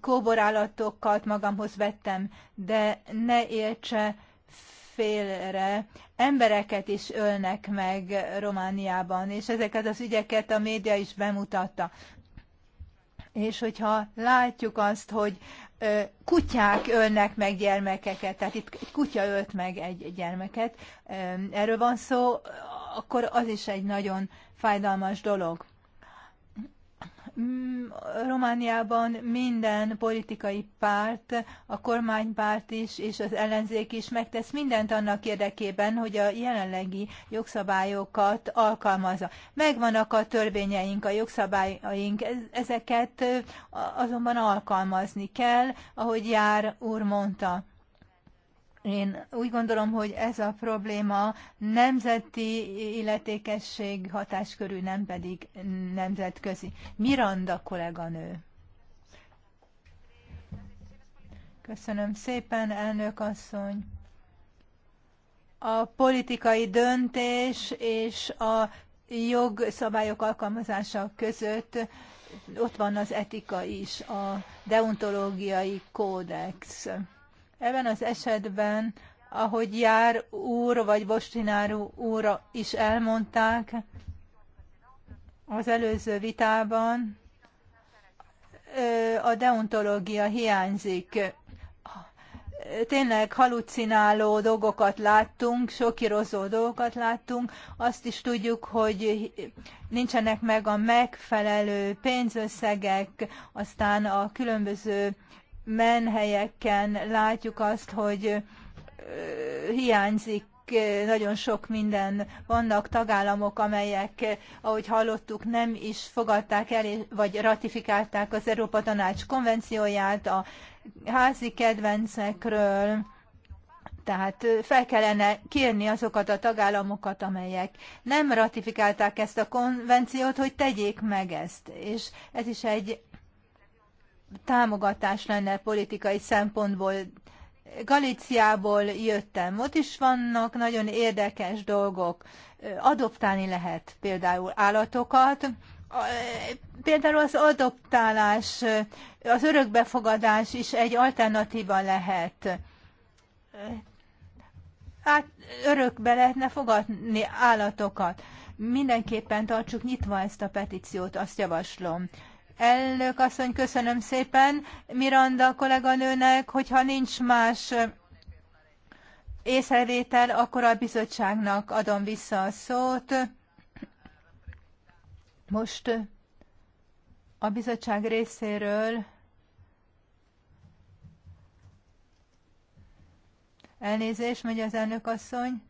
kóborállatokat magamhoz vettem, de ne értse félre. Embereket is ölnek meg Romániában, és ezeket az ügyeket a média is bemutatta. És hogyha látjuk azt, hogy kutyák ölnek meg gyermekeket, tehát itt egy kutya ölt meg egy gyermeket, erről van szó, akkor az is egy nagyon fájdalmas dolog. Mm, Romániában minden politikai párt, a kormánypárt is és az ellenzék is megtesz mindent annak érdekében, hogy a jelenlegi jogszabályokat alkalmazza. Megvannak a törvényeink, a jogszabályaink, ezeket azonban alkalmazni kell, ahogy Jár úr mondta. Én úgy gondolom, hogy ez a probléma nemzeti illetékesség hatáskörű, nem pedig nemzetközi. Miranda kolléganő. Köszönöm szépen, elnök asszony. A politikai döntés és a jogszabályok alkalmazása között ott van az etika is, a deontológiai kódex. Ebben az esetben, ahogy Jár úr vagy Bostináru úr is elmondták az előző vitában, a deontológia hiányzik. Tényleg halucináló dolgokat láttunk, sokirozó dolgokat láttunk. Azt is tudjuk, hogy nincsenek meg a megfelelő pénzösszegek, aztán a különböző menhelyeken látjuk azt, hogy hiányzik nagyon sok minden. Vannak tagállamok, amelyek, ahogy hallottuk, nem is fogadták el, vagy ratifikálták az Európa Tanács konvencióját a házi kedvencekről. Tehát fel kellene kérni azokat a tagállamokat, amelyek nem ratifikálták ezt a konvenciót, hogy tegyék meg ezt. És ez is egy támogatás lenne politikai szempontból. Galiciából jöttem, ott is vannak nagyon érdekes dolgok. Adoptálni lehet például állatokat, például az adoptálás, az örökbefogadás is egy alternatíva lehet. Hát örökbe lehetne fogadni állatokat. Mindenképpen tartsuk nyitva ezt a petíciót, azt javaslom. Elnök asszony, köszönöm szépen Miranda kolléganőnek, hogyha nincs más észrevétel, akkor a bizottságnak adom vissza a szót. Most a bizottság részéről elnézést, mondja az elnök asszony.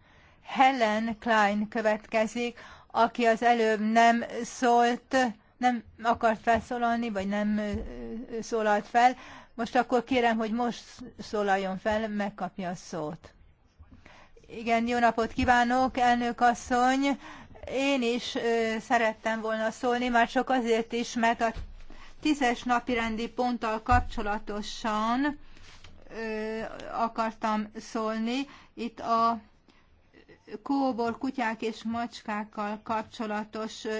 Helen Klein következik, aki az előbb nem szólt, nem akart felszólalni, vagy nem szólalt fel. Most akkor kérem, hogy most szólaljon fel, megkapja a szót. Igen, jó napot kívánok, elnök asszony! Én is ö, szerettem volna szólni, már csak azért is, mert a tízes napi rendi ponttal kapcsolatosan ö, akartam szólni. Itt a kóbor kutyák és macskákkal kapcsolatos ö,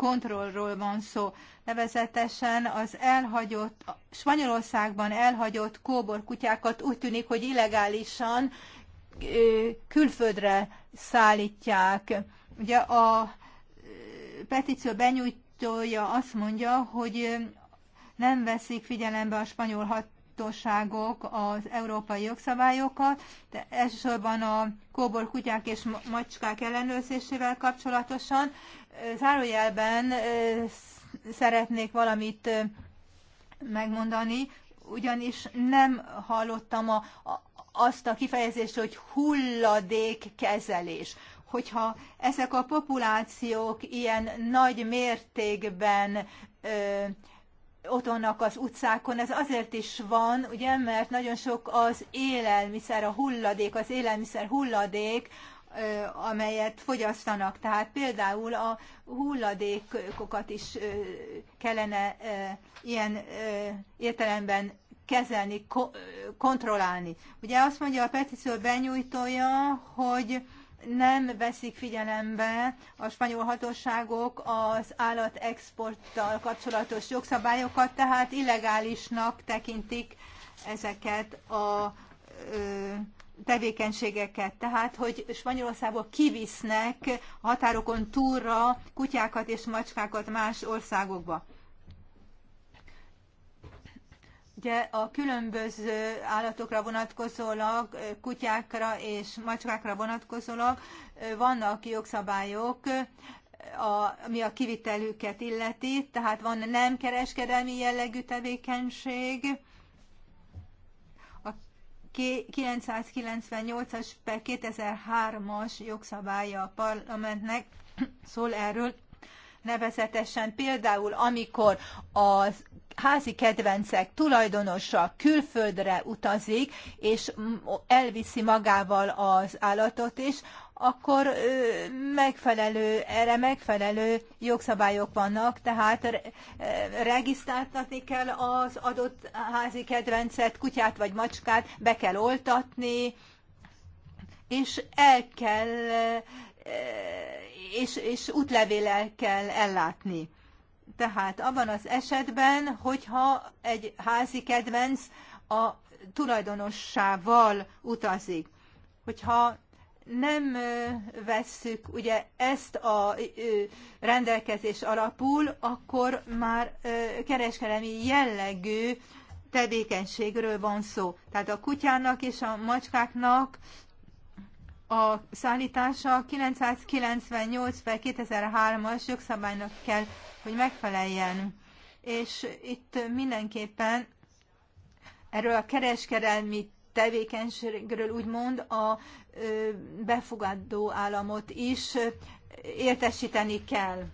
kontrollról van szó. Nevezetesen az elhagyott, Spanyolországban elhagyott kóborkutyákat úgy tűnik, hogy illegálisan külföldre szállítják. Ugye a petíció benyújtója azt mondja, hogy nem veszik figyelembe a spanyol hat hatóságok az európai jogszabályokat, de elsősorban a kóbor kutyák és macskák ellenőrzésével kapcsolatosan. Zárójelben szeretnék valamit megmondani, ugyanis nem hallottam a, a, azt a kifejezést, hogy hulladékkezelés. Hogyha ezek a populációk ilyen nagy mértékben ö, ott vannak az utcákon, ez azért is van, ugye, mert nagyon sok az élelmiszer, a hulladék, az élelmiszer hulladék, amelyet fogyasztanak. Tehát például a hulladékokat is kellene ilyen értelemben kezelni, kontrollálni. Ugye azt mondja a petíció benyújtója, hogy nem veszik figyelembe a spanyol hatóságok az állatexporttal kapcsolatos jogszabályokat, tehát illegálisnak tekintik ezeket a ö, tevékenységeket. Tehát, hogy Spanyolországból kivisznek határokon túlra kutyákat és macskákat más országokba. Ugye a különböző állatokra vonatkozólag, kutyákra és macskákra vonatkozólag vannak jogszabályok, a, ami a kivitelüket illeti, tehát van nem kereskedelmi jellegű tevékenység, a 998-as per 2003-as jogszabálya a parlamentnek szól erről, nevezetesen például, amikor az házi kedvencek tulajdonosa külföldre utazik, és elviszi magával az állatot is, akkor megfelelő, erre megfelelő jogszabályok vannak, tehát regisztráltatni kell az adott házi kedvencet, kutyát vagy macskát, be kell oltatni, és el kell, és, és útlevélel kell ellátni. Tehát abban az esetben, hogyha egy házi kedvenc a tulajdonossával utazik, hogyha nem vesszük ugye ezt a rendelkezés alapul, akkor már kereskedelmi jellegű tevékenységről van szó. Tehát a kutyának és a macskáknak a szállítása 998 per 2003-as jogszabálynak kell, hogy megfeleljen. És itt mindenképpen erről a kereskedelmi tevékenységről úgymond a befogadó államot is értesíteni kell.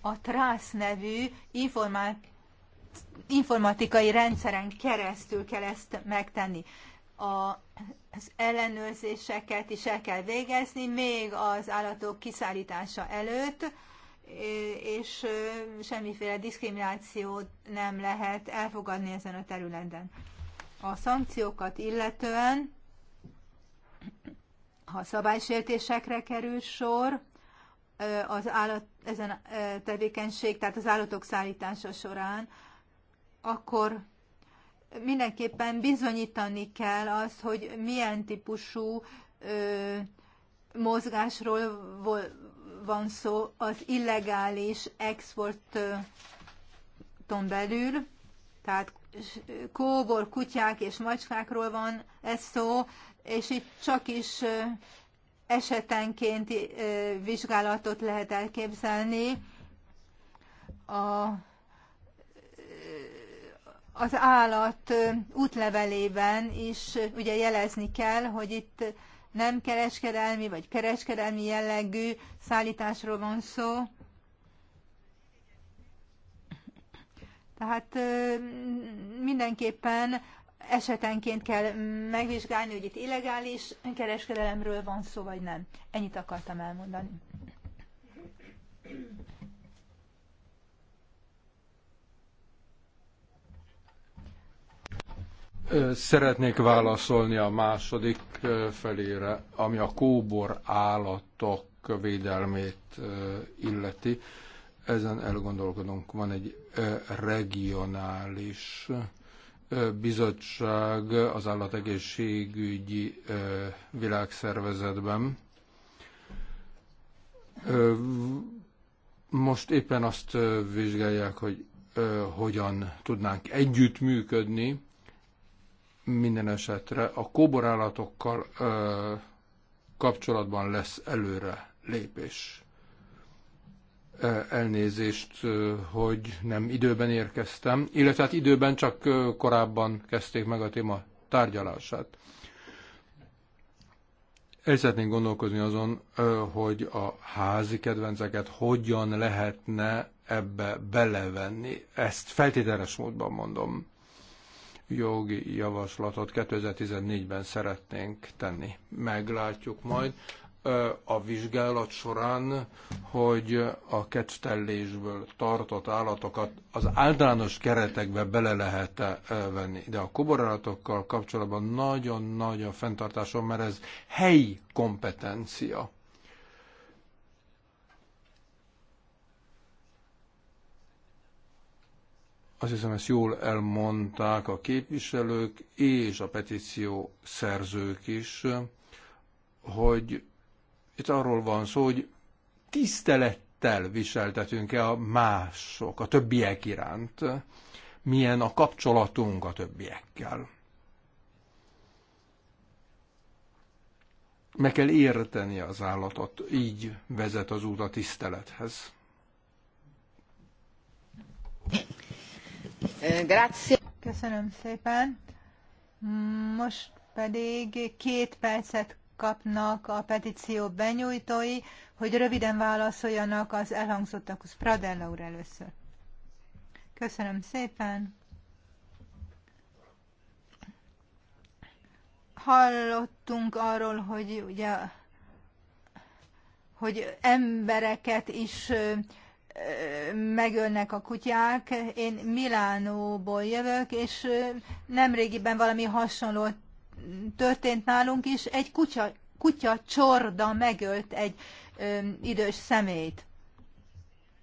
A TRASZ nevű informát, informatikai rendszeren keresztül kell ezt megtenni az ellenőrzéseket is el kell végezni, még az állatok kiszállítása előtt, és semmiféle diszkriminációt nem lehet elfogadni ezen a területen. A szankciókat illetően, ha szabálysértésekre kerül sor, az állat, ezen tevékenység, tehát az állatok szállítása során, akkor mindenképpen bizonyítani kell azt, hogy milyen típusú ö, mozgásról van szó az illegális exporton belül, tehát kóbor, kutyák és macskákról van ez szó, és itt csak is esetenként vizsgálatot lehet elképzelni. A az állat útlevelében is ugye jelezni kell, hogy itt nem kereskedelmi vagy kereskedelmi jellegű szállításról van szó. Tehát mindenképpen esetenként kell megvizsgálni, hogy itt illegális kereskedelemről van szó, vagy nem. Ennyit akartam elmondani. Szeretnék válaszolni a második felére, ami a kóbor állatok védelmét illeti. Ezen elgondolkodunk. Van egy regionális bizottság az állategészségügyi világszervezetben. Most éppen azt vizsgálják, hogy hogyan tudnánk együttműködni minden esetre a kóborállatokkal ö, kapcsolatban lesz előre lépés. Elnézést, hogy nem időben érkeztem, illetve hát időben csak korábban kezdték meg a téma tárgyalását. El szeretnénk gondolkozni azon, hogy a házi kedvenceket hogyan lehetne ebbe belevenni. Ezt feltételes módban mondom jogi javaslatot 2014-ben szeretnénk tenni. Meglátjuk majd a vizsgálat során, hogy a kettellésből tartott állatokat az általános keretekbe bele lehet -e venni. De a koborállatokkal kapcsolatban nagyon nagy a fenntartásom, mert ez helyi kompetencia. Azt hiszem, ezt jól elmondták a képviselők és a petíció szerzők is, hogy itt arról van szó, hogy tisztelettel viseltetünk-e a mások, a többiek iránt, milyen a kapcsolatunk a többiekkel. Meg kell érteni az állatot, így vezet az út a tisztelethez. Eh, Köszönöm szépen. Most pedig két percet kapnak a petíció benyújtói, hogy röviden válaszoljanak az elhangzottakhoz. Pradella úr először. Köszönöm szépen. Hallottunk arról, hogy ugye hogy embereket is megölnek a kutyák. Én Milánóból jövök, és nemrégiben valami hasonló történt nálunk is. Egy kutya, kutya csorda megölt egy ö, idős szemét.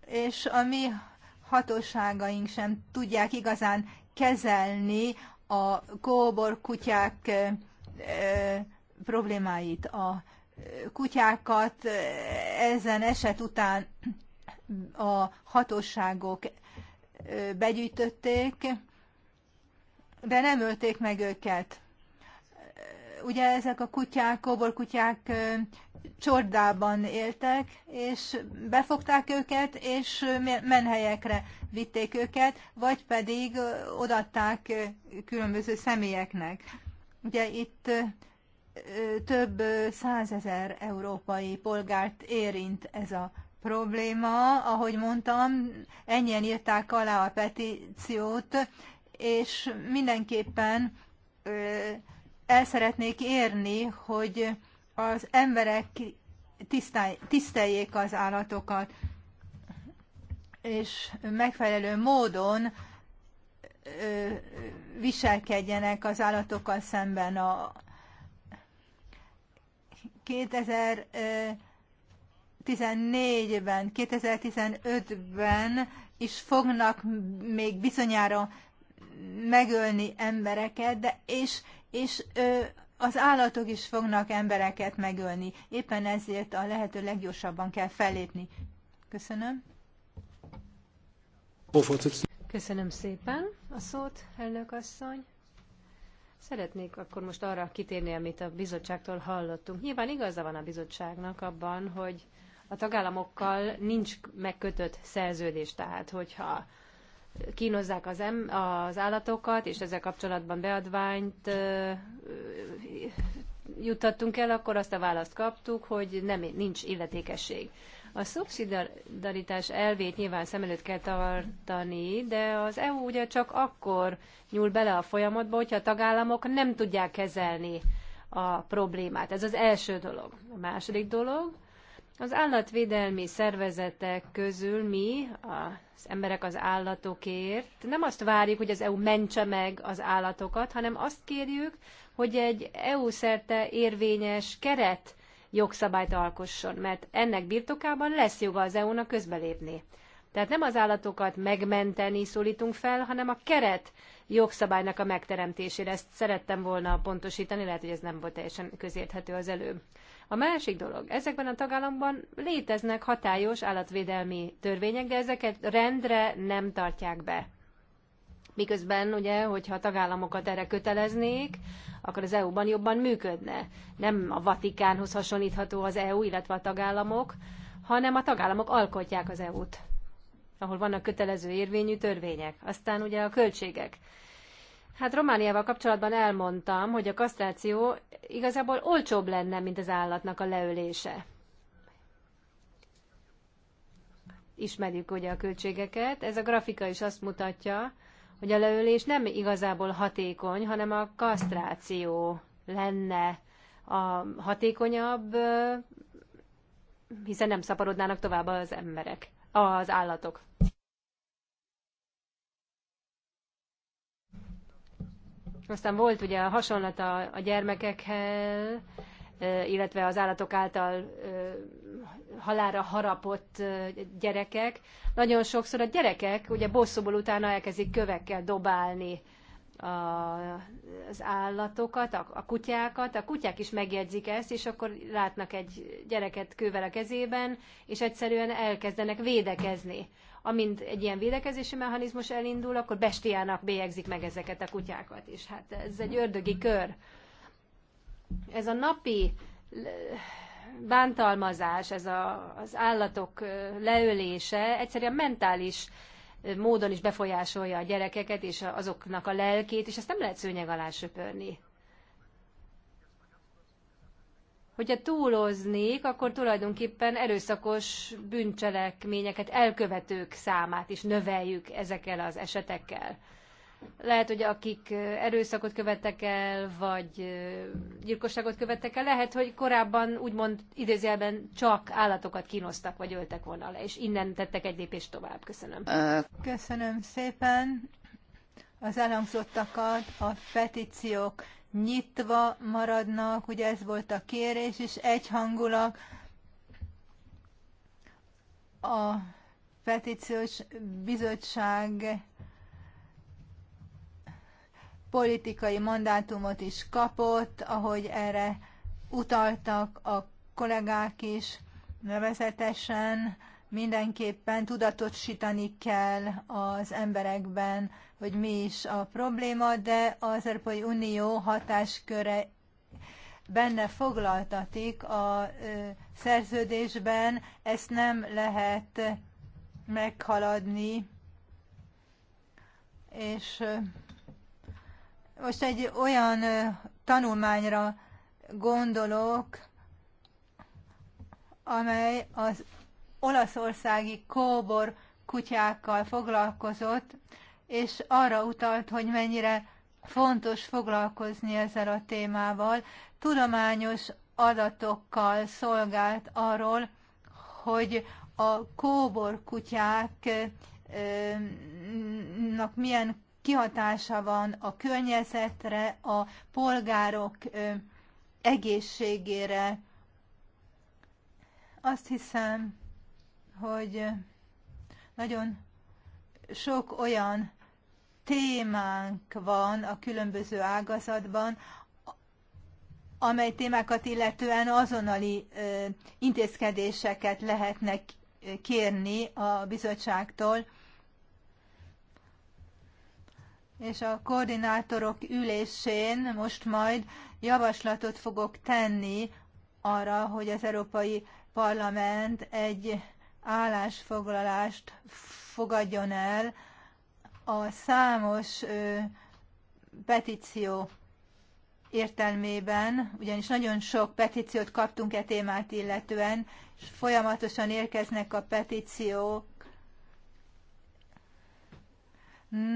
És a mi hatóságaink sem tudják igazán kezelni a kóbor kutyák ö, problémáit. A kutyákat ezen eset után a hatóságok begyűjtötték, de nem ölték meg őket. Ugye ezek a kutyák, kóborkutyák csordában éltek, és befogták őket, és menhelyekre vitték őket, vagy pedig odatták különböző személyeknek. Ugye itt több százezer európai polgárt érint ez a probléma, ahogy mondtam, ennyien írták alá a petíciót, és mindenképpen el szeretnék érni, hogy az emberek tisztály, tiszteljék az állatokat, és megfelelő módon viselkedjenek az állatokkal szemben. A 2000 2014-ben, 2015-ben is fognak még bizonyára megölni embereket, de és, és ö, az állatok is fognak embereket megölni. Éppen ezért a lehető leggyorsabban kell fellépni. Köszönöm. Köszönöm szépen a szót, elnök asszony. Szeretnék akkor most arra kitérni, amit a bizottságtól hallottunk. Nyilván igaza van a bizottságnak abban, hogy a tagállamokkal nincs megkötött szerződés, tehát hogyha kínozzák az, em, az állatokat, és ezzel kapcsolatban beadványt ö, juttattunk el, akkor azt a választ kaptuk, hogy nem, nincs illetékesség. A szubszidaritás elvét nyilván szem előtt kell tartani, de az EU ugye csak akkor nyúl bele a folyamatba, hogyha a tagállamok nem tudják kezelni a problémát. Ez az első dolog. A második dolog, az állatvédelmi szervezetek közül mi, az emberek az állatokért, nem azt várjuk, hogy az EU mentse meg az állatokat, hanem azt kérjük, hogy egy EU-szerte érvényes keret jogszabályt alkosson, mert ennek birtokában lesz joga az EU-nak közbelépni. Tehát nem az állatokat megmenteni szólítunk fel, hanem a keret jogszabálynak a megteremtésére. Ezt szerettem volna pontosítani, lehet, hogy ez nem volt teljesen közérthető az előbb. A másik dolog, ezekben a tagállamban léteznek hatályos állatvédelmi törvények, de ezeket rendre nem tartják be. Miközben ugye, hogyha a tagállamokat erre köteleznék, akkor az EU-ban jobban működne. Nem a Vatikánhoz hasonlítható az EU, illetve a tagállamok, hanem a tagállamok alkotják az EU-t, ahol vannak kötelező érvényű törvények. Aztán ugye a költségek. Hát Romániával kapcsolatban elmondtam, hogy a kasztráció igazából olcsóbb lenne, mint az állatnak a leölése. Ismerjük ugye a költségeket. Ez a grafika is azt mutatja, hogy a leölés nem igazából hatékony, hanem a kasztráció lenne a hatékonyabb, hiszen nem szaporodnának tovább az emberek, az állatok. Aztán volt ugye a hasonlat a, a gyermekekhez, illetve az állatok által halára harapott gyerekek. Nagyon sokszor a gyerekek ugye bosszúból utána elkezdik kövekkel dobálni a, az állatokat, a, a kutyákat. A kutyák is megjegyzik ezt, és akkor látnak egy gyereket kővel a kezében, és egyszerűen elkezdenek védekezni amint egy ilyen védekezési mechanizmus elindul, akkor bestiának bélyegzik meg ezeket a kutyákat, és hát ez egy ördögi kör. Ez a napi bántalmazás, ez a, az állatok leölése egyszerűen mentális módon is befolyásolja a gyerekeket és azoknak a lelkét, és ezt nem lehet szőnyeg alá söpörni. hogyha túloznék, akkor tulajdonképpen erőszakos bűncselekményeket elkövetők számát is növeljük ezekkel az esetekkel. Lehet, hogy akik erőszakot követtek el, vagy gyilkosságot követtek el, lehet, hogy korábban úgymond idézőjelben csak állatokat kínoztak, vagy öltek volna le, és innen tettek egy lépést tovább. Köszönöm. Köszönöm szépen az elhangzottakat, a petíciók nyitva maradnak, ugye ez volt a kérés, és egyhangulag a petíciós bizottság politikai mandátumot is kapott, ahogy erre utaltak a kollégák is nevezetesen mindenképpen tudatosítani kell az emberekben, hogy mi is a probléma, de az Európai Unió hatásköre benne foglaltatik a szerződésben, ezt nem lehet meghaladni, és most egy olyan tanulmányra gondolok, amely az olaszországi kóbor kutyákkal foglalkozott, és arra utalt, hogy mennyire fontos foglalkozni ezzel a témával. Tudományos adatokkal szolgált arról, hogy a kóbor kutyáknak milyen kihatása van a környezetre, a polgárok egészségére. Azt hiszem, hogy eh, nagyon sok olyan témánk van a különböző ágazatban, amely témákat illetően azonnali eh, intézkedéseket lehetnek kérni a bizottságtól, és a koordinátorok ülésén most majd javaslatot fogok tenni arra, hogy az Európai Parlament egy állásfoglalást fogadjon el a számos ö, petíció értelmében, ugyanis nagyon sok petíciót kaptunk e témát illetően, és folyamatosan érkeznek a petíciók.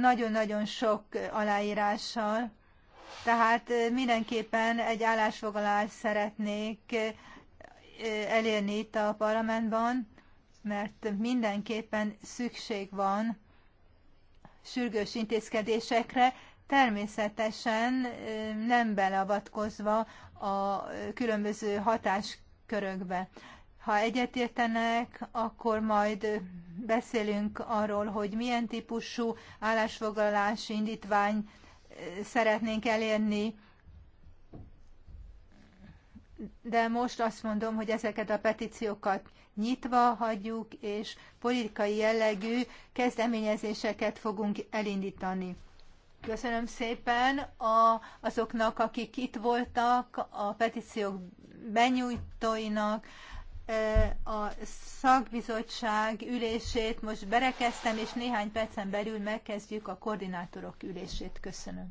Nagyon-nagyon sok aláírással. Tehát mindenképpen egy állásfoglalást szeretnék elérni itt a parlamentban, mert mindenképpen szükség van sürgős intézkedésekre, természetesen nem beleavatkozva a különböző hatáskörökbe. Ha egyetértenek, akkor majd beszélünk arról, hogy milyen típusú állásfoglalási indítvány szeretnénk elérni, de most azt mondom, hogy ezeket a petíciókat nyitva hagyjuk, és politikai jellegű kezdeményezéseket fogunk elindítani. Köszönöm szépen a, azoknak, akik itt voltak, a petíciók benyújtóinak, a szakbizottság ülését most berekeztem, és néhány percen belül megkezdjük a koordinátorok ülését. Köszönöm.